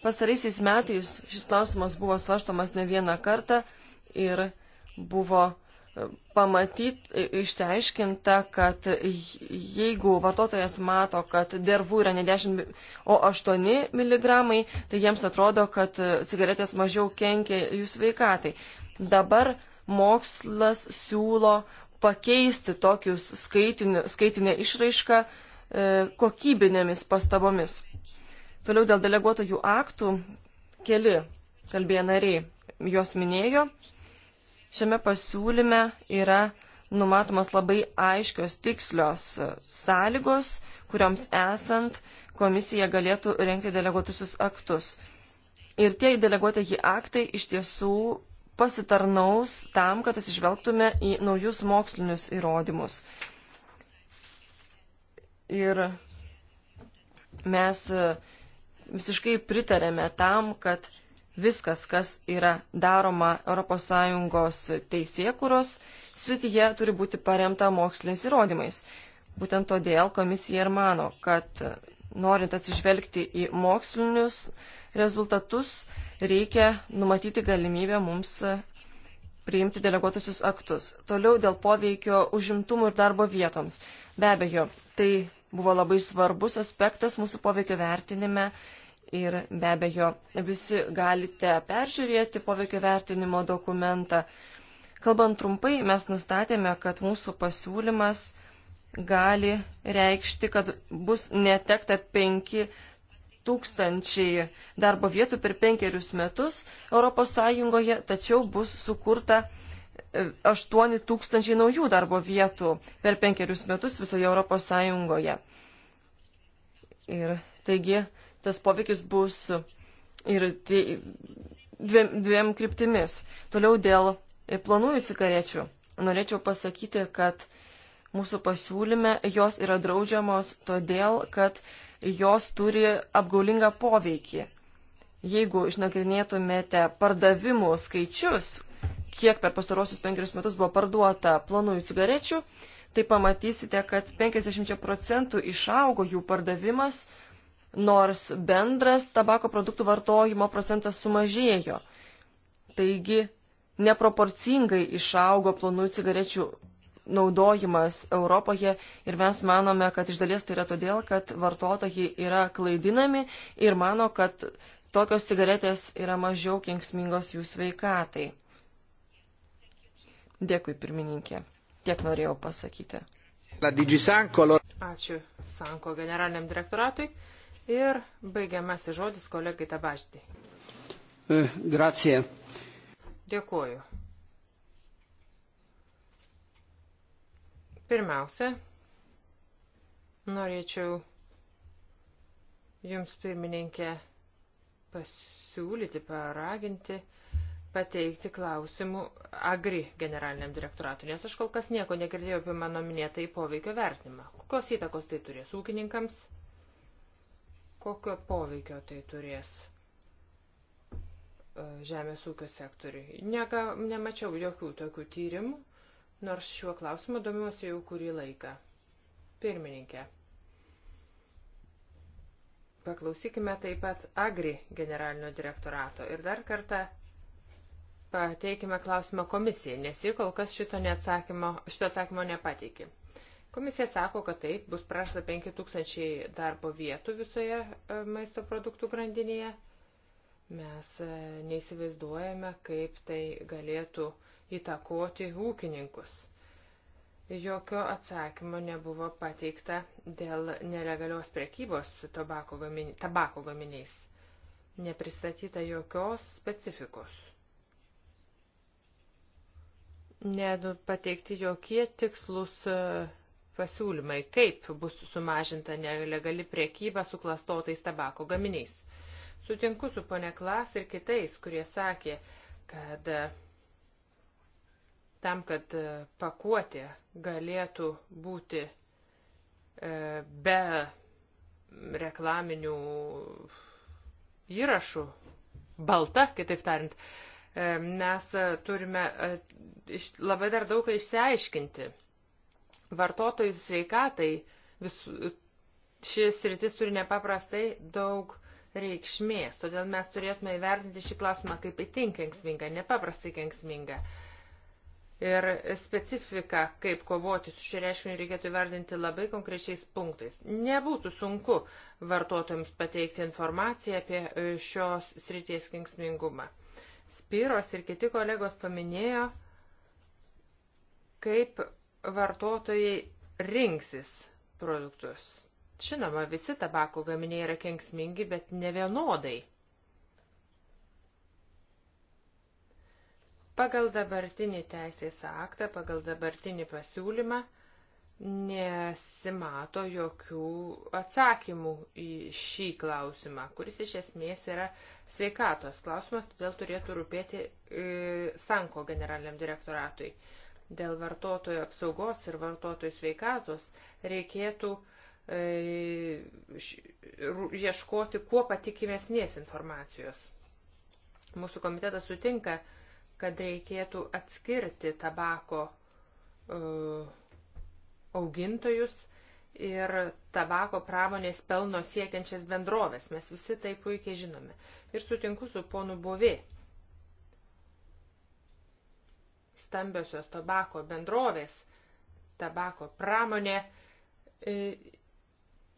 Pastaraisiais metais šis klausimas buvo svarstomas ne vieną kartą ir buvo uh, pamatyt, išsiaiškinta, kad jeigu vartotojas mato, kad dervų yra ne 10, o 8 mg, tai jiems atrodo, kad cigaretės mažiau kenkia jų sveikatai. Dabar mokslas siūlo pakeisti tokius skaitinį, skaitinę išraišką e, kokybinėmis pastabomis. Toliau dėl deleguotojų aktų keli kalbėjo nariai juos minėjo Šiame pasiūlyme yra numatomas labai aiškios tikslios sąlygos, kurioms esant komisija galėtų renkti deleguotusius aktus. Ir tie deleguotieji aktai iš tiesų pasitarnaus tam, kad atsižvelgtume į naujus mokslinius įrodymus. Ir mes visiškai pritarėme tam, kad viskas, kas yra daroma ES teisėkuros srityje, turi būti paremta moksliniais įrodymais. Būtent todėl komisija ir mano, kad norint atsižvelgti į mokslinius rezultatus, reikia numatyti galimybę mums priimti deleguotusius aktus. Toliau dėl poveikio užimtumų ir darbo vietoms. Be abejo, tai buvo labai svarbus aspektas mūsų poveikio vertinime Ir be abejo, visi galite peržiūrėti poveikio vertinimo dokumentą. Kalbant trumpai, mes nustatėme, kad mūsų pasiūlymas gali reikšti, kad bus netekta 5 tūkstančiai darbo vietų per penkerius metus ES, tačiau bus sukurta 8 e, tūkstančiai naujų darbo vietų per penkerius metus visoje ES. Ir taigi tas poveikis bus ir dviem, dviem kryptimis. Toliau dėl plonųjų cigarečių. Norėčiau pasakyti, kad mūsų pasiūlyme jos yra draudžiamos todėl, kad jos turi apgaulingą poveikį. Jeigu išnagrinėtumėte pardavimų skaičius, kiek per pastarosius penkerius metus buvo parduota plonųjų cigarečių, tai pamatysite, kad 50 procentų išaugo jų pardavimas nors bendras tabako produktų vartojimo procentas sumažėjo. Taigi neproporcingai išaugo plonųjų cigarečių naudojimas Europoje ir mes manome, kad iš dalies tai yra todėl, kad vartotojai yra klaidinami ir mano, kad tokios cigaretės yra mažiau kenksmingos jų sveikatai. Dėkui, pirmininkė. Tiek norėjau pasakyti. Ačiū Sanko generaliniam direktoratui. Ir baigiamasis žodis kolegai Tabaždį. E, Gracija. Dėkuoju. Pirmiausia, norėčiau Jums, pirmininkė, pasiūlyti, paraginti, pateikti klausimų Agri generaliniam direktoratui, nes aš kol kas nieko negirdėjau apie mano minėtą į poveikio vertinimą. Kokios įtakos tai turės ūkininkams? kokio poveikio tai turės e, žemės ūkio sektoriui. Nega, nemačiau jokių tokių tyrimų, nors šiuo klausimu domiuosi jau kurį laiką. Pirmininkė. Paklausykime taip pat Agri generalinio direktorato ir dar kartą pateikime klausimą komisijai, nes ji kol kas šito, šito atsakymo nepateikė. Komisija sako, kad taip, bus prašta 5000 darbo vietų visoje e, maisto produktų grandinėje. Mes e, neįsivaizduojame, kaip tai galėtų įtakoti ūkininkus. Jokio atsakymo nebuvo pateikta dėl nelegalios prekybos tabako, gamini, tabako gaminiais. Nepristatyta jokios specifikos nepateikti jokie tikslus e, pasiūlymai, kaip bus sumažinta nelegali priekyba su klastotais tabako gaminiais. Sutinku su pone Klas ir kitais, kurie sakė, kad e, tam, kad e, pakuotė galėtų būti e, be reklaminių įrašų, balta, kitaip tariant, mes turime labai dar daug ką išsiaiškinti vartotojų sveikatai vis, šis rytis turi nepaprastai daug reikšmės. Todėl mes turėtume įvertinti šį klausimą kaip itin kengsmingą, nepaprastai kengsmingą. Ir specifiką, kaip kovoti su šiuo reiškiniu, reikėtų įvardinti labai konkrečiais punktais. Nebūtų sunku vartotojams pateikti informaciją apie e, šios srities kengsmingumą. Spyros ir kiti kolegos paminėjo, kaip vartotojai rinksis produktus. Žinoma, visi tabako gaminiai yra kenksmingi, bet ne vienodai. Pagal dabartinį teisės aktą, pagal dabartinį pasiūlymą nesimato jokių atsakymų į šį klausimą, kuris iš esmės yra sveikatos klausimas, todėl turėtų rūpėti e, Sanko generaliniam direktoratui. E, dėl vartotojų apsaugos ir vartotojų sveikatos reikėtų e, ieškoti kuo patikimesnės informacijos. Mūsų komitetas sutinka, kad reikėtų atskirti tabako e, augintojus ir tabako pramonės pelno siekiančias bendrovės. Mes visi tai puikiai žinome. Ir sutinku su ponu Bovė stambiosios tabako bendrovės, tabako pramonė e,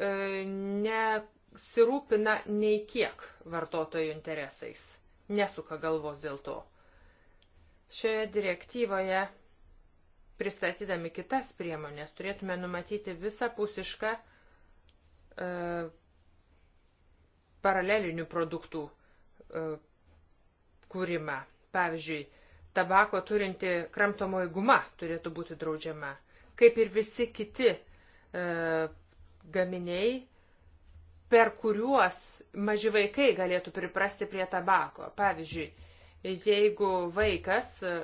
e, nesirūpina nei kiek vartotojų interesais, nesuka galvos dėl to. Šioje direktyvoje, pristatydami kitas priemonės, turėtume numatyti visapusišką e, paralelinių produktų e, kūrimą. Pavyzdžiui, tabako turinti kramtomoji guma turėtų būti draudžiama, kaip ir visi kiti e, gaminiai, per kuriuos maži vaikai galėtų priprasti prie tabako. Pavyzdžiui, jeigu vaikas e,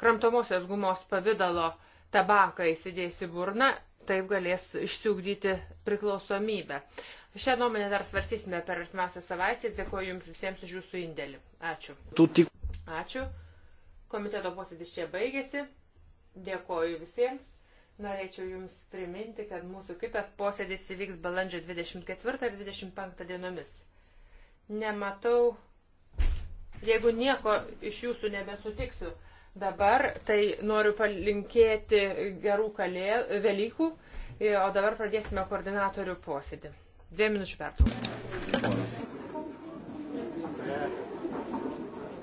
kramtomosios gumos pavydalo tabaką įsidės į burną, taip galės išsiugdyti priklausomybę. Šią nuomonę dar svarstysime per artimiausias savaitės. Dėkuoju Jums visiems už Jūsų indėlį. Ačiū. Ačiū. Komiteto posėdis čia baigėsi. Dėkoju visiems. Norėčiau Jums priminti, kad mūsų kitas posėdis įvyks balandžio 24 ir 25 dienomis. Nematau, jeigu nieko iš Jūsų nebesutiksiu dabar, tai noriu palinkėti gerų kalė, Velykų, o dabar pradėsime koordinatorių posėdį. Dviem minučių pertrauką.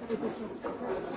Thank you.